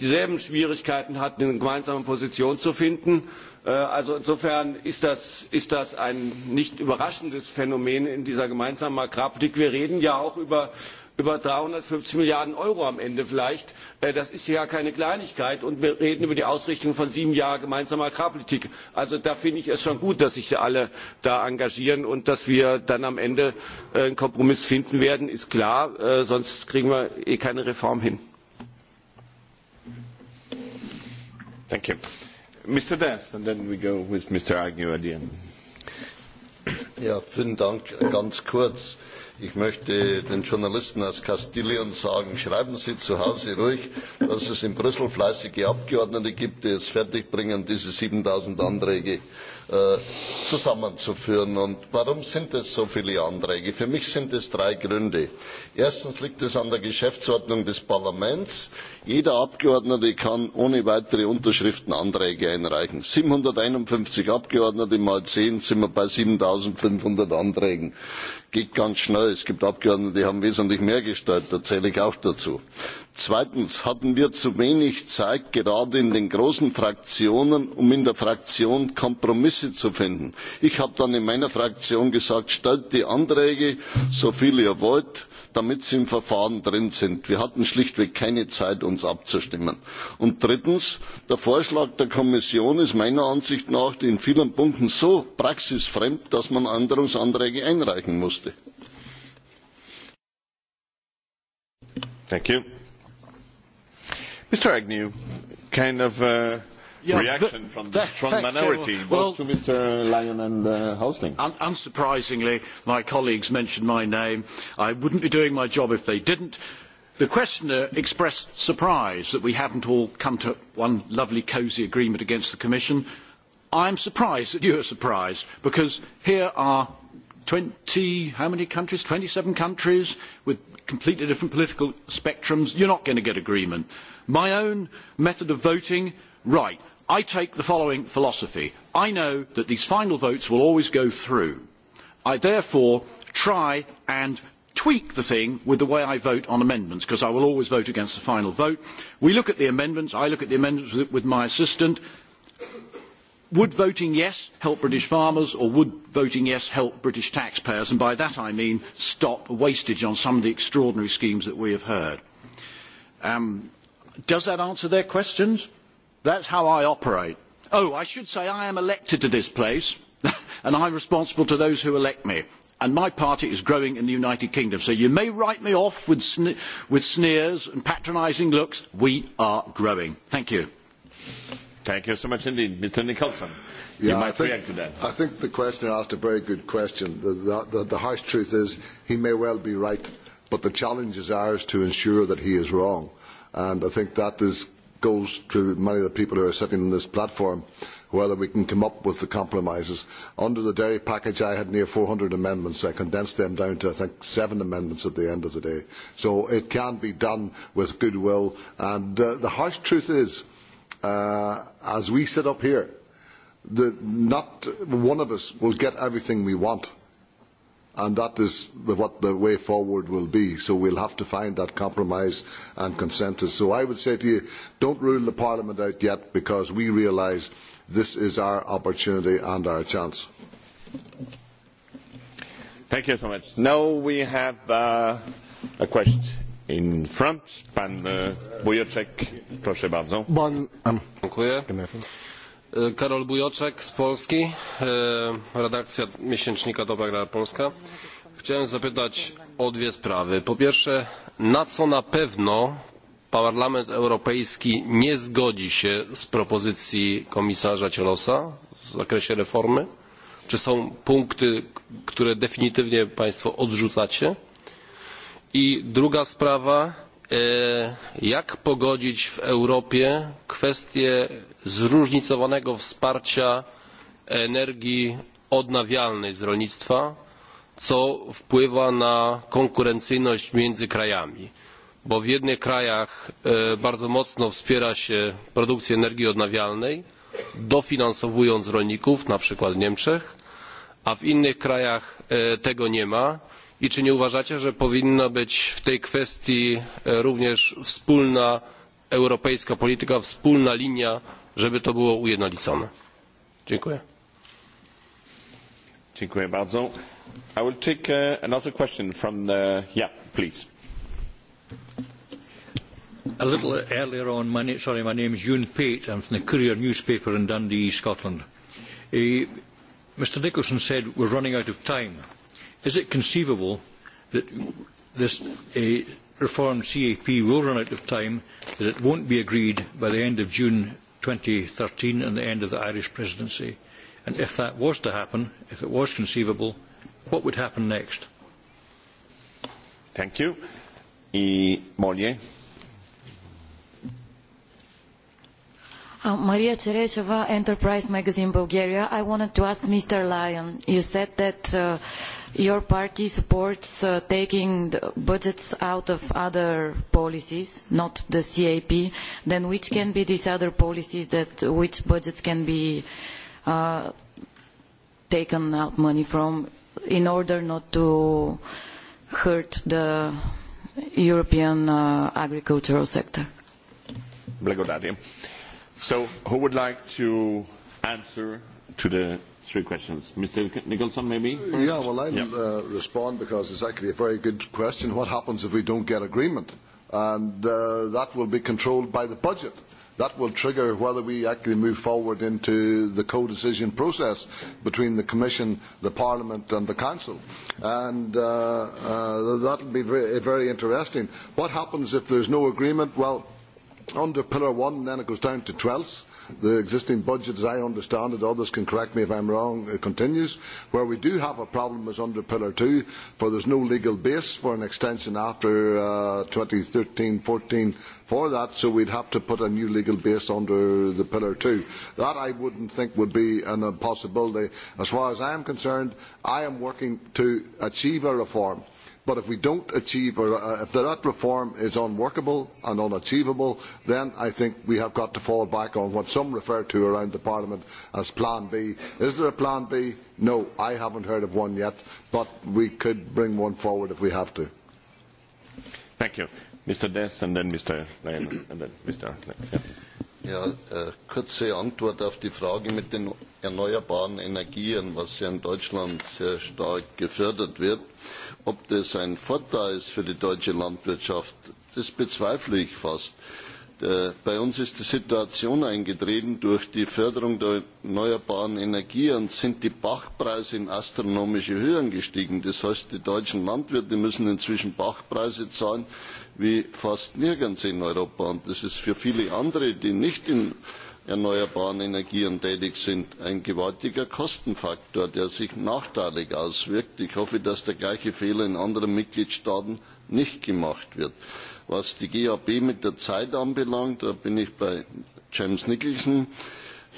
dieselben Schwierigkeiten hat, eine gemeinsame Position zu finden. Also insofern ist das ein nicht überraschendes Phänomen in dieser gemeinsamen Agrarpolitik. Wir reden ja auch über über 350 Milliarden Euro am Ende vielleicht. Das ist ja keine Kleinigkeit. Und wir reden über die Ausrichtung von sieben Jahren gemeinsamer Agrarpolitik. Also da finde ich es schon gut, dass sich alle da engagieren und dass wir dann am Ende einen Kompromiss finden werden, ist klar. Sonst kriegen wir eh keine Reform hin. Thank you. vielen Dank. Ganz kurz Ich möchte den Journalisten aus Kastilien sagen, schreiben Sie zu Hause ruhig, dass es in Brüssel fleißige Abgeordnete gibt, die es fertigbringen, diese 7000 Anträge zusammenzuführen. Und warum sind es so viele Anträge? Für mich sind es drei Gründe. Erstens liegt es an der Geschäftsordnung des Parlaments. Jeder Abgeordnete kann ohne weitere Unterschriften Anträge einreichen. 751 Abgeordnete mal 10 sind wir bei 7.500 Anträgen. Geht ganz schnell. Es gibt Abgeordnete, die haben wesentlich mehr gestellt. Da zähle ich auch dazu zweitens hatten wir zu wenig zeit gerade in den großen fraktionen um in der fraktion kompromisse zu finden. ich habe dann in meiner fraktion gesagt stellt die anträge so viele ihr wollt damit sie im verfahren drin sind. wir hatten schlichtweg keine zeit uns abzustimmen. und drittens der vorschlag der kommission ist meiner ansicht nach in vielen punkten so praxisfremd dass man änderungsanträge einreichen musste. Mr. Agnew, kind of reaction from the strong minority, both to Mr. Lyon and Hosling. Unsurprisingly, my colleagues mentioned my name. I wouldn't be doing my job if they didn't. The questioner expressed surprise that we haven't all come to one lovely cosy agreement against the Commission. I'm surprised that you are surprised, because here are 20, how many countries? 27 countries with completely different political spectrums. You're not going to get agreement. My own method of voting, right, I take the following philosophy. I know that these final votes will always go through. I therefore try and tweak the thing with the way I vote on amendments, because I will always vote against the final vote. We look at the amendments, I look at the amendments with my assistant. Would voting yes help British farmers or would voting yes help British taxpayers? And by that I mean stop wastage on some of the extraordinary schemes that we have heard. Does that answer their questions? That's how I operate. Oh, I should say I am elected to this place, and I'm responsible to those who elect me. And my party is growing in the United Kingdom. So you may write me off with sneers and patronising looks. We are growing. Thank you. Thank you so much indeed, Mr. Nicholson. You might react to that. I think the questioner asked a very good question. The harsh truth is he may well be right, but the challenge is ours to ensure that he is wrong and I think that goes to many of the people who are sitting on this platform, whether we can come up with the compromises. Under the dairy package, I had near 400 amendments. I condensed them down to, I think, seven amendments at the end of the day. So it can be done with goodwill. And the harsh truth is, as we sit up here, not one of us will get everything we want and that is what the way forward will be. So we'll have to find that compromise and consensus. So I would say to you, don't rule the Parliament out yet, because we realise this is our opportunity and our chance. Thank you so much. Now we have a question in front. Karol Bujoczek z Polski, redakcja miesięcznika Dobra Gra Polska. Chciałem zapytać o dwie sprawy. Po pierwsze, na co na pewno Parlament Europejski nie zgodzi się z propozycji komisarza Cielosa w zakresie reformy? Czy są punkty, które definitywnie Państwo odrzucacie? I druga sprawa, jak pogodzić w Europie kwestie zróżnicowanego wsparcia energii odnawialnej z rolnictwa, co wpływa na konkurencyjność między krajami, bo w jednych krajach bardzo mocno wspiera się produkcję energii odnawialnej, dofinansowując rolników, na przykład Niemczech, a w innych krajach tego nie ma i czy nie uważacie, że powinna być w tej kwestii również wspólna europejska polityka, wspólna linia żeby to było ujednolicone. Dziękuję. Dziękuję bardzo. I will take another question from the... Yeah, please. A little earlier on, my name, sorry, my name is Ewan Pate. I'm from the Courier newspaper in Dundee, Scotland. Mr Nicholson said we're running out of time. Is it conceivable that this reformed CAP will run out of time, that it won't be agreed by the end of June 2013 and the end of the Irish presidency? And if that was to happen, if it was conceivable, what would happen next? Thank you. Maria Cereseva, Enterprise Magazine Bulgaria. I wanted to ask Mr. Lyon. You said that your party supports taking budgets out of other policies, not the CAP, then which can be these other policies that which budgets can be taken out money from in order not to hurt the European agricultural sector? So who would like to answer to the three questions. Mr. Nicholson, maybe? Yeah, well, I'll respond because it's actually a very good question. What happens if we don't get agreement? And that will be controlled by the budget. That will trigger whether we actually move forward into the co-decision process between the Commission, the Parliament and the Council. And that will be very interesting. What happens if there's no agreement? Well, under Pillar 1, then it goes down to 12 the existing budget, as I understand it, others can correct me if I am wrong, continues. Where we do have a problem is under Pillar 2, for there is no legal base for an extension after 2013-14 for that, so we would have to put a new legal base under the Pillar 2. That I would not think would be an impossibility. As far as I am concerned, I am working to achieve a reform But if we don't achieve, or if that reform is unworkable and unachievable, then I think we have got to fall back on what some refer to around the Parliament as Plan B. Is there a Plan B? No, I haven't heard of one yet, but we could bring one forward if we have to. Thank you. Mr. Dess and then Mr. Lehmann and then Mr. kurze Antwort auf die Frage mit den erneuerbaren Energien, was ja in Deutschland sehr stark gefördert wird. Ob das ein Vorteil ist für die deutsche Landwirtschaft, das bezweifle ich fast. Bei uns ist die Situation eingetreten durch die Förderung der erneuerbaren Energien sind die Bachpreise in astronomische Höhen gestiegen. Das heißt, die deutschen Landwirte müssen inzwischen Bachpreise zahlen wie fast nirgends in Europa. Und das ist für viele andere, die nicht in erneuerbaren Energien tätig sind. Ein gewaltiger Kostenfaktor, der sich nachteilig auswirkt. Ich hoffe, dass der gleiche Fehler in anderen Mitgliedstaaten nicht gemacht wird. Was die GAP mit der Zeit anbelangt, da bin ich bei James Nicholson.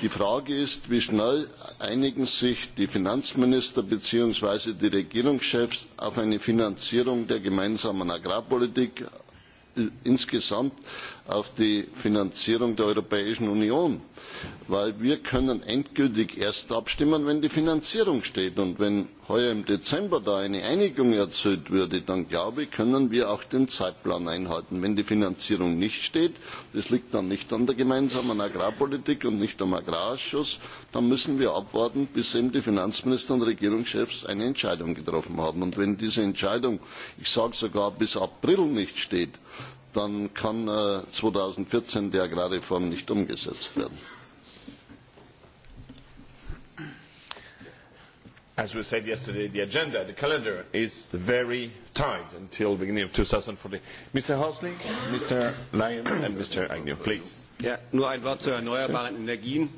Die Frage ist, wie schnell einigen sich die Finanzminister bzw. die Regierungschefs auf eine Finanzierung der gemeinsamen Agrarpolitik insgesamt auf die Finanzierung der Europäischen Union, weil wir können endgültig erst abstimmen, wenn die Finanzierung steht. Und wenn heuer im Dezember da eine Einigung erzielt würde, dann glaube können wir auch den Zeitplan einhalten. Wenn die Finanzierung nicht steht, das liegt dann nicht an der gemeinsamen Agrarpolitik und nicht am Agrarausschuss, dann müssen wir abwarten, bis eben die Finanzminister und Regierungschefs eine Entscheidung getroffen haben. Und wenn diese Entscheidung, ich sage sogar bis April nicht steht, dann kann 2014 die Agrarreform nicht umgesetzt werden. As we said yesterday, the agenda, the calendar is very tight until the beginning of 2014. Mr. Hosling, Mr. Lyon and Mr. Agnew, please. Ja, nur ein Wort zu erneuerbaren Energien.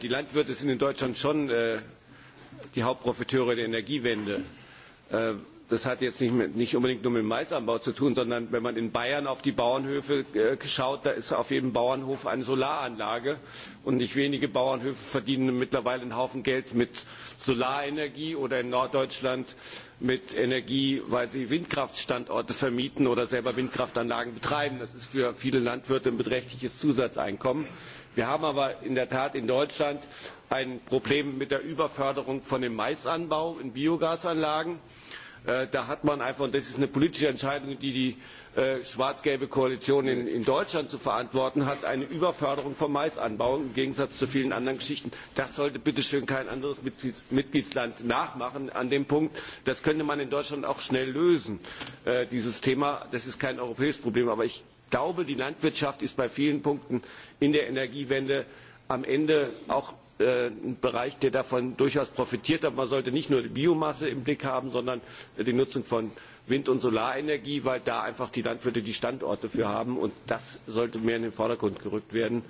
Die Landwirte sind in Deutschland schon die Hauptprofiteure der Energiewende das hat jetzt nicht unbedingt nur mit dem Maisanbau zu tun, sondern wenn man in Bayern auf die Bauernhöfe schaut, da ist auf jedem Bauernhof eine Solaranlage. Und nicht wenige Bauernhöfe verdienen mittlerweile einen Haufen Geld mit Solarenergie oder in Norddeutschland mit Energie, weil sie Windkraftstandorte vermieten oder selber Windkraftanlagen betreiben. Das ist für viele Landwirte ein beträchtliches Zusatzeinkommen. Wir haben aber in der Tat in Deutschland ein Problem mit der Überförderung von dem Maisanbau in Biogasanlagen da hat man einfach und das ist eine politische entscheidung die die schwarz gelbe koalition in deutschland zu verantworten hat eine überförderung von maisanbau im gegensatz zu vielen anderen geschichten. das sollte bitte schön kein anderes mitgliedsland nachmachen an dem punkt. das könnte man in deutschland auch schnell lösen dieses thema. das ist kein europäisches problem. aber ich glaube die landwirtschaft ist bei vielen punkten in der energiewende am ende auch ein Bereich, der davon durchaus profitiert hat. Man sollte nicht nur die Biomasse im Blick haben, sondern die Nutzung von Wind- und Solarenergie, weil da einfach die Landwirte die Standorte für haben. Und das sollte mehr in den Vordergrund gerückt werden,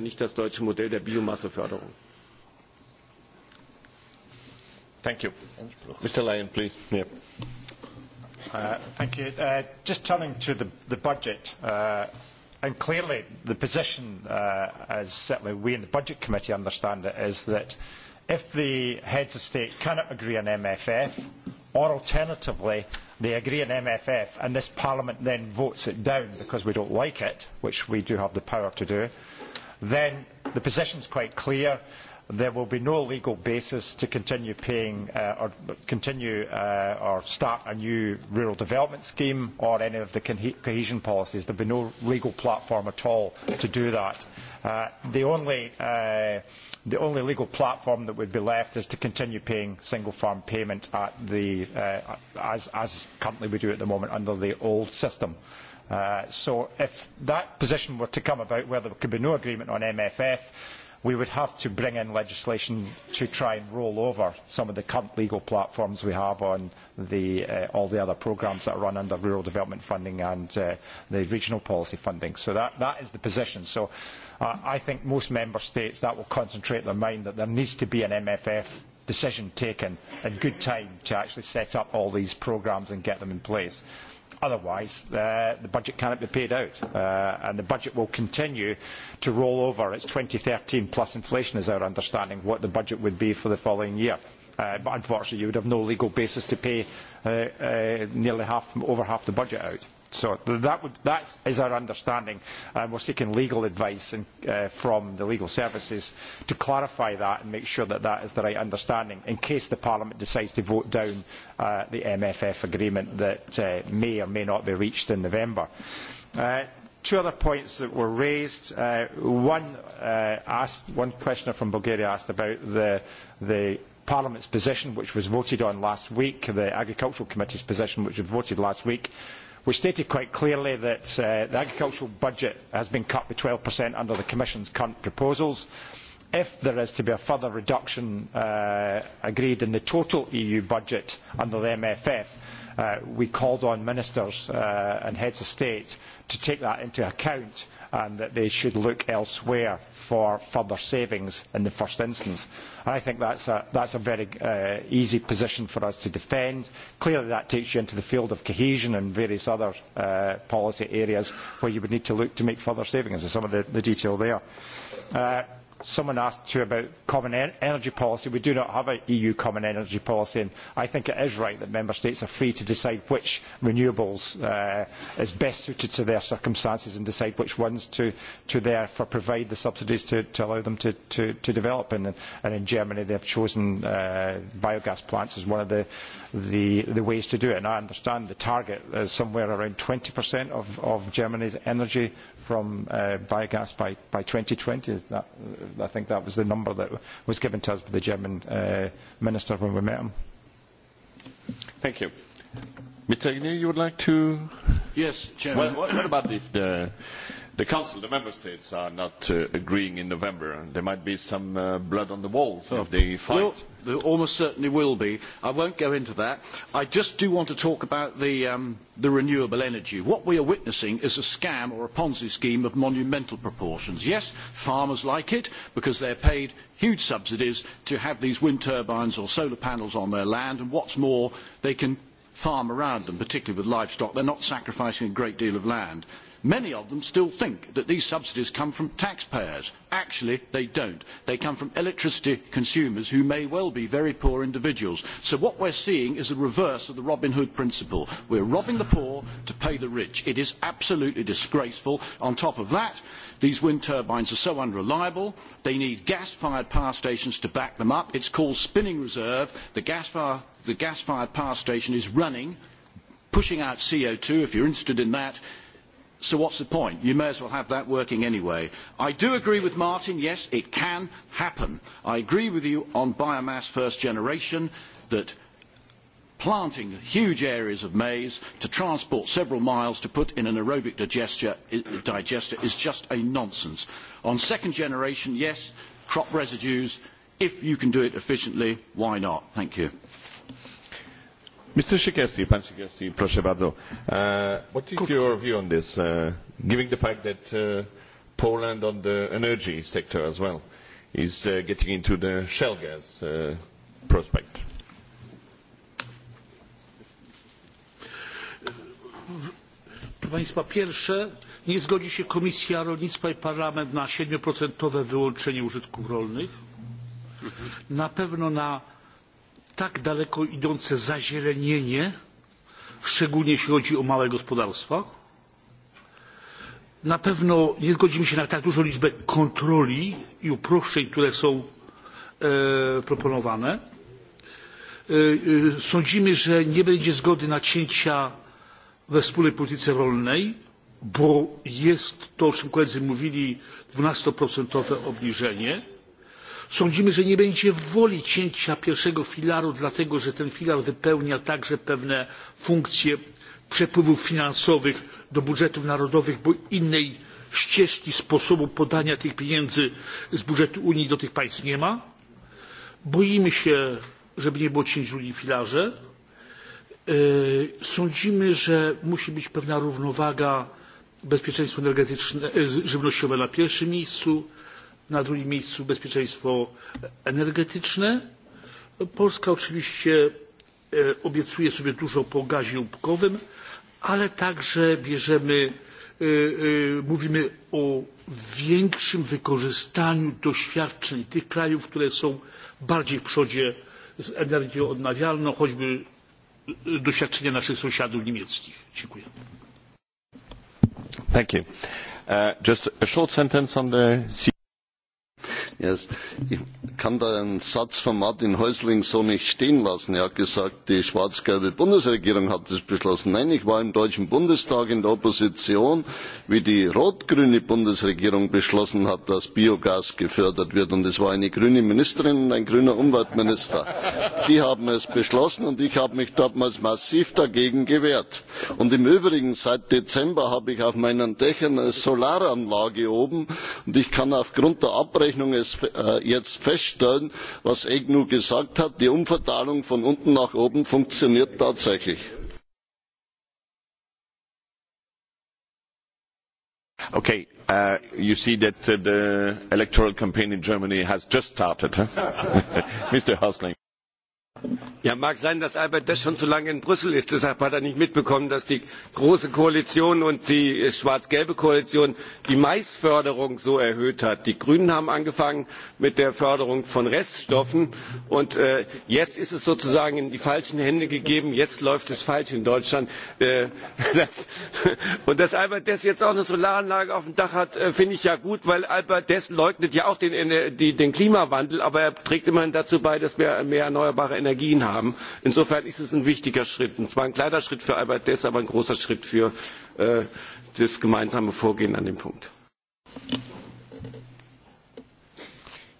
nicht das deutsche Modell der Biomasseförderung. And clearly, the position, as certainly we in the Budget Committee understand it, is that if the heads of state cannot agree on MFF, or alternatively, they agree on MFF and this Parliament then votes it down because we don't like it, which we do have the power to do, then the position is quite clear there will be no legal basis to continue paying or continue or start a new rural development scheme or any of the cohesion policies. There will be no legal platform at all to do that. The only legal platform that would be left is to continue paying single farm payment as currently we do at the moment under the old system. So if that position were to come about where there could be no agreement on MFF, we would have to bring in legislation to try and roll over some of the current legal platforms we have on all the other programmes that run under rural development funding and the regional policy funding. So that is the position. So I think most member states that will concentrate their mind that there needs to be an MFF decision taken in good time to actually set up all these programmes and get them in place. Otherwise, the budget cannot be paid out, and the budget will continue to roll over. It's 2013 plus inflation is our understanding what the budget would be for the following year. But unfortunately, you would have no legal basis to pay nearly half, over half the budget out. So that is our understanding, and we're seeking legal advice from the legal services to clarify that and make sure that that is the right understanding in case the Parliament decides to vote down the MFF agreement that may or may not be reached in November. Two other points that were raised. One questioner from Bulgaria asked about the Parliament's position, which was voted on last week, the Agricultural Committee's position, which was voted last week We stated quite clearly that the agricultural budget has been cut by 12% under the Commission's current proposals. If there is to be a further reduction agreed in the total EU budget under the MFF, we called on ministers and heads of state to take that into account and that they should look elsewhere for further savings in the first instance. I think that's a very easy position for us to defend. Clearly that takes you into the field of cohesion and various other policy areas where you would need to look to make further savings and some of the detail there. Someone asked you about common energy policy. We do not have an EU common energy policy, and I think it is right that member states are free to decide which renewables is best suited to their circumstances and decide which ones to therefore provide the subsidies to allow them to develop. And in Germany, they have chosen biogas plants as one of the ways to do it. And I understand the target is somewhere around 20% of Germany's energy from biogas by 2020. I think that was the number that was given to us by the German minister when we met him. Thank you. Mr. Agnew, you would like to? Yes, Chairman. What about the the Council, the Member States are not agreeing in November. There might be some blood on the walls of the fight. There almost certainly will be. I won't go into that. I just do want to talk about the renewable energy. What we are witnessing is a scam or a Ponzi scheme of monumental proportions. Yes, farmers like it because they are paid huge subsidies to have these wind turbines or solar panels on their land, and what's more, they can farm around them, particularly with livestock. They're not sacrificing a great deal of land. Many of them still think that these subsidies come from taxpayers. Actually, they don't. They come from electricity consumers who may well be very poor individuals. So what we're seeing is the reverse of the Robin Hood principle. We're robbing the poor to pay the rich. It is absolutely disgraceful. On top of that, these wind turbines are so unreliable. They need gas-fired power stations to back them up. It's called spinning reserve. The gas-fired power station is running, pushing out CO2, if you're interested in that So what's the point? You may as well have that working anyway. I do agree with Martin, yes, it can happen. I agree with you on biomass first generation, that planting huge areas of maize to transport several miles to put in an aerobic digester is just a nonsense. On second generation, yes, crop residues, if you can do it efficiently, why not? Thank you. Mr. Sikorski, Pan Sikorski, proszę bardzo. What is your view on this, given the fact that Poland on the energy sector as well is getting into the shale gas prospect? Proszę Państwa, pierwsze, nie zgodzi się Komisja Rolnictwa i Parlament na 7% wyłączenie użytków rolnych. Na pewno na tak daleko idące zazielenienie, szczególnie jeśli chodzi o małe gospodarstwa. Na pewno nie zgodzimy się na tak dużą liczbę kontroli i uproszczeń, które są proponowane. Sądzimy, że nie będzie zgody na cięcia we wspólnej polityce rolnej, bo jest to, o czym koledzy mówili, 12% obniżenie Sądzimy, że nie będzie woli cięcia pierwszego filaru, dlatego że ten filar wypełnia także pewne funkcje przepływów finansowych do budżetów narodowych, bo innej ścieżki sposobu podania tych pieniędzy z budżetu Unii do tych państw nie ma. Boimy się, żeby nie było cięć w drugim filarze. Sądzimy, że musi być pewna równowaga bezpieczeństwo energetyczne, żywnościowe na pierwszym miejscu, na drugim miejscu bezpieczeństwo energetyczne. Polska oczywiście obiecuje sobie dużo po gazie łupkowym, ale także bierzemy, mówimy o większym wykorzystaniu doświadczeń tych krajów, które są bardziej w przodzie z energią odnawialną, choćby doświadczenia naszych sąsiadów niemieckich. Dziękuję. Ich kann da einen Satz von Martin Häusling so nicht stehen lassen. Er hat gesagt, die schwarz-gelbe Bundesregierung hat es beschlossen. Nein, ich war im Deutschen Bundestag in der Opposition, wie die rot-grüne Bundesregierung beschlossen hat, dass Biogas gefördert wird. Und es war eine grüne Ministerin und ein grüner Umweltminister. Die haben es beschlossen und ich habe mich damals massiv dagegen gewehrt. Und im Übrigen, seit Dezember habe ich auf meinen Dächern eine Solaranlage oben und ich kann aufgrund der Abrechnung jetzt feststellen was egnu gesagt hat die umverteilung von unten nach oben funktioniert tatsächlich. Okay, you see that the electoral campaign in Germany has just started. Mr. Hosling. Ja, mag sein, dass Albert Dess schon zu lange in Brüssel ist. Deshalb hat er nicht mitbekommen, dass die Große Koalition und die schwarz-gelbe Koalition die Maisförderung so erhöht hat. Die Grünen haben angefangen mit der Förderung von Reststoffen. Und jetzt ist es sozusagen in die falschen Hände gegeben. Jetzt läuft es falsch in Deutschland. Und dass Albert Dess jetzt auch eine Solaranlage auf dem Dach hat, finde ich ja gut, weil Albert Dess leugnet ja auch den Klimawandel. Aber er trägt immerhin dazu bei, dass wir mehr erneuerbare Energien Energien haben. Insofern ist es ein wichtiger Schritt. Und zwar ein kleiner Schritt für Albert Dess, aber ein großer Schritt für das gemeinsame Vorgehen an dem Punkt.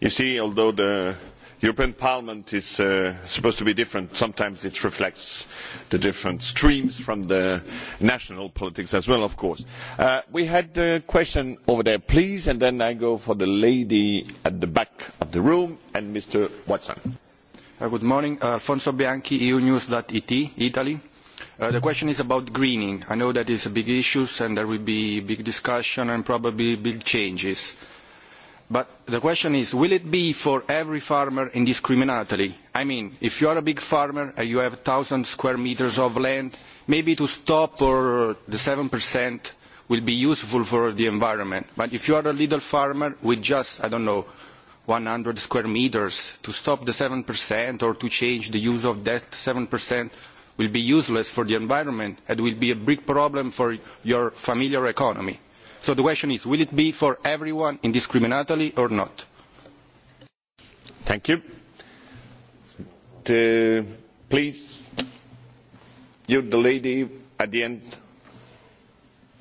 You see, although the European Parliament is supposed to be different, sometimes it reflects the different streams from the national politics as well, of course. We had a question over there, please, and then I go for the lady at the back of the room and Mr. Watson. Good morning. Alfonso Bianchi, Italy. The question is about greening. I know that is a big issue and there will be big discussion and probably big changes. But the question is, will it be for every farmer indiscriminately? I mean, if you are a big farmer and you have 1,000 square meters of land, maybe to stop or the 7% will be useful for the environment. But if you are a little farmer with just, I don't know, 100 square meters. To stop the 7% or to change the use of that 7% will be useless for the environment and will be a big problem for your familiar economy. So the question is, will it be for everyone indiscriminately or not? Thank you. Please, you, the lady at the end.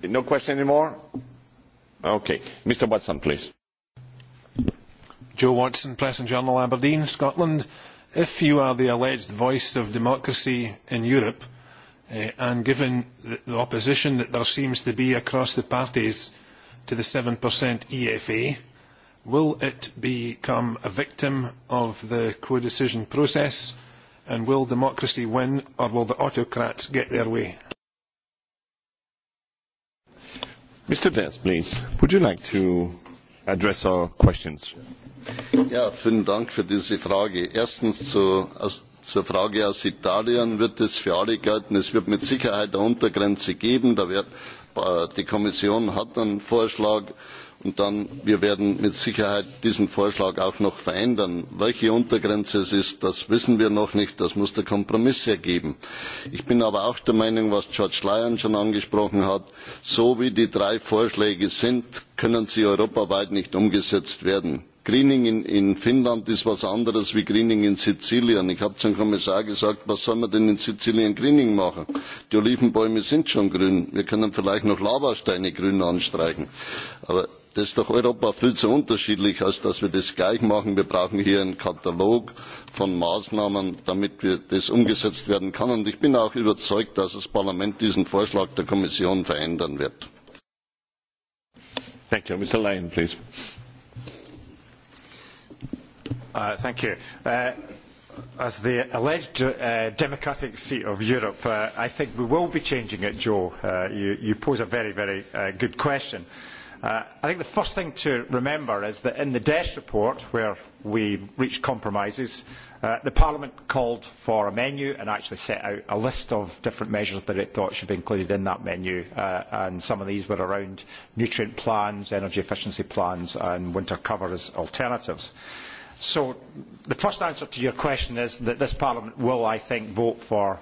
No question anymore? Okay. Mr. Watson, please. Joe Watson, Press and Journal, Aberdeen, Scotland. If you are the alleged voice of democracy in Europe, and given the opposition that there seems to be across the parties to the 7% EFA, will it become a victim of the co-decision process, and will democracy win, or will the autocrats get their way? Mr. Dess, please, would you like to address our questions? Ja, vielen Dank für diese Frage. Erstens zur Frage aus Italien wird es für alle gelten. Es wird mit Sicherheit eine Untergrenze geben. Die Kommission hat einen Vorschlag und dann wir werden mit Sicherheit diesen Vorschlag auch noch verändern. Welche Untergrenze es ist, das wissen wir noch nicht. Das muss der Kompromiss ergeben. Ich bin aber auch der Meinung, was George Lyon schon angesprochen hat, so wie die drei Vorschläge sind, können sie europaweit nicht umgesetzt werden greening in finnland ist etwas anderes wie greening in sizilien. ich habe zum kommissar gesagt was soll man denn in sizilien greening machen? die olivenbäume sind schon grün. wir können vielleicht noch lavasteine grün anstreichen. aber das ist doch europa viel zu unterschiedlich als dass wir das gleich machen. wir brauchen hier einen katalog von maßnahmen damit das umgesetzt werden kann. und ich bin auch überzeugt dass das parlament diesen vorschlag der kommission verändern wird. Thank Thank you. As the alleged democratic seat of Europe, I think we will be changing it, Joe. You pose a very, very good question. I think the first thing to remember is that in the DESH report, where we reached compromises, the Parliament called for a menu and actually set out a list of different measures that it thought should be included in that menu. And some of these were around nutrient plans, energy efficiency plans, and winter cover as alternatives. So the first answer to your question is that this Parliament will, I think, vote for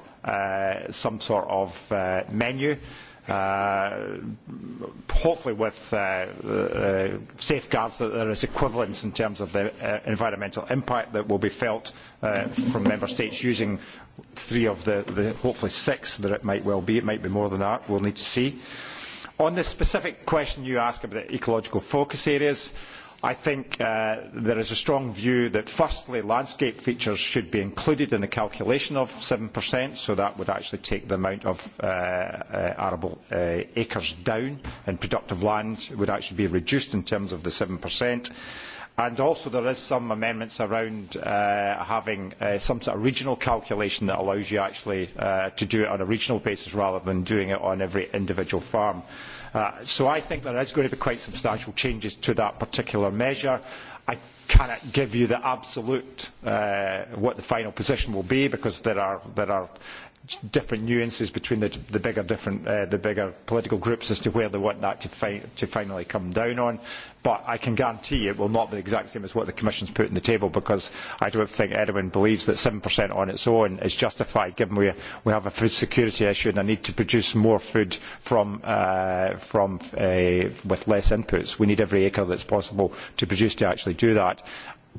some sort of menu, hopefully with safeguards that there is equivalence in terms of the environmental impact that will be felt from Member States using three of the hopefully six that it might well be. It might be more than that. We'll need to see. On the specific question you ask about ecological focus areas. I think there is a strong view that firstly landscape features should be included in the calculation of 7%, so that would actually take the amount of arable acres down and productive land would actually be reduced in terms of the 7%. And also there is some amendments around having some sort of regional calculation that allows you actually to do it on a regional basis rather than doing it on every individual farm. So I think there is going to be quite substantial changes to that particular measure. I cannot give you the absolute what the final position will be because there are different nuances between the the bigger different the bigger political groups as to where they want that to finally come down on. But I can guarantee it will not be the exact same as what the Commission's put on the table because I don't think anyone believes that 7% on its own is justified given we have a food security issue and a need to produce more food from with less inputs. We need every acre that's possible to produce to actually do that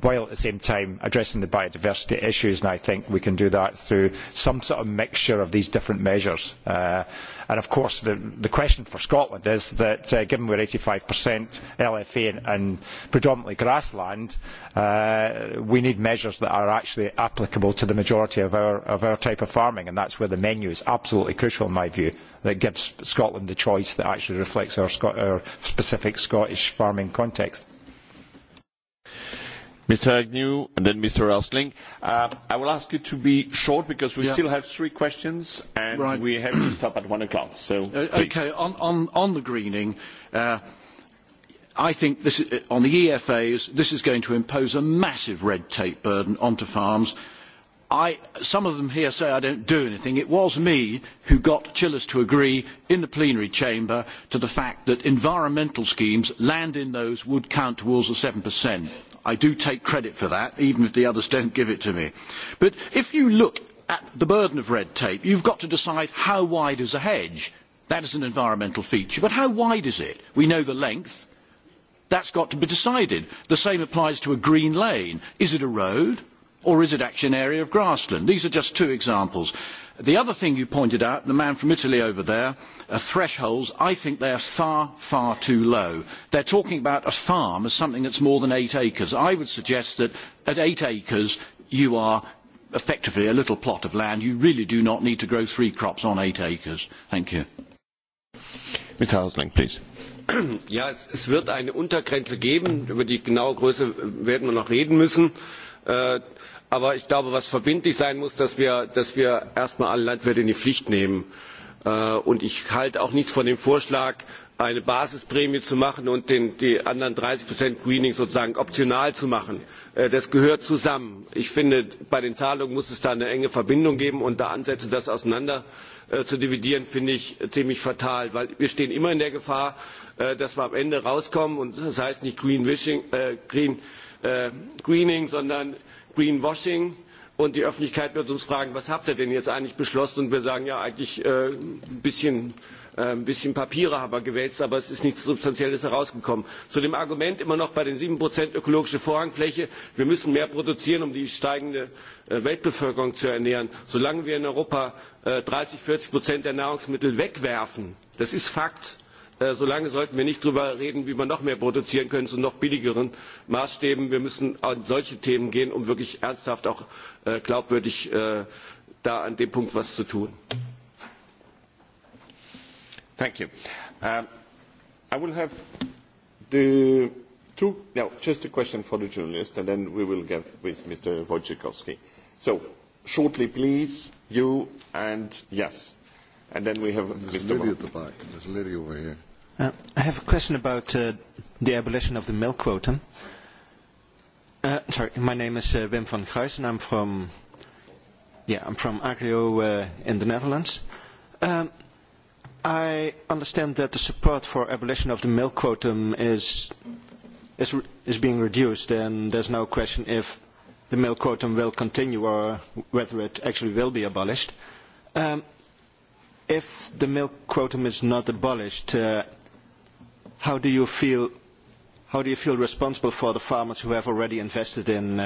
while at the same time addressing the biodiversity issues, and I think we can do that through some sort of mixture of these different measures. And of course, the question for Scotland is that, given we're 85% LFA and predominantly grassland, we need measures that are actually applicable to the majority of our type of farming, and that's where the menu is absolutely crucial, in my view, that gives Scotland the choice that actually reflects our specific Scottish farming context. Mr. Agnew and then Mr. Elsling. I will ask you to be short because we still have three questions and we have to stop at one o'clock. Okay, on the greening, I think on the EFAs, this is going to impose a massive red tape burden onto farms. Some of them here say I don't do anything. It was me who got Chillers to agree in the plenary chamber to the fact that environmental schemes, land in those, would count towards the 7%. I do take credit for that, even if the others don't give it to me. But if you look at the burden of red tape, you've got to decide how wide is a hedge. That is an environmental feature, but how wide is it? We know the length. That's got to be decided. The same applies to a green lane. Is it a road or is it actually an area of grassland? These are just two examples. The other thing you pointed out, the man from Italy over there, thresholds, I think they are far, far too low. They are talking about a farm as something that is more than eight acres. I would suggest that at eight acres you are effectively a little plot of land. You really do not need to grow three crops on eight acres. Thank you. Mr. please. Ja, es wird eine Untergrenze geben. Über die genaue Größe werden wir noch reden müssen aber ich glaube was verbindlich sein muss dass wir erst einmal alle landwirte in die pflicht nehmen. und ich halte auch nichts von dem vorschlag eine basisprämie zu machen und die anderen dreißig greening sozusagen optional zu machen. das gehört zusammen. ich finde bei den zahlungen muss es da eine enge verbindung geben und da ansätze das auseinander zu dividieren finde ich ziemlich fatal weil wir stehen immer in der gefahr dass wir am ende rauskommen und das heißt nicht green wishing greening sondern greenwashing und die öffentlichkeit wird uns fragen was habt ihr denn jetzt eigentlich beschlossen und wir sagen ja eigentlich ein bisschen papiere haben wir gewälzt aber es ist nichts substanzielles herausgekommen. zu dem argument immer noch bei den sieben ökologische vorrangfläche wir müssen mehr produzieren um die steigende weltbevölkerung zu ernähren solange wir in europa 30, vierzig der nahrungsmittel wegwerfen das ist fakt solange sollten wir nicht darüber reden wie wir noch mehr produzieren können zu noch billigeren maßstäben. wir müssen an solche themen gehen um wirklich ernsthaft auch glaubwürdig da an dem punkt etwas zu tun. thank you. i will have the two no just a question for the journalist and then we will get with mr wojciechowski. so shortly please you and yes and then we have mr. Lydia at the back. There's Lydia over here. I have a question about the abolition of the milk quota. Sorry, my name is Wim van Gijs and I'm from, from Agrio in the Netherlands. I understand that the support for abolition of the milk quota is is being reduced and there's no question if the milk quota will continue or whether it actually will be abolished. If the milk quota is not abolished, how do you feel how do you feel responsible for the farmers who have already invested in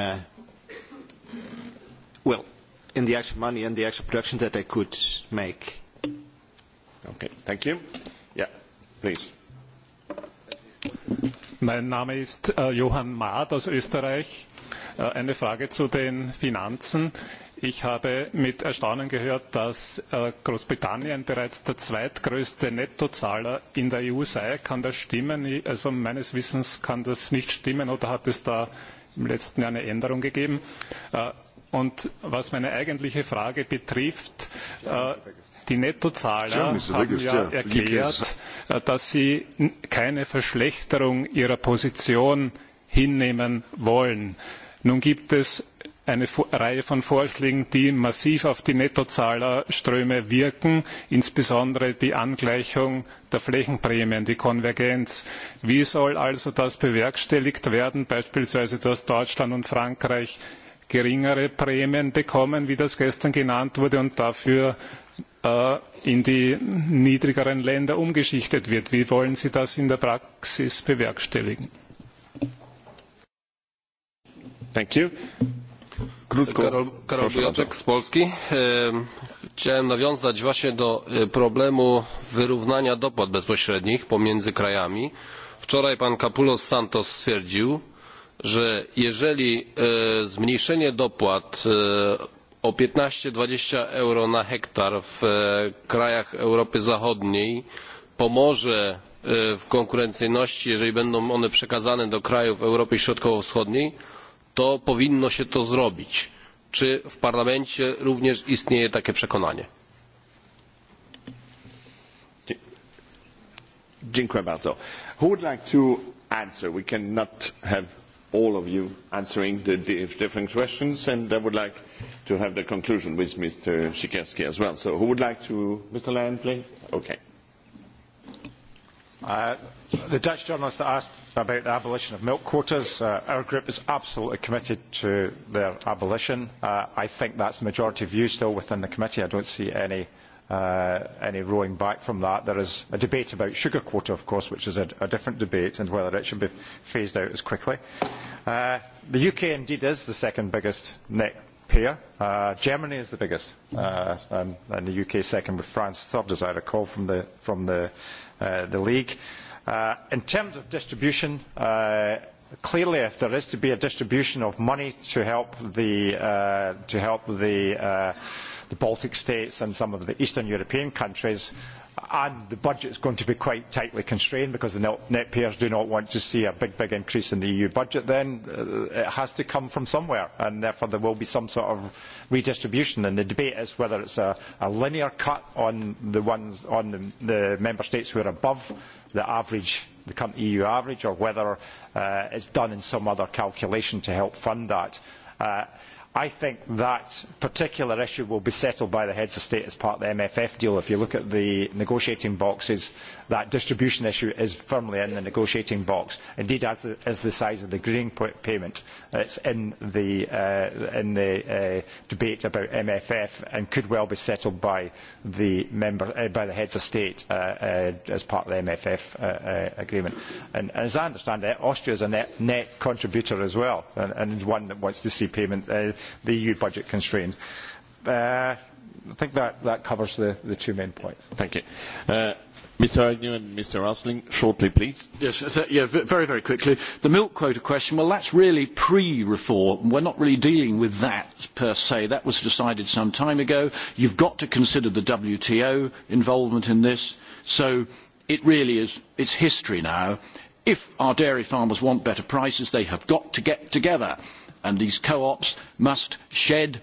well in the actual money and the actual production that they could make okay thank you yeah please mein name ist johann maat aus österreich eine frage zu den finanzen Ich habe mit Erstaunen gehört, dass Großbritannien bereits der zweitgrößte Nettozahler in der EU sei. Kann das stimmen? Also meines Wissens kann das nicht stimmen oder hat es da im letzten Jahr eine Änderung gegeben? Und was meine eigentliche Frage betrifft, die Nettozahler haben ja erklärt, dass sie keine Verschlechterung ihrer Position hinnehmen wollen. Nun gibt es eine Reihe von Vorschlägen, die massiv auf die Nettozahlerströme wirken, insbesondere die Angleichung der Flächenprämien, die Konvergenz. Wie soll also das bewerkstelligt werden, beispielsweise dass Deutschland und Frankreich geringere Prämien bekommen, wie das gestern genannt wurde, und dafür in die niedrigeren Länder umgeschichtet wird? Wie wollen Sie das in der Praxis bewerkstelligen? Karol z Chciałem nawiązać właśnie do problemu wyrównania dopłat bezpośrednich pomiędzy krajami. Wczoraj pan Kapulos Santos stwierdził, że jeżeli zmniejszenie dopłat o 15-20 euro na hektar w krajach Europy Zachodniej pomoże w konkurencyjności, jeżeli będą one przekazane do krajów Europy Środkowo-Wschodniej, to powinno się to zrobić. Czy w Parlamencie również istnieje takie przekonanie? Dziękuję bardzo. Who would like to answer? We cannot have all of you answering the different questions, and I would like to have the conclusion with Mr. Sikorski as well. So who would like to... Mr. Land, please. Okay. The Dutch journalist asked about the abolition of milk quotas. Our group is absolutely committed to their abolition. I think that's the majority view still within the committee. I don't see any rowing back from that. There is a debate about sugar quota, of course, which is a different debate, and whether it should be phased out as quickly. The UK indeed is the second biggest net payer. Germany is the biggest, and the UK second, with France third, as I recall from the League. In terms of distribution, clearly if there is to be a distribution of money to help the Baltic states and some of the Eastern European countries, and the budget is going to be quite tightly constrained because the net payers do not want to see a big, big increase in the EU budget, then it has to come from somewhere, and therefore there will be some sort of redistribution. And the debate is whether it's a linear cut on the member states who are above the average, the current EU average, or whether it's done in some other calculation to help fund that. I think that particular issue will be settled by the heads of state as part of the MFF deal. If you look at the negotiating boxes, that distribution issue is firmly in the negotiating box. Indeed, as is the size of the green payment, it's in the debate about MFF and could well be settled by the heads of state as part of the MFF agreement. And As I understand it, Austria is a net contributor as well, and one that wants to see payment the EU budget constraint. I think that that covers the the two main points. Thank you. Mr. Agnew and Mr. Rosling, shortly, please. Yes, yeah, very, very quickly. The milk quota question, well, that's really pre-reform. We're not really dealing with that per se. That was decided some time ago. You've got to consider the WTO involvement in this. So it really is, it's history now. If our dairy farmers want better prices, they have got to get together and these co-ops must shed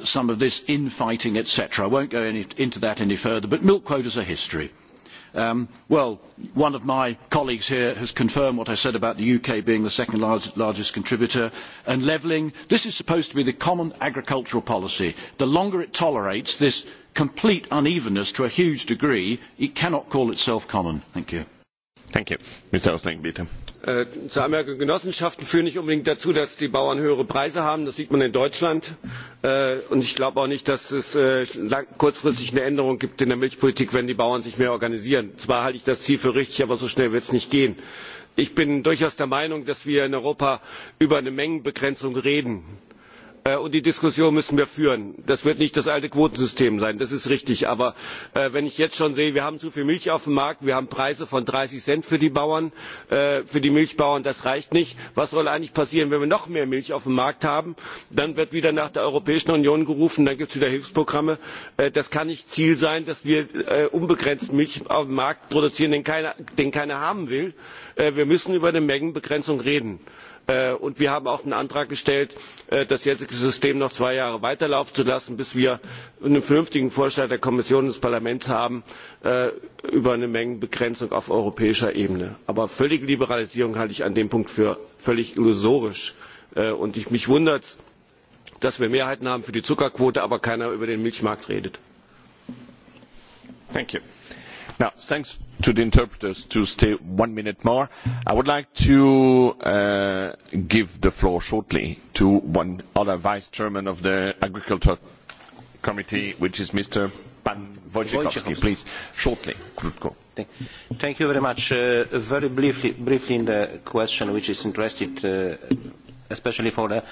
some of this infighting, etc. I won't go into that any further, but milk quotas are history. Well, one of my colleagues here has confirmed what I said about the UK being the second largest contributor and levelling. This is supposed to be the common agricultural policy. The longer it tolerates this complete unevenness to a huge degree, it cannot call itself common. Thank you. Thank you zur anmerkung genossenschaften führen nicht unbedingt dazu dass die bauern höhere preise haben das sieht man in deutschland und ich glaube auch nicht dass es kurzfristig eine änderung gibt in der milchpolitik wenn die bauern sich mehr organisieren. zwar halte ich das ziel für richtig aber so schnell wird es nicht gehen. ich bin durchaus der meinung dass wir in europa über eine mengenbegrenzung reden und die diskussion müssen wir führen. das wird nicht das alte quotensystem sein das ist richtig. aber wenn ich jetzt schon sehe wir haben zu viel milch auf dem markt wir haben preise von dreißig cent für die bauern für die milchbauern das reicht nicht. was soll eigentlich passieren wenn wir noch mehr milch auf dem markt haben? dann wird wieder nach der europäischen union gerufen dann gibt es wieder hilfsprogramme. das kann nicht ziel sein dass wir unbegrenzt milch auf dem markt produzieren den keiner haben will. wir müssen über eine mengenbegrenzung reden und wir haben auch den antrag gestellt das jetzige system noch zwei jahre weiterlaufen zu lassen bis wir einen vernünftigen vorschlag der kommission und des parlaments haben über eine mengenbegrenzung auf europäischer ebene. aber völlige liberalisierung halte ich an dem punkt für völlig illusorisch und mich wundert es dass wir mehrheiten haben für die zuckerquote aber keiner über den milchmarkt redet. Now, thanks to the interpreters to stay one minute more. I would like to give the floor shortly to one other vice chairman of the Agriculture Committee, which is Mr. Pan Wojciechowski. Please, shortly. Thank you very much. Very briefly in the question which is interested, especially for the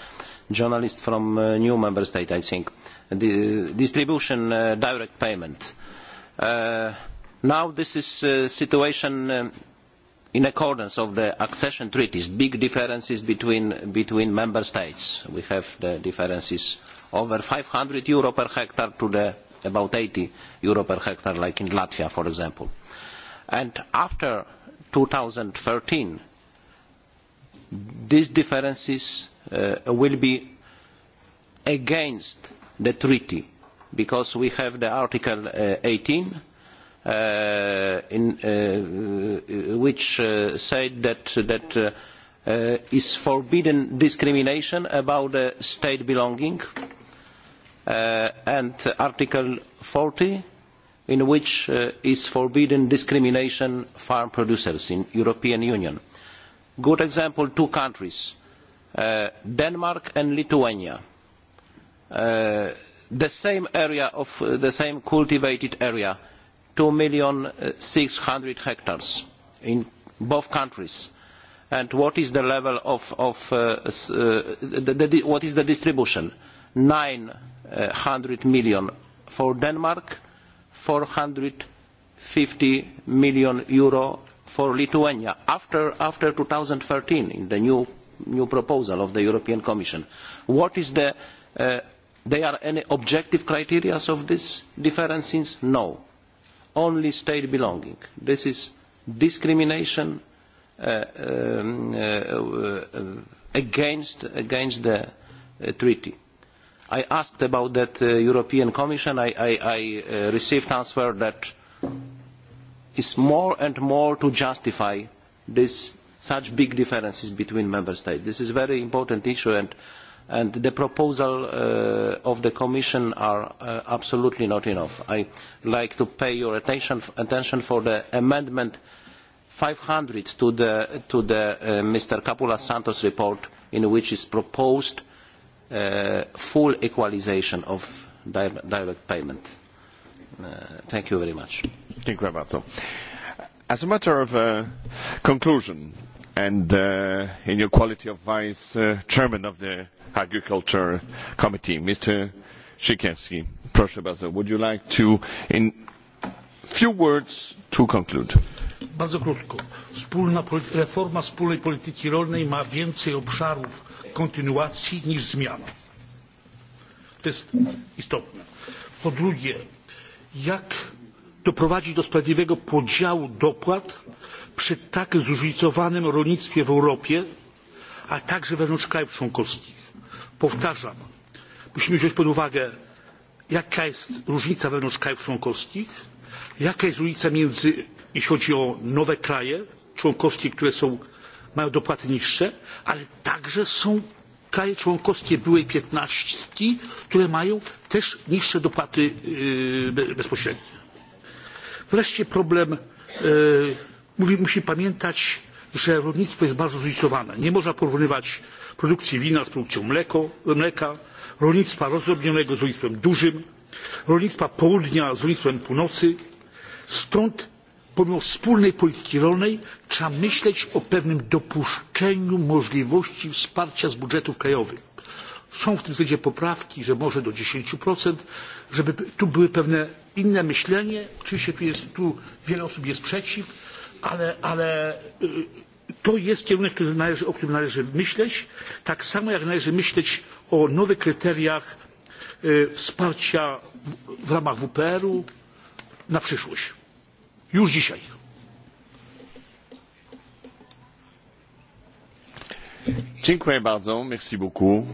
journalist from new member state, I think. the Distribution direct payment. Now this is a situation in accordance of the accession treaties, big differences between member states. We have the differences over 500 euro per hectare to about 80 euro per hectare, like in Latvia, for example. And after 2013, these differences will be against the treaty, because we have the Article 18 which said that is forbidden discrimination about state belonging and Article 40 in which is forbidden discrimination farm producers in the European Union. Good example, two countries, Denmark and Lithuania. The same area of the same cultivated area 2,600,000 hectares in both countries. And what is the level of what is the distribution? 900 million for Denmark, 450 million euro for Lithuania after 2013 in the new proposal of the European Commission. What is the? There are any objective criteria of these differences? No only state belonging. This is discrimination against against the treaty. I asked about that European Commission. I received answer that is more and more to justify this such big differences between member states. This is a very important issue and and the proposal of the Commission are absolutely not enough. I like to pay your attention for the amendment 500 to the Mr. Capula Santos report, in which is proposed full equalization of direct payment. Thank you very much. Thank you very much. As a matter of conclusion, and in your quality of vice chairman of the Agriculture Committee. Mr. Siekierski, proszę bardzo, would you like to, in few words, to conclude? Bardzo krótko. Reforma wspólnej polityki rolnej ma więcej obszarów kontynuacji niż zmian. To jest istotne. Po drugie, jak doprowadzić do sprawiedliwego podziału dopłat przy tak zróżnicowanym rolnictwie w Europie, a także wewnątrz krajów członkowskich powtarzam musimy wziąć pod uwagę jaka jest różnica wewnątrz krajów członkowskich jaka jest różnica między jeśli chodzi o nowe kraje członkowskie które mają dopłaty niższe ale także są kraje członkowskie byłej piętnastki które mają też niższe dopłaty bezpośrednie. wreszcie problem musimy pamiętać że rolnictwo jest bardzo zróżnicowane nie można porównywać produkcji wina z produkcją mleka rolnictwa rozdrobnionego z rolnictwem dużym rolnictwa południa z rolnictwem północy stąd pomimo wspólnej polityki rolnej trzeba myśleć o pewnym dopuszczeniu możliwości wsparcia z budżetów krajowych. są w tym względzie poprawki że może do dziesięć żeby tu były pewne inne myślenie oczywiście tu wiele osób jest przeciw ale To jest kierunek, o którym należy myśleć, tak samo jak należy myśleć o nowych kryteriach wsparcia w ramach WPR-u na przyszłość. Już dzisiaj. Dziękuję bardzo. Merci beaucoup.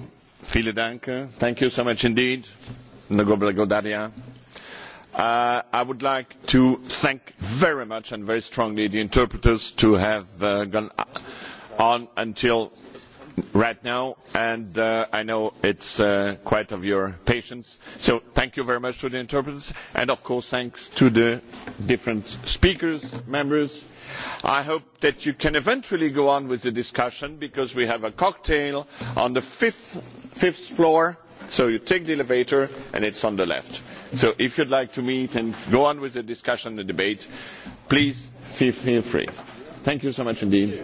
I would like to thank very much and very strongly the interpreters to have gone on until right now, and I know it's quite of your patience. So thank you very much to the interpreters, and of course thanks to the different speakers, members. I hope that you can eventually go on with the discussion because we have a cocktail on the fifth floor. So you take the elevator and it's on the left. So if you'd like to meet and go on with the discussion and the debate, please feel free. Thank you so much indeed.